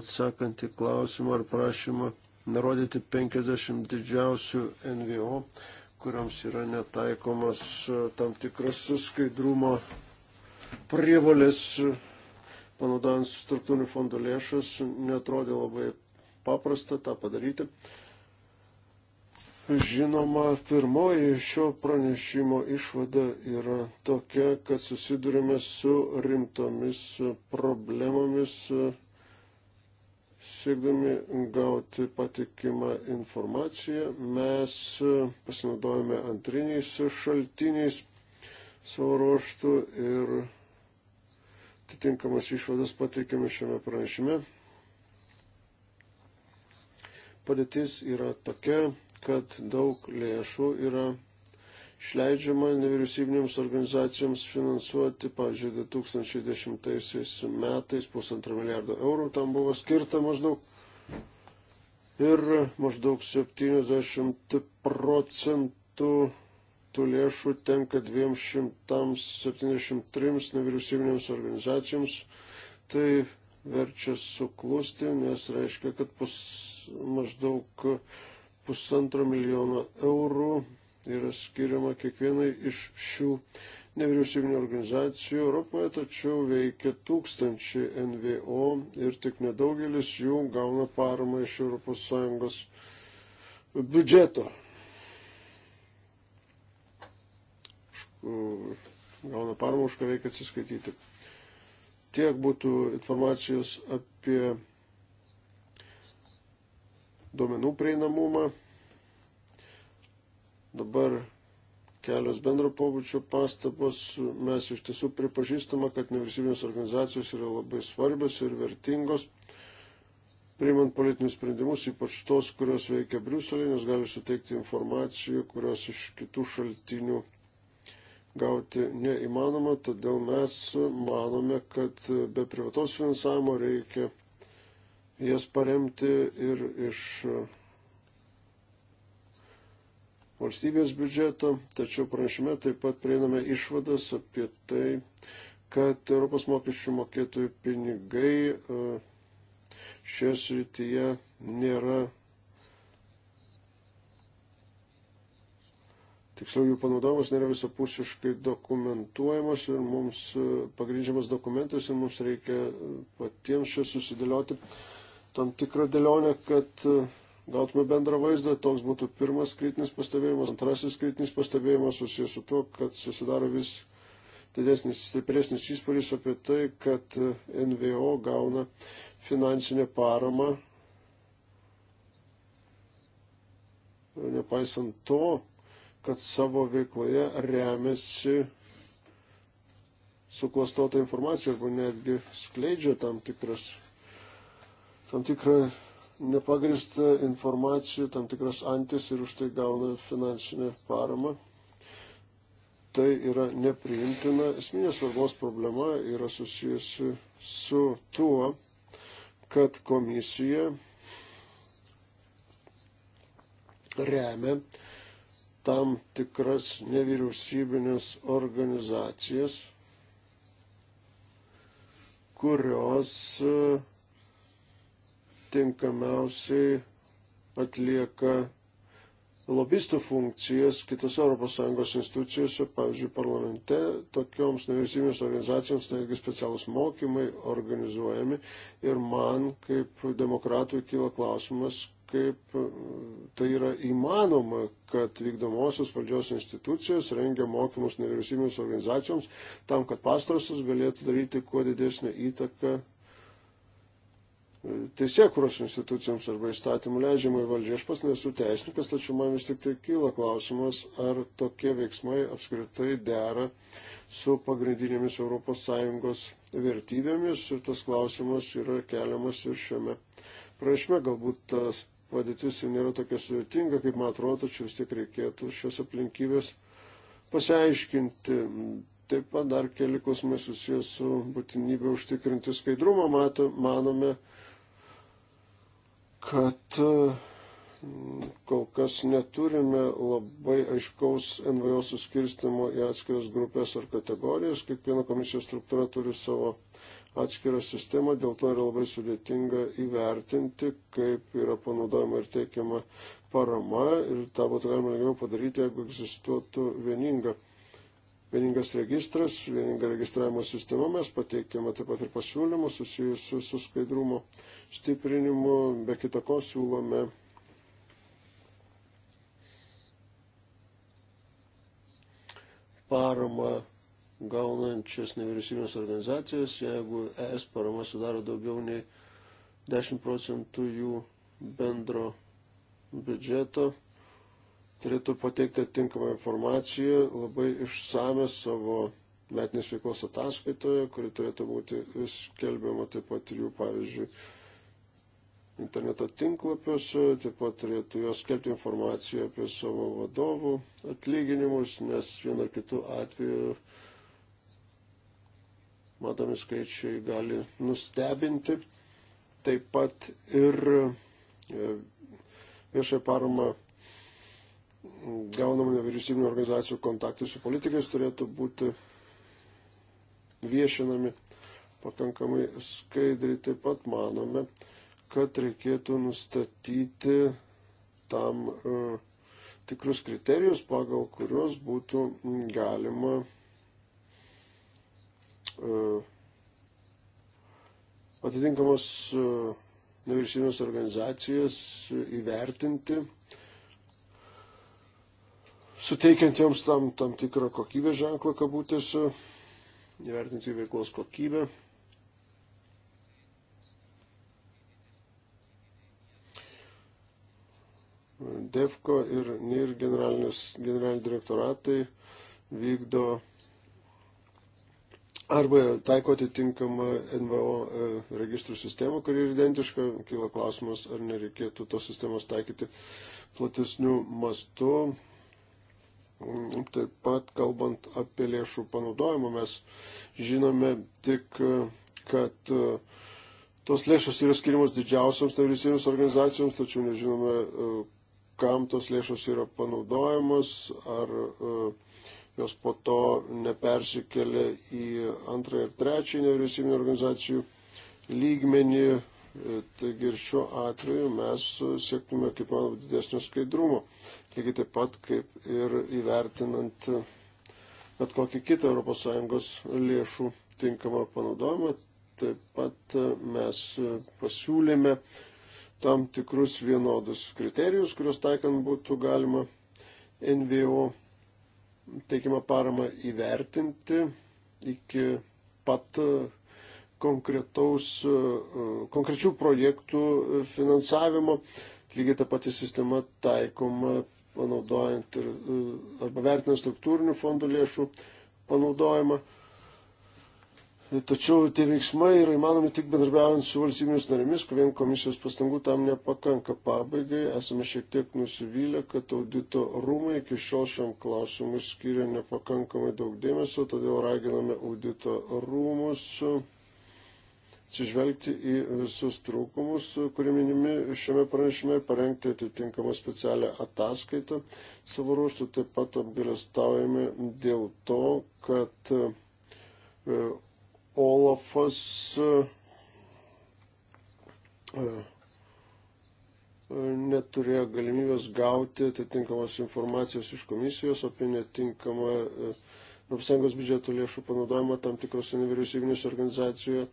Speaker 2: atsakant į klausimą ar prašymą nurodyti 50 didžiausių NVO, kuriams yra netaikomas e, tam tikras skaidrumo prievalės, e, panaudojant struktūrinių fondų lėšas, netrodė labai paprasta tą padaryti. Žinoma, pirmoji šio pranešimo išvada yra tokia, kad susidurime su rimtomis problemomis, siekdami gauti patikimą informaciją. Mes pasinaudojame antriniais šaltiniais savo ruoštų ir atitinkamas išvadas pateikėme šiame pranešime. Padėtis yra tokia, kad daug lėšų yra išleidžiama nevyriausybinėms organizacijoms finansuoti, pavyzdžiui, 2010 metais pusantro milijardo eurų tam buvo skirta maždaug. Ir maždaug 70 procentų tų lėšų tenka 273 nevyriausybinėms organizacijoms. Tai verčia suklusti, nes reiškia, kad pus maždaug pusantro milijono eurų yra skiriama kiekvienai iš šių nevyriausybinio organizacijų Europoje, tačiau veikia tūkstančiai NVO ir tik nedaugelis jų gauna paramą iš ES biudžeto. Gauna paramą, už ką reikia atsiskaityti. Tiek būtų informacijos apie duomenų prieinamumą. Dabar kelios bendro pobūdžio pastabos. Mes iš tiesų pripažįstame, kad nevyriausybinės organizacijos yra labai svarbios ir vertingos, priimant politinius sprendimus, ypač tos, kurios veikia Briuselėje, nes gali suteikti informacijų, kurios iš kitų šaltinių gauti neįmanoma. Todėl mes manome, kad be privatos finansavimo reikia jas paremti ir iš e, valstybės biudžeto, tačiau pranešime taip pat prieiname išvadas apie tai, kad Europos mokesčių mokėtojų pinigai e, šioje srityje nėra, tiksliau jų panaudojimas nėra visapusiškai dokumentuojamas ir mums e, pagrindžiamas dokumentas ir mums reikia patiems čia susidėlioti tam tikrą dėlionę, kad e, gautume bendrą vaizdą. Toks būtų pirmas kritinis pastebėjimas. Antrasis kritinis pastebėjimas susijęs su to, kad susidaro vis didesnis, stipresnis įspūdis apie tai, kad e, NVO gauna finansinę paramą. Nepaisant to, kad savo veikloje remiasi suklastota informacija arba netgi skleidžia tam tikras tam tikrą nepagristą informaciją, tam tikras antis ir už tai gauna finansinę paramą. Tai yra nepriimtina. Esminė svarbos problema yra susijusi su tuo, kad komisija remia tam tikras nevyriausybinės organizacijas, kurios uh, tinkamiausiai atlieka lobistų funkcijas kitose ES institucijose, pavyzdžiui, parlamente, tokioms nevyriausybinėms organizacijoms netgi tai specialus mokymai organizuojami ir man kaip demokratui kyla klausimas, kaip e, tai yra įmanoma, kad vykdomosios valdžios institucijos rengia mokymus nevyriausybinėms organizacijoms tam, kad pastarosios galėtų daryti kuo didesnį įtaką teisėkuros institucijoms arba įstatymų leidžiamai valdžiai. Aš pas nesu teisininkas, tačiau man vis tik tai kyla klausimas, ar tokie veiksmai apskritai dera su pagrindinėmis ES vertybėmis ir tas klausimas yra keliamas ir šiame prašme. Galbūt tas padėtis jau nėra tokia sudėtinga, kaip man atrodo, tačiau vis tiek reikėtų šios aplinkybės pasiaiškinti. Taip pat dar keli klausimai susijęs su būtinybė užtikrinti skaidrumą, mato, manome, kad mm, kol kas neturime labai aiškaus NVO suskirstimo į atskiras grupės ar kategorijas. Kiekviena komisijos struktūra turi savo atskirą sistemą, dėl to yra labai sudėtinga įvertinti, kaip yra panaudojama ir teikiama parama ir tą būtų galima lengviau padaryti, jeigu egzistuotų vieninga vieningas registras, vieninga registravimo sistema, mes pateikėme taip pat ir pasiūlymus susijusius su skaidrumo stiprinimu, be kitako siūlome paramą gaunančias nevyriausybinės organizacijas, jeigu ES parama sudaro daugiau nei 10 procentų jų bendro biudžeto turėtų pateikti atitinkamą informaciją labai išsame savo metinės veiklos ataskaitoje, kuri turėtų būti skelbiama taip pat ir jų, pavyzdžiui, interneto tinklapiuose, taip pat turėtų jos skelbti informaciją apie savo vadovų atlyginimus, nes vienu ar kitu atveju matomi skaičiai gali nustebinti. Taip pat ir e, viešai parama gaunamų nevyriausybinio organizacijų kontaktai su politikais turėtų būti viešinami pakankamai skaidriai. Taip pat manome, kad reikėtų nustatyti tam uh, tikrus kriterijus, pagal kuriuos būtų galima uh, e, atitinkamas uh, e, nevyriausybinės organizacijas įvertinti uh, suteikiant joms tam, tam tikrą kokybę ženklą kabutėse, įvertinti veiklos kokybę. DEFCO ir NIR generaliniai direktoratai vykdo arba taiko atitinkamą NVO e, registrų sistemą, kuri yra identiška, kyla klausimas, ar nereikėtų tos sistemos taikyti platesnių mastų, Taip pat, kalbant apie lėšų panaudojimą, mes žinome tik, kad e, tos lėšos yra skiriamos didžiausiams nevyriausybinėms organizacijoms, tačiau nežinome, e, kam tos lėšos yra panaudojamos, ar e, jos po to nepersikelia į antrą ir trečią nevyriausybinio organizacijų lygmenį. Taigi ir šiuo atveju mes siektume, kaip manau, didesnio skaidrumo lygiai taip pat kaip ir įvertinant bet kokį kitą ES lėšų tinkamą panaudojimą. Taip pat mes pasiūlėme tam tikrus vienodus kriterijus, kuriuos taikant būtų galima NVO teikiamą paramą įvertinti iki pat konkrečių projektų finansavimo. Lygiai ta pati sistema taikoma panaudojant ir, e, arba vertinant struktūrinių fondų lėšų panaudojimą. Tačiau tie veiksmai yra įmanomi tik bendrabiaujant su valstybėmis narėmis, kur vien komisijos pastangų tam nepakanka. Pabaigai esame šiek tiek nusivylę, kad audito rūmai iki šiol šiam klausimui skiria nepakankamai daug dėmesio, todėl raginame audito rūmus. Su atsižvelgti į visus trūkumus, kurie minimi šiame pranešime, parengti atitinkamą specialią ataskaitą. Savo ruoštų taip pat apgalėstaujame dėl to, kad e, Olafas e, e, neturėjo galimybės gauti atitinkamos informacijos iš komisijos apie netinkamą ES biudžeto lėšų panaudojimą tam tikrose nevyriausybinėse organizacijoje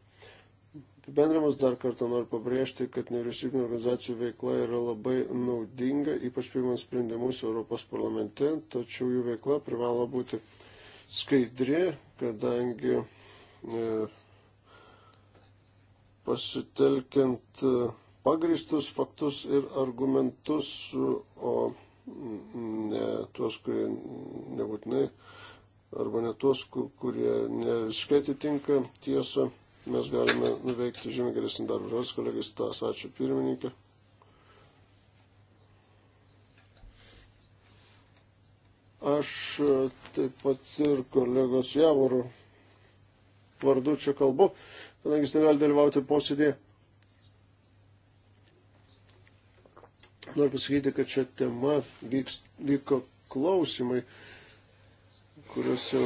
Speaker 2: Apibendrimas dar kartą noriu pabrėžti, kad nevyriausybinio organizacijų veikla yra labai naudinga, ypač priimant sprendimus Europos parlamente, tačiau jų veikla privalo būti skaidri, kadangi e, pasitelkiant e, pagristus faktus ir argumentus, o ne tuos, kurie nebūtinai, arba ne tuos, kurie ne visiškai atitinka tiesą mes galime nuveikti žymiai geresnį darbą. Žodis kolegas Tas, ačiū pirmininkė. Aš taip pat ir kolegos Javorų vardu čia kalbu, kadangi jis negali dalyvauti posėdėje. Noriu pasakyti, kad čia tema vyks, vyko klausimai, kuriuose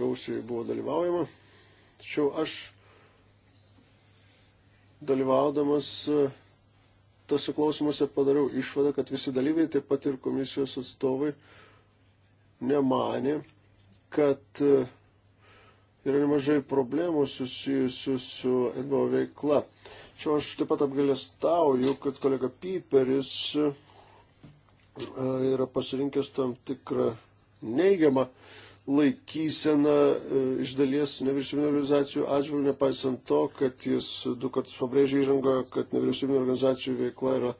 Speaker 2: gausiai buvo dalyvaujama. Tačiau aš dalyvaudamas e, tose klausimuose padariau išvadą, kad visi dalyviai, taip pat ir komisijos atstovai, nemanė, kad e, yra nemažai problemų susijusių su NVO veikla. Čia aš taip pat apgalėstauju, kad kolega Piperis e, yra pasirinkęs tam tikrą neigiamą laikysena e, iš dalies nevyriausybinio organizacijų atžvilgių, nepaisant to, kad jis du kartus pabrėžė įžangoje, kad nevyriausybinio organizacijų veikla yra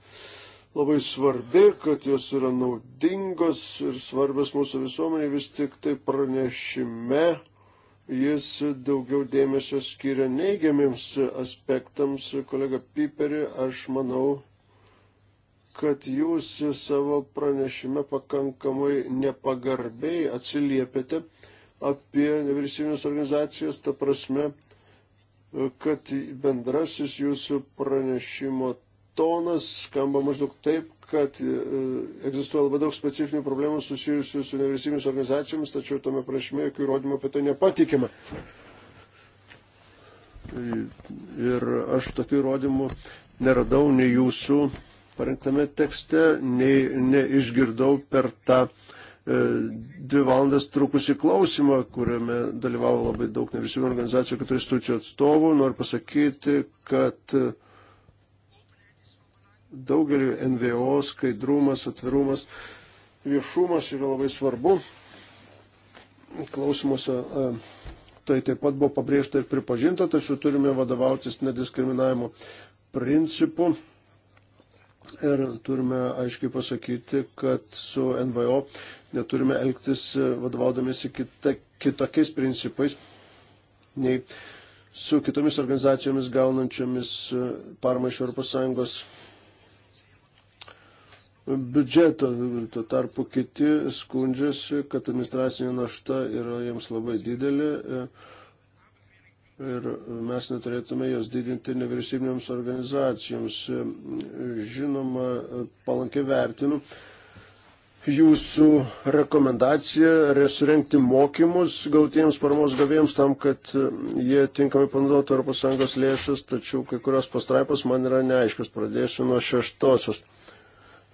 Speaker 2: labai svarbi, kad jos yra naudingos ir svarbios mūsų visuomenė, vis tik tai pranešime jis daugiau dėmesio skiria neigiamiems aspektams. Kolega Piperį, aš manau, kad jūs savo pranešime pakankamai nepagarbiai atsiliepiate apie nevyriausybinės organizacijas, ta prasme, kad bendrasis jūsų pranešimo tonas skamba maždaug taip, kad e, egzistuoja labai daug specifinių problemų susijusių su nevyriausybinės organizacijomis, tačiau tame prašymė jokių įrodymų apie tai nepatikima. Ir aš tokių įrodymų neradau nei jūsų parengtame tekste, nei neišgirdau per tą e, dvi valandas trukusi klausimą, kuriame dalyvavo labai daug nevisinių organizacijų, kitų institucijų atstovų. Noriu pasakyti, kad e, daugeliu NVO skaidrumas, atvirumas, viešumas yra labai svarbu. Klausimuose e, tai taip pat buvo pabrėžta ir pripažinta, tačiau turime vadovautis nediskriminavimo principu ir turime aiškiai pasakyti, kad su NVO neturime elgtis e, vadovaudomėsi kita, kitokiais principais nei su kitomis organizacijomis gaunančiomis e, paramą iš ES biudžeto. Tuo tarpu kiti skundžiasi, kad administracinė našta yra jiems labai didelė. E, ir mes neturėtume jos didinti nevyriausybinėms organizacijoms. Žinoma, palankiai vertinu jūsų rekomendaciją surenkti mokymus gautiems paramos gavėjams tam, kad jie tinkamai panaudotų ES lėšas, tačiau kai kurios pastraipos man yra neaiškios. Pradėsiu nuo šeštosios.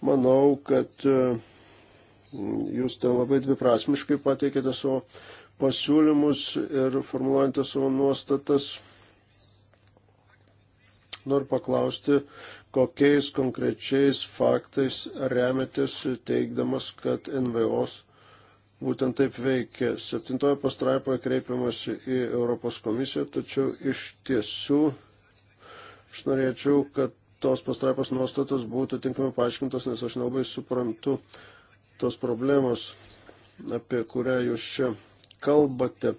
Speaker 2: Manau, kad e, jūs ten labai dviprasmiškai pateikėte savo pasiūlymus ir formuluojantį savo nuostatas. Noriu paklausti, kokiais konkrečiais faktais remiatės teikdamas, kad NVOs būtent taip veikia. Septintoje pastraipoje kreipiamasi į Europos komisiją, tačiau iš tiesų aš norėčiau, kad tos pastraipos nuostatos būtų tinkamai paaiškintos, nes aš nelabai suprantu tos problemos, apie kurią jūs čia kalbate,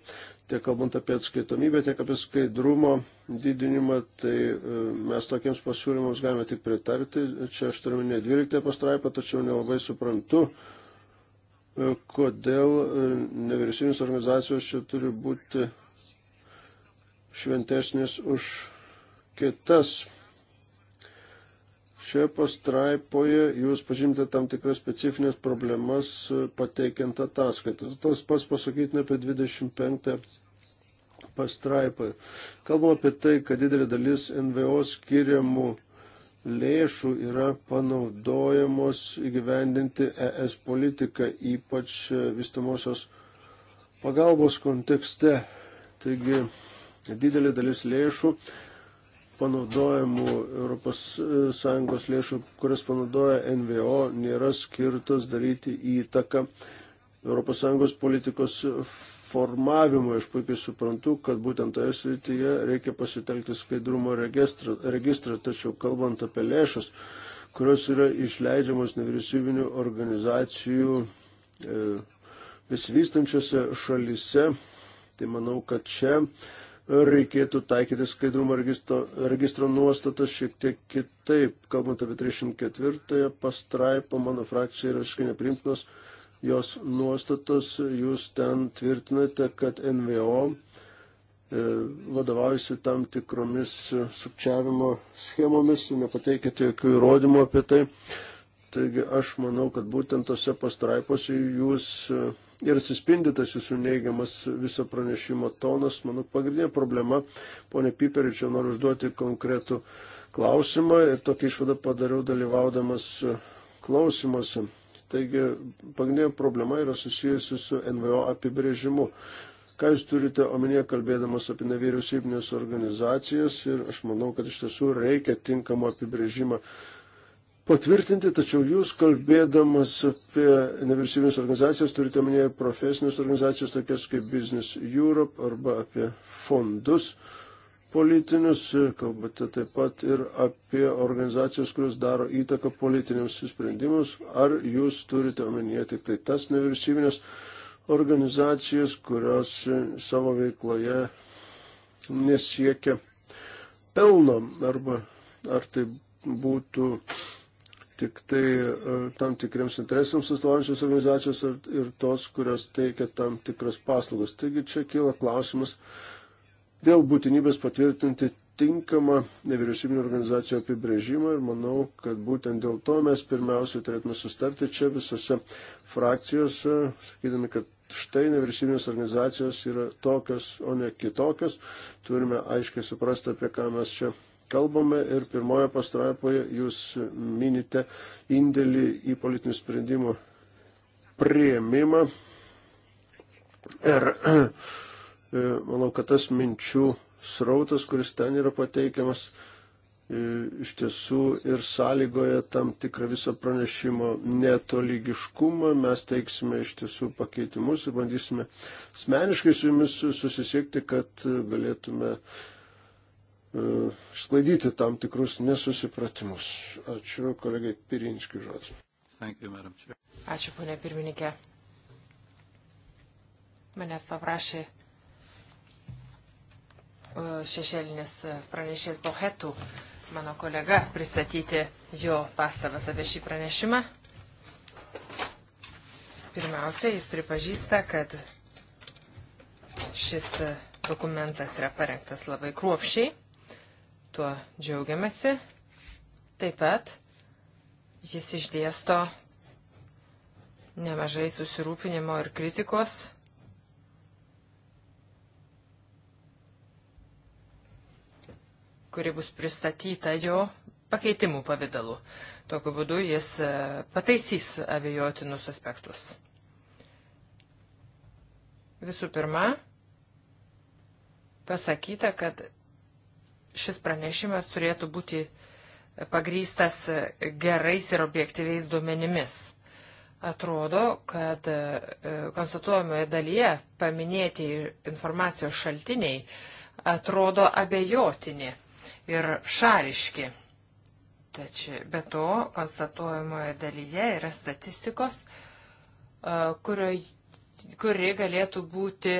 Speaker 2: tiek kalbant apie atskaitomybę, tiek apie skaidrumo didinimą, tai e, mes tokiems pasiūlymams galime tik pritarti. Čia aš turiu ne 12 pastraipą, tačiau nelabai suprantu, e, kodėl e, nevyriausybinės organizacijos čia turi būti šventesnis už kitas Šioje pastraipoje jūs pažymite tam tikras specifines problemas e, pateikiant ataskaitas. Tas pas pasakytina apie 25 pastraipą. Kalbam apie tai, kad didelė dalis NVO skiriamų lėšų yra panaudojamos įgyvendinti ES politiką, ypač e, vystamosios pagalbos kontekste. Taigi didelė dalis lėšų panaudojamų ES e, lėšų, kurias panaudoja NVO, nėra skirtos daryti įtaką ES politikos formavimui. Aš puikiai suprantu, kad būtent toje srityje reikia pasitelkti skaidrumo registrą, registrą tačiau kalbant apie lėšas, kurios yra išleidžiamos nevyriausybinių organizacijų e, besivystančiose šalise, tai manau, kad čia reikėtų taikyti skaidrumo registro, registro nuostatas šiek tiek kitaip. Kalbant apie 34 pastraipą, mano frakcija yra visiškai neprimtinos jos nuostatos. Jūs ten tvirtinate, kad NVO e, vadovaujasi tam tikromis sukčiavimo schemomis, nepateikite jokių įrodymų apie tai. Taigi aš manau, kad būtent tose pastraipose jūs ir atsispindi tas jūsų neigiamas viso pranešimo tonas. Manau, pagrindinė problema, ponė Piperį, čia noriu užduoti konkretų klausimą ir tokį išvadą padariau dalyvaudamas klausimuose. Taigi, pagrindinė problema yra susijusi su NVO apibrėžimu. Ką jūs turite omenyje kalbėdamas apie nevyriausybinės organizacijas ir aš manau, kad iš tiesų reikia tinkamą apibrėžimą patvirtinti, tačiau jūs kalbėdamas apie nevyriausybinės organizacijas turite minėję profesinės organizacijos tokias kaip Business Europe arba apie fondus politinius, kalbate taip pat ir apie organizacijas, kurios daro įtaką politiniams sprendimus, ar jūs turite omenyje tik tai tas nevyriausybinės organizacijas, kurios savo veikloje nesiekia pelno, arba ar tai būtų uh, tik tai e, tam tikriems interesams atstovaujančios organizacijos ir, ir tos, kurios teikia tam tikras paslaugas. Taigi čia kyla klausimas dėl būtinybės patvirtinti tinkamą nevyriausybinio organizacijų apibrėžimą ir manau, kad būtent dėl to mes pirmiausiai turėtume sustarti čia visose frakcijose, sakydami, kad štai nevyriausybinės organizacijos yra tokios, o ne kitokios. Turime aiškiai suprasti, apie ką mes čia kalbame ir pirmoje pastraipoje jūs minite indėlį į politinių sprendimų prieimimą. Ir e, manau, kad tas minčių srautas, kuris ten yra pateikiamas, e, iš tiesų ir sąlygoja tam tikrą viso pranešimo netolygiškumą. Mes teiksime iš tiesų pakeitimus ir bandysime asmeniškai su jumis susisiekti, kad galėtume uh, E, išsklaidyti tam tikrus nesusipratimus. Ačiū kolegai Pirinskiui žodžiu.
Speaker 4: Ačiū, ponė pirmininkė. Manęs paprašė e, šešėlinis pranešės Bohetų, mano kolega, pristatyti jo pastabas apie šį pranešimą. Pirmiausia, jis pripažįsta, kad šis dokumentas yra parengtas labai kruopšiai Tuo džiaugiamasi. Taip pat jis išdėsto nemažai susirūpinimo ir kritikos. kuri bus pristatyta jo pakeitimų pavydalu. Tokiu būdu jis e, pataisys abejotinus aspektus. Visų pirma, pasakyta, kad šis pranešimas turėtų būti pagrystas gerais ir objektyviais duomenimis. Atrodo, kad e, konstatuojamoje dalyje paminėti informacijos šaltiniai atrodo abejotini ir šališki. Tačiau, be to, konstatuojamoje dalyje yra statistikos, e, kurio, kuri galėtų būti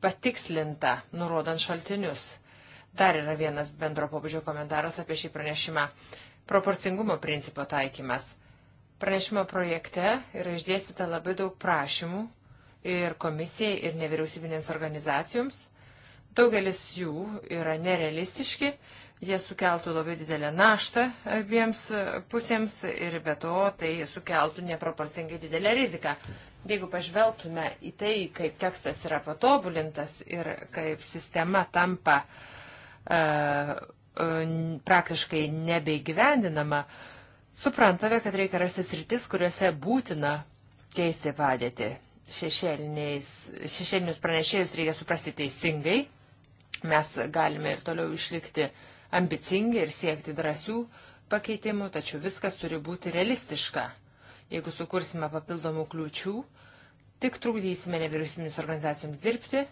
Speaker 4: patikslinta, nurodant šaltinius. Dar yra vienas bendro pobūdžio komentaras apie šį pranešimą. Proporcingumo principo taikymas. Pranešimo projekte yra išdėstyta labai daug prašymų ir komisijai, ir nevyriausybinėms organizacijoms. Daugelis jų yra nerealistiški, jie sukeltų labai didelę naštą abiems pusėms ir be to tai sukeltų neproporcingai didelę riziką. Jeigu pažvelgtume į tai, kaip tekstas yra patobulintas ir kaip sistema tampa uh, E, e, praktiškai nebeigyvendinama, suprantame, kad reikia rasti sritis, kuriuose būtina keisti padėtį. Šešėlinius pranešėjus reikia suprasti teisingai. Mes galime ir toliau išlikti ambicingi ir siekti drąsių pakeitimų, tačiau viskas turi būti realistiška. Jeigu sukursime papildomų kliūčių, tik trukdysime nevyriausybinis organizacijoms dirbti,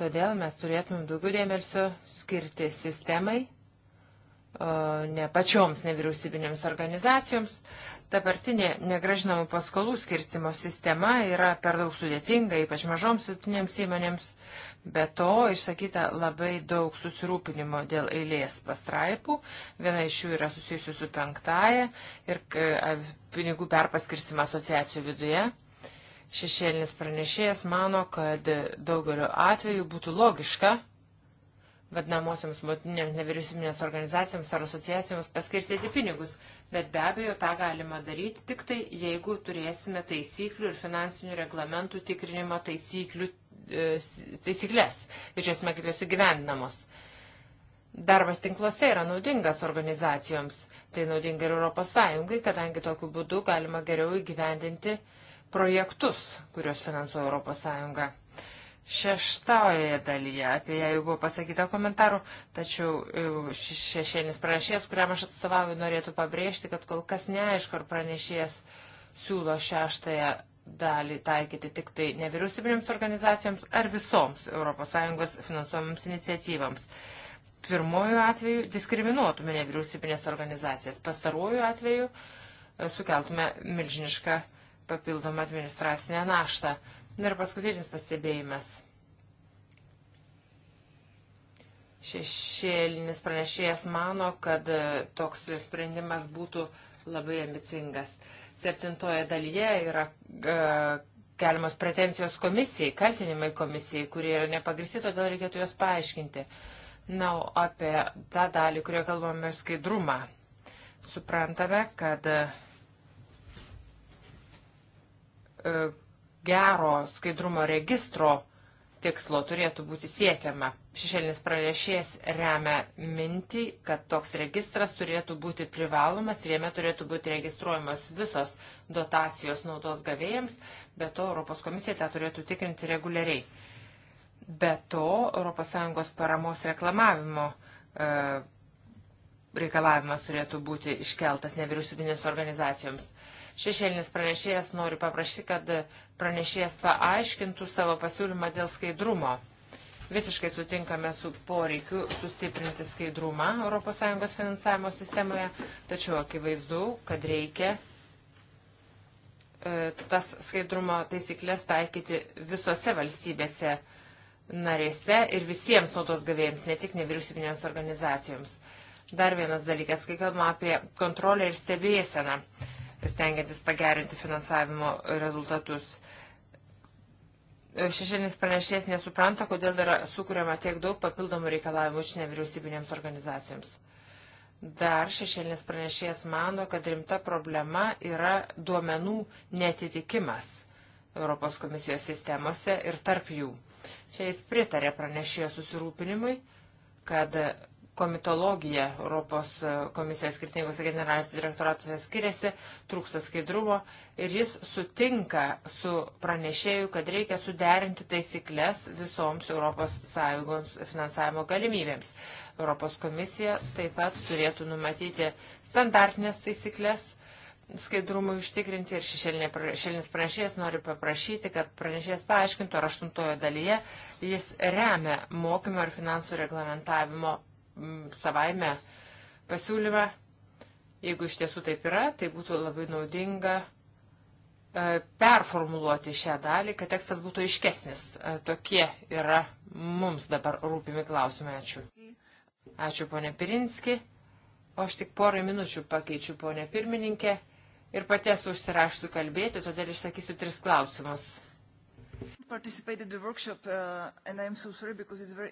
Speaker 4: Todėl mes turėtumėm daugiau dėmesio skirti sistemai, ne pačioms nevyriausybinėms organizacijoms. Dabartinė negražinamų paskolų skirstimo sistema yra per daug sudėtinga, ypač mažoms sutinėms įmonėms. Be to išsakyta labai daug susirūpinimo dėl eilės pastraipų. Viena iš jų yra susijusi su penktaja ir e, pinigų perpaskirsim asociacijų viduje. Šešėlinis pranešėjas mano, kad daugeliu atveju būtų logiška vadinamosiams motinėms nevyriausybinėms organizacijoms ar asociacijoms paskirstyti pinigus, bet be abejo tą galima daryti tik tai, jeigu turėsime taisyklių ir finansinių reglamentų tikrinimo taisyklių, e, taisyklės ir žiūrėsime, kaip jos įgyvendinamos. Darbas tinkluose yra naudingas organizacijoms, tai naudinga ir Europos Sąjungai, kadangi tokiu būdu galima geriau įgyvendinti uh, projektus, kuriuos finansuoja ES. Šeštojoje dalyje, apie ją jau buvo pasakyta komentarų, tačiau e, šešėlis pranešėjas, kuriam aš atstovauju, norėtų pabrėžti, kad kol kas neaišku, ar pranešėjas siūlo šeštąją dalį taikyti tik tai nevyriausybinėms organizacijoms ar visoms ES finansuojamoms iniciatyvams. Pirmojų atveju diskriminuotume nevyriausybinės organizacijas, pastaruoju atveju e, sukeltume milžinišką uh, papildomą administracinę naštą. Ir paskutinis pastebėjimas. Šešėlinis pranešėjas mano, kad e, toks sprendimas būtų labai ambicingas. Septintoje dalyje yra e, keliamos pretensijos komisijai, kaltinimai komisijai, kurie yra nepagristi, todėl reikėtų juos paaiškinti. Na, o apie tą dalį, kurioje kalbame skaidrumą. Suprantame, kad e, E, gero skaidrumo registro tikslo turėtų būti siekiama. Šešėlinis pranešėjas remia mintį, kad toks registras turėtų būti privalomas ir jame turėtų būti registruojamos visos dotacijos naudos gavėjams, bet to Europos komisija tą turėtų tikrinti reguliariai. Be to, ES paramos reklamavimo e, reikalavimas turėtų būti iškeltas nevyriausybinės organizacijoms. Šešėlinis pranešėjas nori paprašyti, kad pranešėjas paaiškintų savo pasiūlymą dėl skaidrumo. Visiškai sutinkame su poreikiu sustiprinti skaidrumą ES finansavimo sistemoje, tačiau akivaizdu, kad reikia e, tas skaidrumo taisyklės taikyti visose valstybėse narėse ir visiems naudos gavėjams, ne tik nevyriausybinėms organizacijoms. Dar vienas dalykas, kai kalbame apie kontrolę ir stebėseną stengiantis pagerinti finansavimo rezultatus. Šešėlinis pranešėjas nesupranta, kodėl yra sukūriama tiek daug papildomų reikalavimų iš nevyriausybinėms organizacijoms. Dar šešėlinis pranešėjas mano, kad rimta problema yra duomenų netitikimas Europos komisijos sistemose ir tarp jų. Čia jis pritarė pranešėjo susirūpinimui, kad komitologija Europos komisijos skirtingose generalinėse direktoratuose skiriasi, trūksta skaidrumo ir jis sutinka su pranešėju, kad reikia suderinti taisyklės visoms ES finansavimo galimybėms. Europos komisija taip pat turėtų numatyti standartinės taisyklės skaidrumui užtikrinti ir šešėlinis pranešėjas nori paprašyti, kad pranešėjas paaiškintų, ar aštuntojo dalyje jis remia mokymo ir finansų reglamentavimo Mm, savaime pasiūlymą. Jeigu iš tiesų taip yra, tai būtų labai naudinga e, performuluoti šią dalį, kad tekstas būtų aiškesnis. E, tokie yra mums dabar rūpimi klausimai. Ačiū. Ačiū, ponė Pirinski. O aš tik porai minučių pakeičiu, ponė pirmininkė, ir paties užsiraštų kalbėti, todėl išsakysiu tris klausimus. Workshop, uh, so very...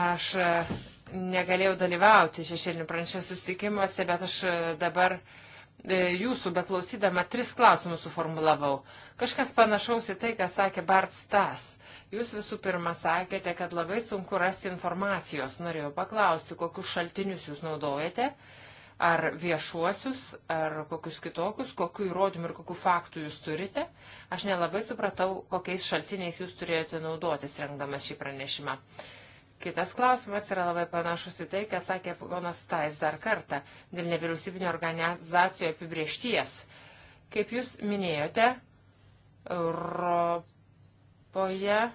Speaker 4: Aš uh, negalėjau dalyvauti šešėlinių pranešė susitikimuose, bet aš e, dabar e, jūsų beklausydama tris klausimus suformulavau. Kažkas panašaus į tai, ką sakė Bart Stas. Jūs visų pirma sakėte, kad labai sunku rasti informacijos. Norėjau paklausti, kokius šaltinius jūs naudojate, ar viešuosius, ar kokius kitokius, kokiu įrodymu ir kokiu faktų jūs turite. Aš nelabai supratau, kokiais šaltiniais jūs turėjote naudotis rengdamas šį pranešimą. Uh, Kitas klausimas yra labai panašus į tai, ką sakė ponas Tais dar kartą dėl nevyriausybinio organizacijų apibriešties. Kaip jūs minėjote, Europoje e,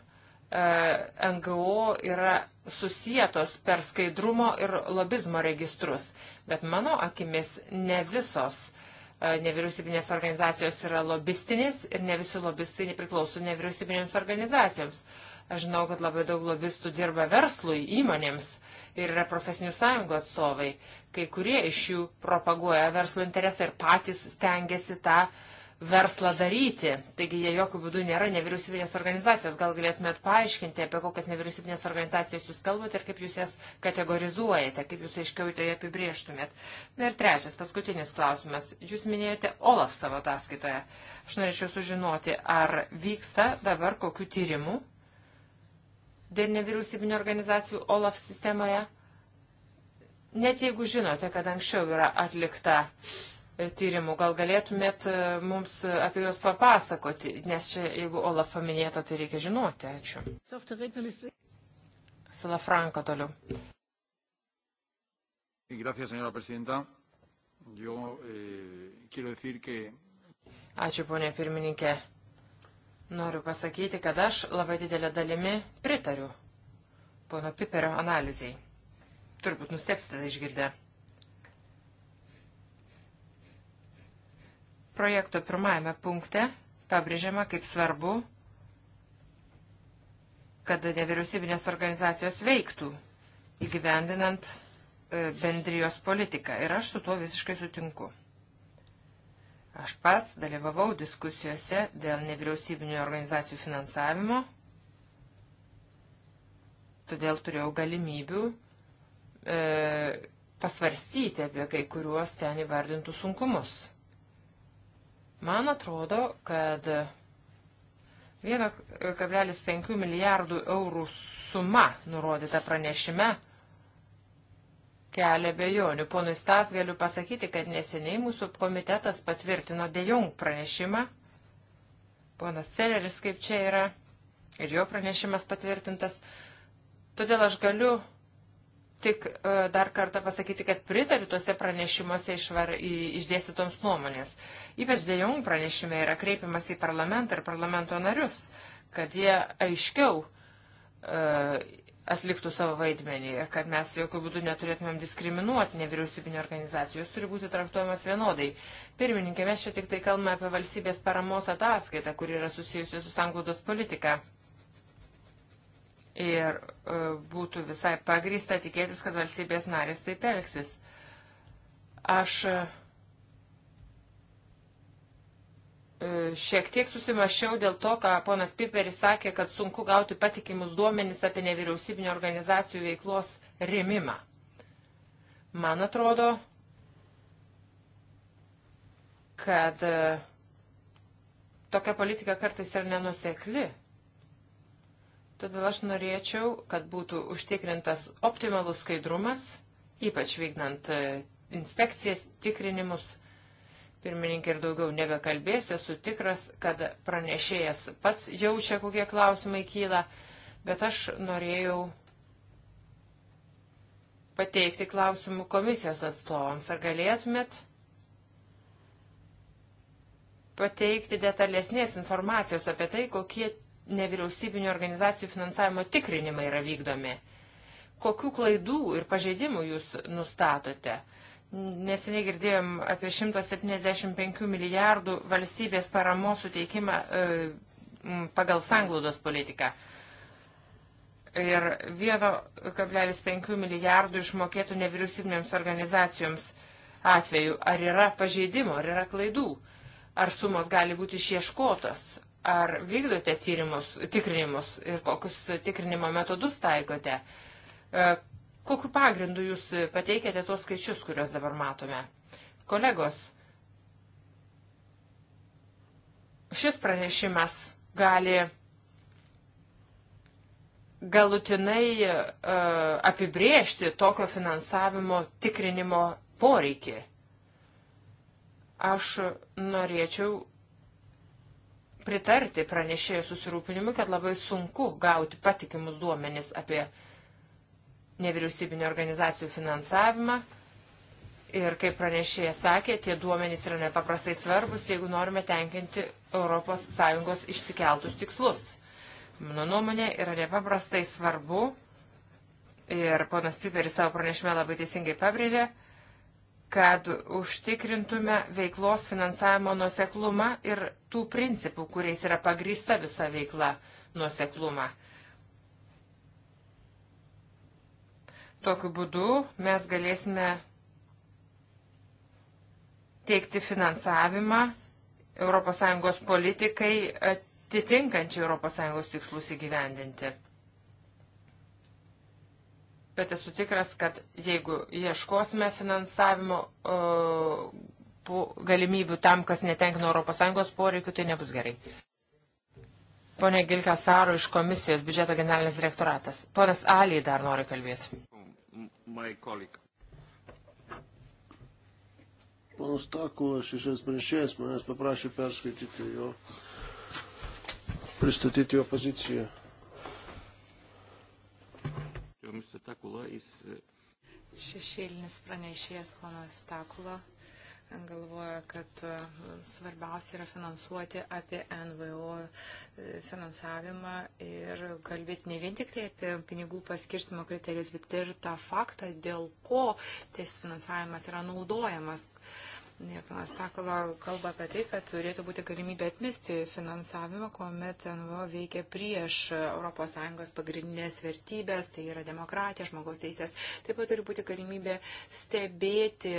Speaker 4: NGO yra susijėtos per skaidrumo ir lobizmo registrus, bet mano akimis ne visos e, nevyriausybinės organizacijos yra lobistinės ir ne visi lobistai priklauso nevyriausybinėms organizacijoms. E, Aš žinau, kad labai daug lobistų dirba verslui, įmonėms ir yra profesinių sąjungų atstovai. Kai kurie iš jų propaguoja verslo interesą ir patys stengiasi tą verslą daryti. Taigi jie jokių būdų nėra nevyriausybinės organizacijos. Gal galėtumėt paaiškinti, apie kokias nevyriausybinės organizacijas jūs kalbate ir kaip jūs jas kategorizuojate, kaip jūs aiškiau tai apibrieštumėt. Na ir trečias, paskutinis klausimas. Jūs minėjote Olaf savo ataskaitoje. Aš norėčiau sužinoti, ar vyksta dabar kokiu tyrimu dėl nevyriausybinio organizacijų OLAF sistemoje. Net jeigu žinote, kad anksčiau yra atlikta e, tyrimų, gal galėtumėt e, mums apie juos papasakoti, nes čia, jeigu OLAF paminėta, tai reikia žinoti. Ačiū. Salafranka toliau.
Speaker 2: Gracias, señora presidenta. Yo eh, quiero decir que.
Speaker 4: Ačiū, ponė pirmininkė. Noriu pasakyti, kad aš labai didelė dalimi pritariu pono Piperio analizai. Turbūt nustepsite išgirdę. Projekto pirmajame punkte pabrėžiama kaip svarbu, kad nevyriausybinės organizacijos veiktų įgyvendinant e, bendrijos politiką. Ir aš su tuo visiškai sutinku. Aš pats dalyvavau diskusijose dėl nevyriausybinio organizacijų finansavimo, todėl turėjau galimybių e, pasvarstyti apie kai kuriuos ten įvardintų sunkumus. Man atrodo, kad 1,5 milijardų eurų suma nurodyta pranešime kelia bejonių. Ponui Stas galiu pasakyti, kad neseniai mūsų komitetas patvirtino dejung pranešimą. Ponas Celeris kaip čia yra ir jo pranešimas patvirtintas. Todėl aš galiu tik e, dar kartą pasakyti, kad pritariu tuose pranešimuose išvar, išdėstytoms nuomonės. Ypač dėjom pranešime yra kreipiamas į parlamentą ir parlamento narius, kad jie aiškiau uh, atliktų savo vaidmenį ir kad mes jokių būdų neturėtumėm diskriminuoti nevyriausybinio organizacijos, jos turi būti traktuojamas vienodai. Pirmininkė, mes čia tik tai kalbame apie valstybės paramos ataskaitą, kuri yra susijusi su sanglaudos politika. Ir e, būtų visai pagrįsta tikėtis, kad valstybės narės taip elgsis. Aš. E, E, šiek tiek susimašiau dėl to, ką ponas Piperis sakė, kad sunku gauti patikimus duomenys apie nevyriausybinio organizacijų veiklos rėmimą. Man atrodo, kad e, tokia politika kartais yra nenusekli. Todėl aš norėčiau, kad būtų užtikrintas optimalus skaidrumas, ypač vykdant e, inspekcijas, tikrinimus Pirmininkė ir daugiau nebekalbėsiu, esu tikras, kad pranešėjas pats jaučia, kokie klausimai kyla, bet aš norėjau pateikti klausimų komisijos atstovams. Ar galėtumėt pateikti detalesnės informacijos apie tai, kokie nevyriausybinio organizacijų finansavimo tikrinimai yra vykdomi? Kokių klaidų ir pažeidimų jūs nustatote? Uh, Neseniai girdėjom apie 175 milijardų valstybės paramos suteikimą e, pagal sanglaudos politiką. Ir 1,5 milijardų išmokėtų nevyriausybinėms organizacijoms atveju. Ar yra pažeidimo, ar yra klaidų, ar sumos gali būti išieškotos, ar vykdote tyrimus, tikrinimus ir kokius tikrinimo metodus taikote. E, Kokiu pagrindu jūs pateikėte tuos skaičius, kuriuos dabar matome? Kolegos, šis pranešimas gali galutinai uh, e, apibriežti tokio finansavimo tikrinimo poreikį. Aš norėčiau pritarti pranešėjų susirūpinimui, kad labai sunku gauti patikimus duomenis apie uh, nevyriausybinio organizacijų finansavimą. Ir kaip pranešėja sakė, tie duomenys yra nepaprastai svarbus, jeigu norime tenkinti ES išsikeltus tikslus. Mano nuomonė yra nepaprastai svarbu, ir ponas Piperis savo pranešime labai teisingai pabrėžė, kad užtikrintume veiklos finansavimo nuoseklumą ir tų principų, kuriais yra pagrįsta visa veikla nuoseklumą. Tokiu būdu mes galėsime teikti finansavimą ES politikai atitinkančiai ES tikslus įgyvendinti. Bet esu tikras, kad jeigu ieškosime finansavimo galimybių tam, kas netenkina ES poreikių, tai nebus gerai. Pone Gilka Saro iš komisijos biudžeto generalinis direktoratas. Ponas Aliai dar nori kalbėti my
Speaker 2: colleague. Panas Takula, šešias pranešėjas, manęs paprašė perskaityti jo, pristatyti jo poziciją.
Speaker 3: Šešėlinis pranešėjas ponas Takula galvoja, kad e, svarbiausia yra finansuoti apie NVO e, finansavimą ir kalbėti ne vien tik tai apie pinigų paskirstimo kriterijus, bet ir tą faktą, dėl ko tas finansavimas yra naudojamas. Uh, Panas Takala kalba apie tai, kad turėtų būti galimybė atmesti finansavimą, kuomet NVO veikia prieš ES pagrindinės vertybės, tai yra demokratija, žmogaus teisės. Taip pat turi būti galimybė stebėti,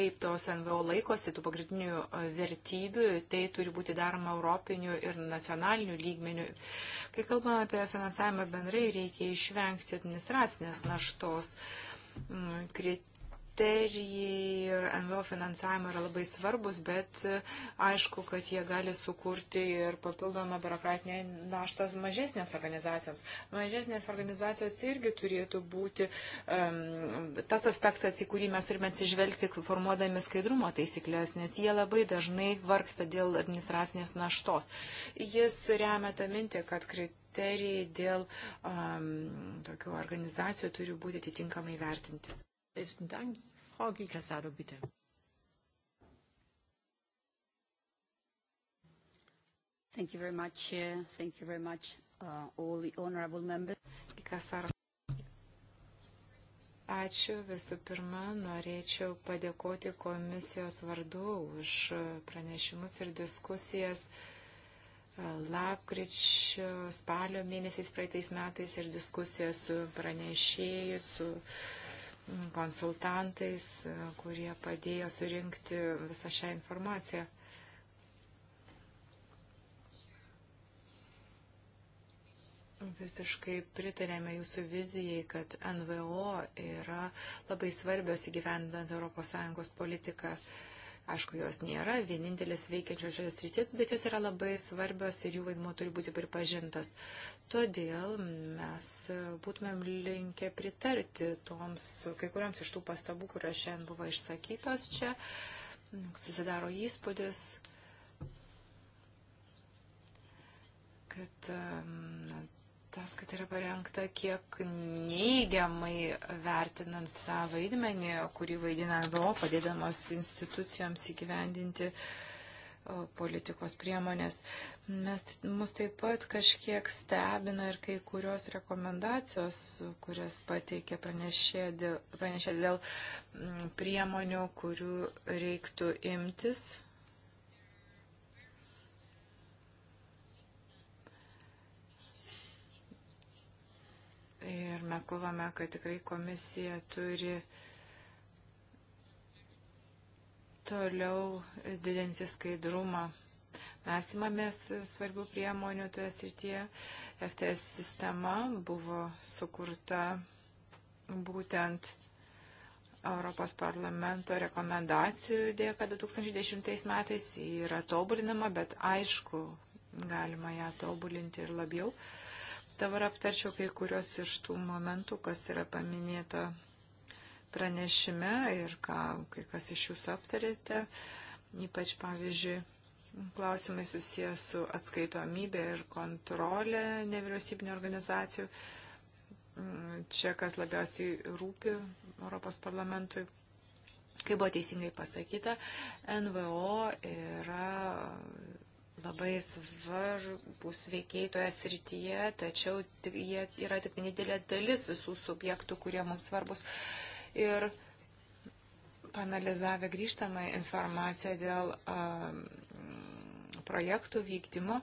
Speaker 3: kaip tos NVO laikosi tų pagrindinių vertybių. Tai turi būti daroma europinių ir nacionalinių lygmenių. Kai kalbame apie finansavimą bendrai, reikia išvengti administracinės naštos. Krit kriterijai NVO finansavimo yra labai svarbus, bet e, aišku, kad jie gali sukurti ir papildomą biurokratinę naštą mažesnėms organizacijoms. Mažesnės organizacijos irgi turėtų būti um, tas aspektas, į kurį mes turime atsižvelgti, formuodami skaidrumo taisyklės, nes jie labai dažnai vargsta dėl administracinės naštos. Jis remia tą mintį, kad kriterijai kriterijai dėl um, tokių organizacijų turi būti atitinkamai vertinti.
Speaker 1: Besten Dank. Frau Gicasado, bitte. Thank you very much, Chair. Uh, thank you very much, uh,
Speaker 3: all the honorable members. Gicasaro. Ačiū visų pirma, norėčiau padėkoti komisijos vardu už pranešimus ir diskusijas lapkričio, spalio mėnesiais praeitais metais ir diskusijas su pranešėjus, su uh, konsultantais, kurie padėjo surinkti visą šią informaciją. Visiškai pritarėme jūsų vizijai, kad NVO yra labai svarbios įgyvendant ES politiką. Uh, Aišku, jos nėra vienintelis veikiančios šioje srityje, bet jos yra labai svarbios ir jų vaidmo turi būti pripažintas. Todėl mes būtumėm linkę pritarti toms, kai kuriams iš tų pastabų, kurios šiandien buvo išsakytos čia. Susidaro įspūdis, kad na, ataskaita yra parengta kiek neigiamai vertinant tą vaidmenį, kurį vaidina NVO, padėdamos institucijoms įgyvendinti politikos priemonės. Mes, mus taip pat kažkiek stebina ir kai kurios rekomendacijos, kurias pateikė pranešė dėl, pranešė dėl priemonių, kurių reiktų imtis Ir mes galvome, kad tikrai komisija turi toliau didinti skaidrumą. Mes imamės svarbių priemonių toje srityje. FTS sistema buvo sukurta būtent Europos parlamento rekomendacijų dėka 2010 metais yra tobulinama, bet aišku, galima ją tobulinti ir labiau. Uh, Dabar aptarčiau kai kurios iš tų momentų, kas yra paminėta pranešime ir ką kai kas iš jūsų aptarėte, ypač pavyzdžiui, klausimai susijęs su atskaitomybė ir kontrolė nevyriausybinio organizacijų. Mm, čia kas labiausiai rūpi Europos parlamentui, kaip buvo teisingai pasakyta, NVO yra labai svarbus veikiai toje srityje, tačiau jie yra tik nedidelė dalis visų subjektų, kurie mums svarbus. Ir panalizavę grįžtamą informaciją dėl um, projektų vykdymo,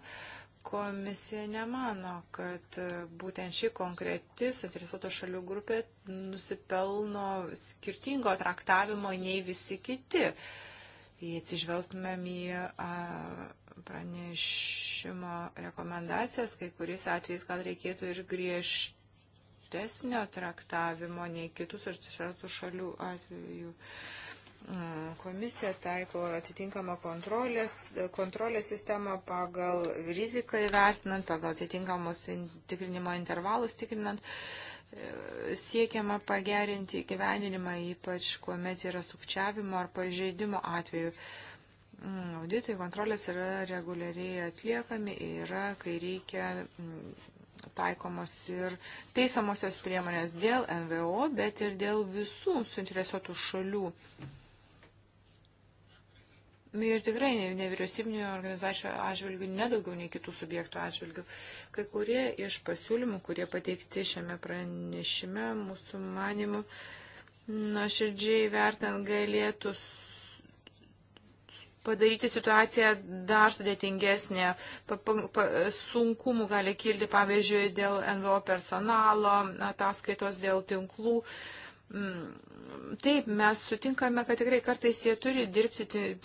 Speaker 3: komisija nemano, kad būtent ši konkreti suinteresuoto šalių grupė nusipelno skirtingo traktavimo nei visi kiti. Jei atsižvelgtumėm į a, pranešimo rekomendacijas, kai kuris atvejais gal reikėtų ir griežtesnio traktavimo nei kitus ar trečių šalių atveju. Mm, komisija taiko atitinkamą kontrolės, kontrolės sistemą pagal riziką įvertinant, pagal atitinkamus tikrinimo intervalus tikrinant e, siekiama pagerinti gyveninimą, ypač kuomet yra sukčiavimo ar pažeidimo atveju. Mm, auditai, kontrolės yra reguliariai atliekami, yra, kai reikia mm, taikomos ir teisomosios priemonės dėl NVO, bet ir dėl visų suinteresuotų šalių. Ir tikrai nevyriausybinio organizacijų atžvilgių, nedaugiau nei kitų subjektų atžvilgių. Kai kurie iš pasiūlymų, kurie pateikti šiame pranešime, mūsų manimu, nuoširdžiai vertant galėtų padaryti situaciją dar sudėtingesnė. Pa, pa, pa, sunkumų gali kilti, pavyzdžiui, dėl NVO personalo, ataskaitos dėl tinklų. Mm, taip, mes sutinkame, kad tikrai kartais jie turi dirbti,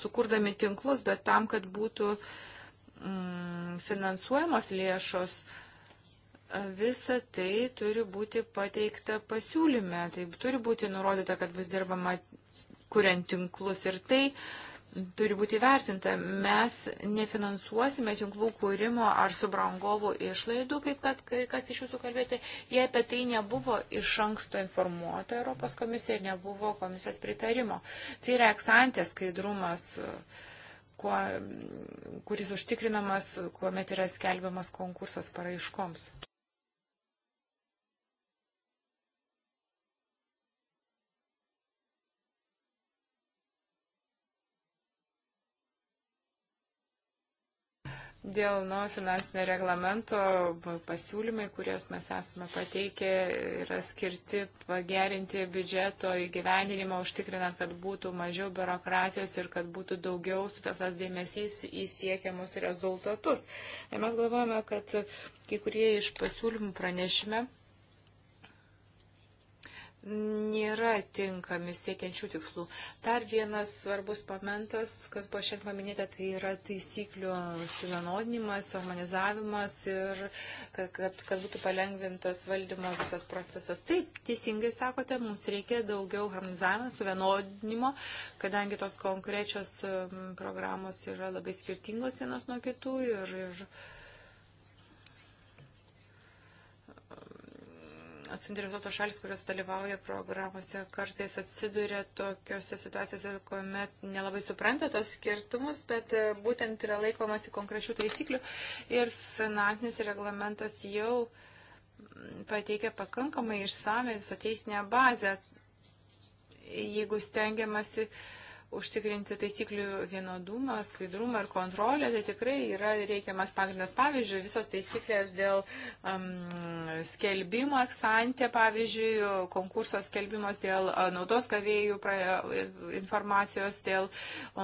Speaker 3: sukurdami tinklus, bet tam, kad būtų mm, finansuojamos lėšos, visa tai turi būti pateikta pasiūlyme. Taip, turi būti nurodyta, kad bus dirbama kuriant tinklus. Ir tai uh, turi būti vertinta. Mes nefinansuosime tinklų kūrimo ar subrangovų išlaidų, kaip kad kai kas iš jūsų kalbėti, jei apie tai nebuvo iš anksto informuota Europos komisija ir nebuvo komisijos pritarimo. Tai yra eksantės skaidrumas, kuo, kuris užtikrinamas, kuomet yra skelbiamas konkursas paraiškoms. Dėl nuo finansinio reglamento pasiūlymai, kuriuos mes esame pateikę, yra skirti pagerinti biudžeto įgyvendinimą, užtikrinant, kad būtų mažiau biurokratijos ir kad būtų daugiau sutartas dėmesys į siekiamus rezultatus. Ir mes galvojame, kad kai kurie iš pasiūlymų pranešime nėra tinkami siekiančių tikslų. Dar vienas svarbus pamentas, kas buvo šiandien paminėta, tai yra taisyklių suvienodinimas, harmonizavimas ir kad, kad, kad būtų palengvintas valdymo visas procesas. Taip, teisingai sakote, mums reikia daugiau harmonizavimo, suvienodinimo, kadangi tos konkrečios programos yra labai skirtingos vienos nuo kitų ir, ir suinteresuotos šalis, kurios dalyvauja programuose, kartais atsiduria tokiuose situacijose, kuomet nelabai supranta tos skirtumus, bet e, būtent yra laikomasi konkrečių taisyklių ir finansinis reglamentas jau pateikia pakankamai išsame visą teisinę bazę, jeigu stengiamasi uh, užtikrinti taisyklių vienodumą, skaidrumą ir kontrolę, tai tikrai yra reikiamas pagrindas. Pavyzdžiui, visos taisyklės dėl um, skelbimo eksantė, pavyzdžiui, konkurso skelbimas dėl naudos gavėjų pra, informacijos, dėl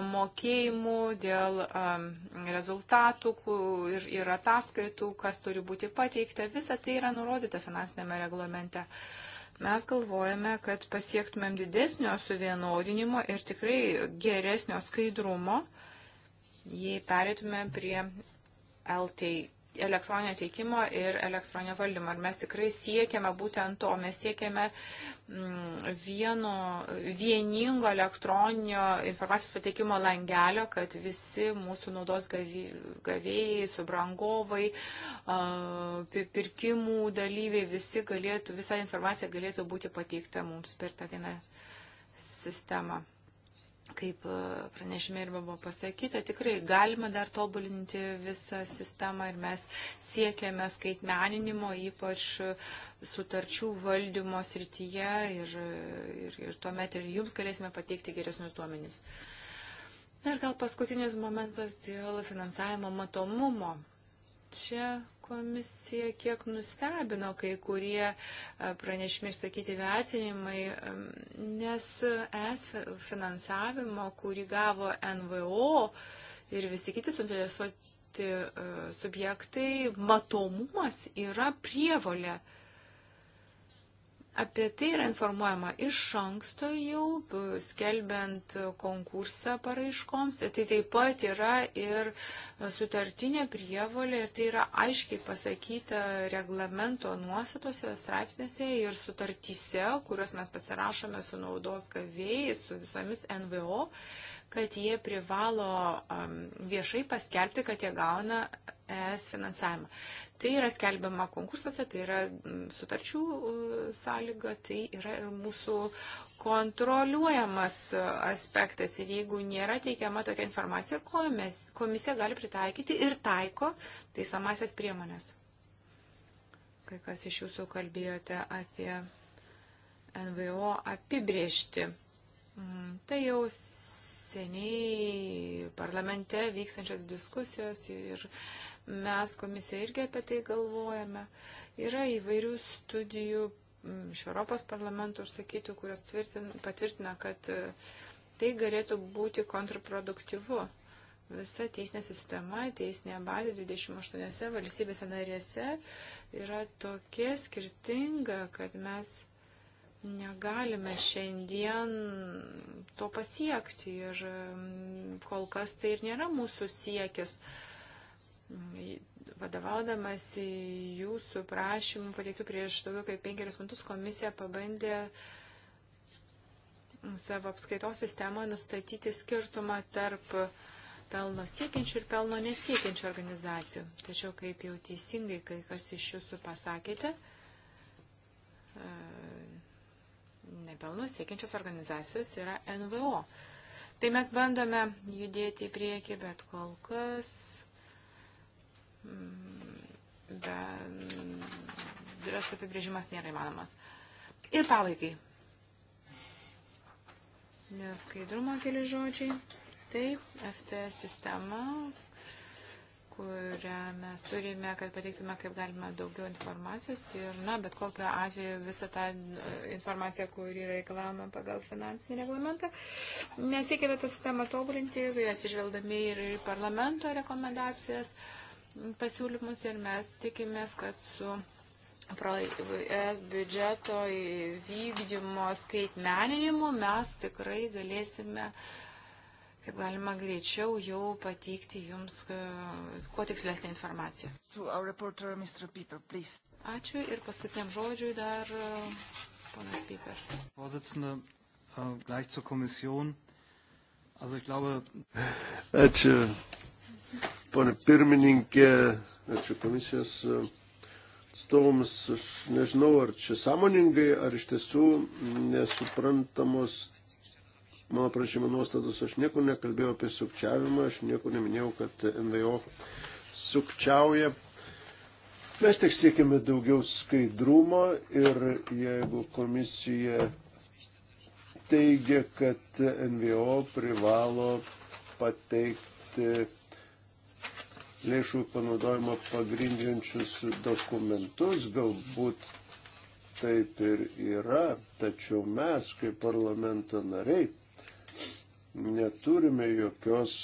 Speaker 3: mokėjimų, dėl um, rezultatų ir, ir ataskaitų, kas turi būti pateikta, visa tai yra nurodyta finansinėme reglamente. Uh, Mes galvojame, kad pasiektumėm didesnio suvienodinimo ir tikrai geresnio skaidrumo, jei perėtumėm prie LTI elektroninio teikimo ir elektroninio valdymo. Ir mes tikrai siekiame būtent to, mes siekiame mm, vieno, vieningo elektroninio informacijos pateikimo langelio, kad visi mūsų naudos gavėjai, subrangovai, pirkimų dalyviai, visi galėtų, visa informacija galėtų būti pateikta mums per tą vieną sistemą kaip e, pranešime ir buvo pasakyta, tikrai galima dar tobulinti visą sistemą ir mes siekiame skaitmeninimo, ypač sutarčių valdymo srityje ir, ir, ir tuomet ir jums galėsime pateikti geresnius duomenys. Na ir gal paskutinis momentas dėl finansavimo matomumo. Čia Komisija kiek nustebino kai kurie e, pranešimai išsakyti vertinimai, nes es finansavimo, kurį gavo NVO ir visi kiti suinteresuoti e, subjektai, matomumas yra prievolė. Apie tai yra informuojama iš anksto jau, skelbiant konkursą paraiškoms. Tai taip pat yra ir sutartinė prievolė ir tai yra aiškiai pasakyta reglamento nuostatose, straipsnėse ir sutartyse, kuriuos mes pasirašome su naudos gavėjai, su visomis NVO, kad jie privalo viešai paskelbti, kad jie gauna ES finansavimą. Tai yra skelbiama konkursuose, tai yra sutarčių sąlyga, tai yra ir mūsų kontroliuojamas aspektas. Ir jeigu nėra teikiama tokia informacija, komisija gali pritaikyti ir taiko taisomasias priemonės. Kai kas iš jūsų kalbėjote apie NVO apibriežti. Mm, tai jau seniai parlamente vykstančios diskusijos ir Mes komisija irgi apie tai galvojame. Yra įvairių studijų iš Europos parlamento užsakytų, kurios tvirtin, patvirtina, kad e, tai galėtų būti kontraproduktyvu. Visa teisinė sistema, teisinė bazė 28 valstybėse narėse yra tokia skirtinga, kad mes negalime šiandien to pasiekti ir kol kas tai ir nėra mūsų siekis. Uh, vadovaudamas jūsų prašymų pateiktų prieš daugiau kaip penkerius metus komisija pabandė savo apskaitos sistemoje nustatyti skirtumą tarp pelno siekiančių ir pelno nesiekiančių organizacijų. Tačiau, kaip jau teisingai kai kas iš jūsų pasakėte, e, nepelno siekiančios organizacijos yra NVO. Tai mes bandome judėti į priekį, bet kol kas Mm, bendras apibrėžimas nėra įmanomas. Ir pabaigai. Neskaidrumo keli žodžiai. Taip, FC sistema, kurią mes turime, kad pateiktume kaip galima daugiau informacijos ir, na, bet kokiu atveju visą tą e, informaciją, kuri yra reikalavama pagal finansinį reglamentą, mes siekėme tą sistemą tobulinti, atsižvelgdami ir parlamento rekomendacijas. Uh, pasiūlymus ir mes tikimės, kad su es biudžeto vykdymo skaitmeninimu mes tikrai galėsime kaip galima greičiau jau pateikti jums e, kuo tikslesnę informaciją. Reporter, Pieper, Ačiū ir paskutiniam žodžiui dar e, ponas Piper. Äh,
Speaker 2: Ačiū ponė pirmininkė, ačiū komisijos atstovams. Aš nežinau, ar čia sąmoningai, ar iš tiesų nesuprantamos mano prašymo nuostatos. Aš nieko nekalbėjau apie sukčiavimą, aš nieko neminėjau, kad NVO sukčiauja. Mes tik siekime daugiau skaidrumo ir jeigu komisija teigia, kad NVO privalo pateikti lėšų panaudojimo pagrindžiančius dokumentus, galbūt taip ir yra, tačiau mes kaip parlamento nariai neturime jokios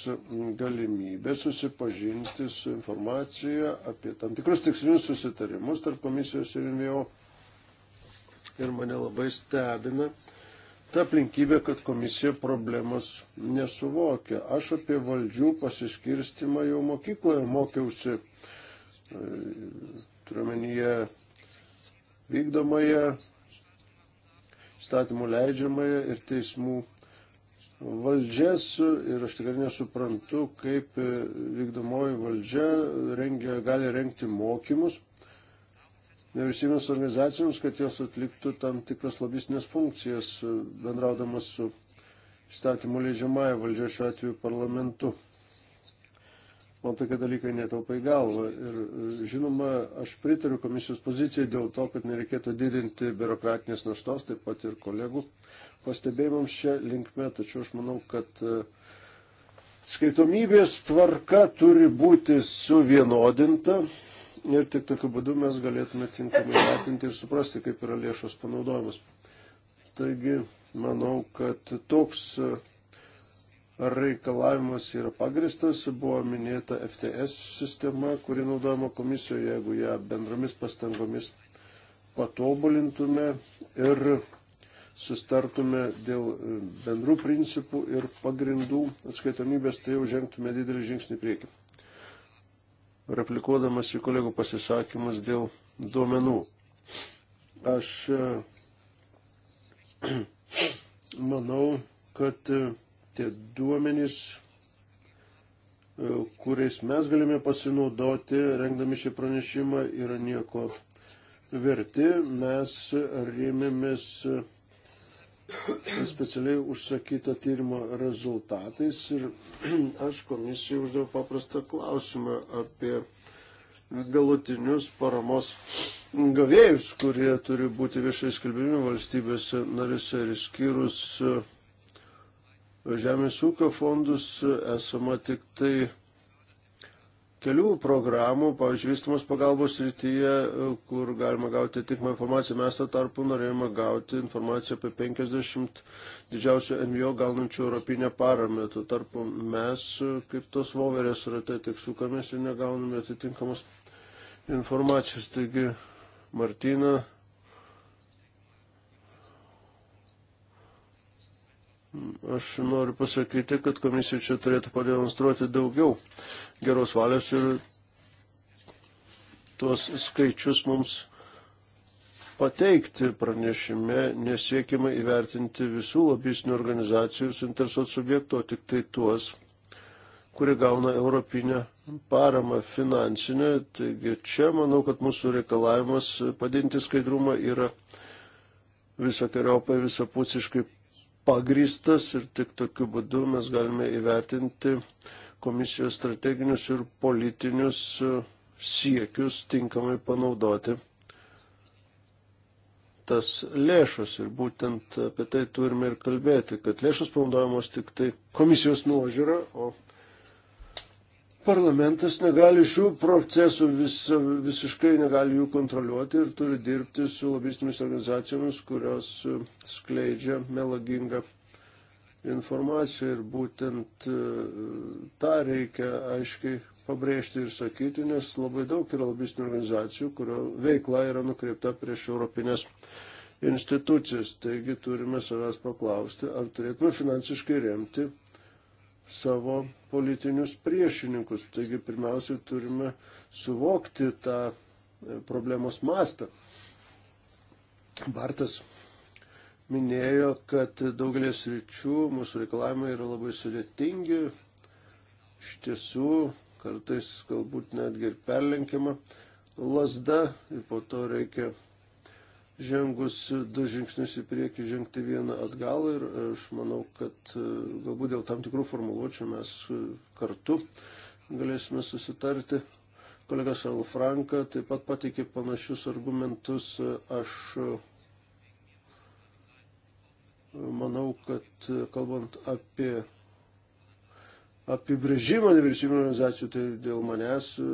Speaker 2: galimybės susipažinti su informacija apie tam tikrus tikslinius susitarimus tarp komisijos ir MVO. Ir mane labai stebina, ta aplinkybė, kad komisija problemos nesuvokia. Aš apie valdžių pasiskirstimą jau mokykloje mokiausi, e, turiuomenyje vykdomąją, statymų leidžiamąją ir teismų valdžias ir aš tikrai nesuprantu, kaip vykdomoji valdžia rengia, gali renkti mokymus nevyriausybės organizacijoms, kad jos atliktų tam tikras lobistinės funkcijas, e, bendraudamas su įstatymų leidžiamąją valdžią šiuo atveju parlamentu. Man tokie dalykai netelpa į galvą. Ir e, žinoma, aš pritariu komisijos pozicijai dėl to, kad nereikėtų didinti biurokratinės naštos, taip pat ir kolegų pastebėjimams šią linkmę, tačiau aš manau, kad e, skaitomybės tvarka turi būti suvienodinta ir tik tokiu būdu mes galėtume tinkamai vertinti ir suprasti, kaip yra lėšos panaudojimas. Taigi, manau, kad toks e, reikalavimas yra pagristas, buvo minėta FTS sistema, kuri naudojama komisijoje, jeigu ją bendromis pastangomis patobulintume ir sustartume dėl e, bendrų principų ir pagrindų atskaitomybės, tai jau žengtume didelį žingsnį priekį replikuodamas į kolegų pasisakymus dėl duomenų. Aš e, manau, kad e, tie duomenys, e, kuriais mes galime pasinaudoti, rengdami šį pranešimą, yra nieko verti. Mes rėmėmės specialiai užsakyto tyrimo rezultatais. Ir aš komisijai uždavau paprastą klausimą apie galutinius paramos gavėjus, kurie turi būti viešai skelbimi valstybėse narise ir skyrus e, žemės ūkio fondus esama tik tai kelių programų, pavyzdžiui, vystumos pagalbos srityje, e, kur galima gauti tikmą informaciją. Mes to tarpu norėjome gauti informaciją apie 50 didžiausių NVO gaunančių europinę paramę. Tuo tarpu mes, e, kaip tos voverės rate, tik sukamės ir negauname atitinkamos informacijos. Taigi, Martina, Aš noriu pasakyti, kad komisija čia turėtų pademonstruoti daugiau geros valios ir tuos skaičius mums pateikti pranešime, nesiekime įvertinti visų lobistinių organizacijų ir suinteresuotų subjektų, o tik tai tuos, kurie gauna europinę paramą finansinę. Taigi čia manau, kad mūsų reikalavimas padinti skaidrumą yra visokiojopai visapusiškai pagristas ir tik tokiu būdu mes galime įvertinti komisijos strateginius ir politinius e, siekius tinkamai panaudoti tas lėšas ir būtent apie tai turime ir kalbėti, kad lėšas panaudojamos tik tai komisijos nuožiūra, o Parlamentas negali šių procesų vis, visiškai negali jų kontroliuoti ir turi dirbti su lobistinėmis organizacijomis, kurios e, skleidžia melagingą informaciją ir būtent e, tą reikia aiškiai pabrėžti ir sakyti, nes labai daug yra lobistinių organizacijų, kurio veikla yra nukreipta prieš europinės institucijas. Taigi turime savęs paklausti, ar turėtume finansiškai remti savo politinius priešininkus. Taigi pirmiausia, turime suvokti tą e, problemos mastą. Bartas minėjo, kad daugelės ryčių mūsų reikalavimai yra labai sudėtingi, iš tiesų kartais galbūt netgi ir perlenkiama lasda ir po to reikia žengus du žingsnius į priekį, žengti vieną atgal ir aš manau, kad e, galbūt dėl tam tikrų formuluočių mes e, kartu galėsime susitarti. Kolega Salfranka taip pat pateikė panašius argumentus. E, aš manau, kad kalbant apie apibrėžimo nevyriausybinio organizacijų, tai dėl manęs e,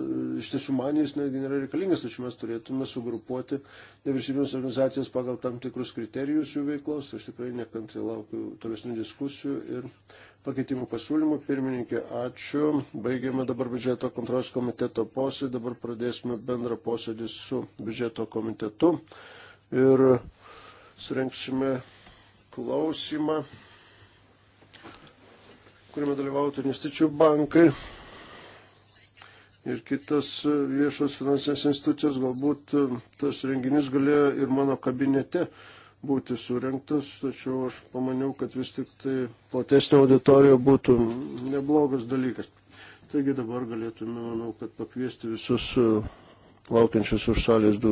Speaker 2: iš tiesų man jis netgi nėra reikalingas, tačiau mes turėtume sugrupuoti nevyriausybinės organizacijas pagal tam tikrus kriterijus jų veiklos. Aš tikrai nekantrai laukiu tolesnių diskusijų ir pakeitimų pasiūlymų. Pirmininkė, ačiū. Baigėme dabar biudžeto kontrolės komiteto posėdį, dabar pradėsime bendrą posėdį su biudžeto komitetu ir surenksime klausimą kuriame dalyvautų investicijų bankai ir kitos viešos finansinės institucijos, galbūt e, tas renginys galėjo ir mano kabinete būti surinktas, tačiau aš pamaniau, kad vis tik tai platesnė auditorija būtų neblogas dalykas. Taigi dabar galėtume, manau, kad pakviesti visus e, laukiančius už salės durų.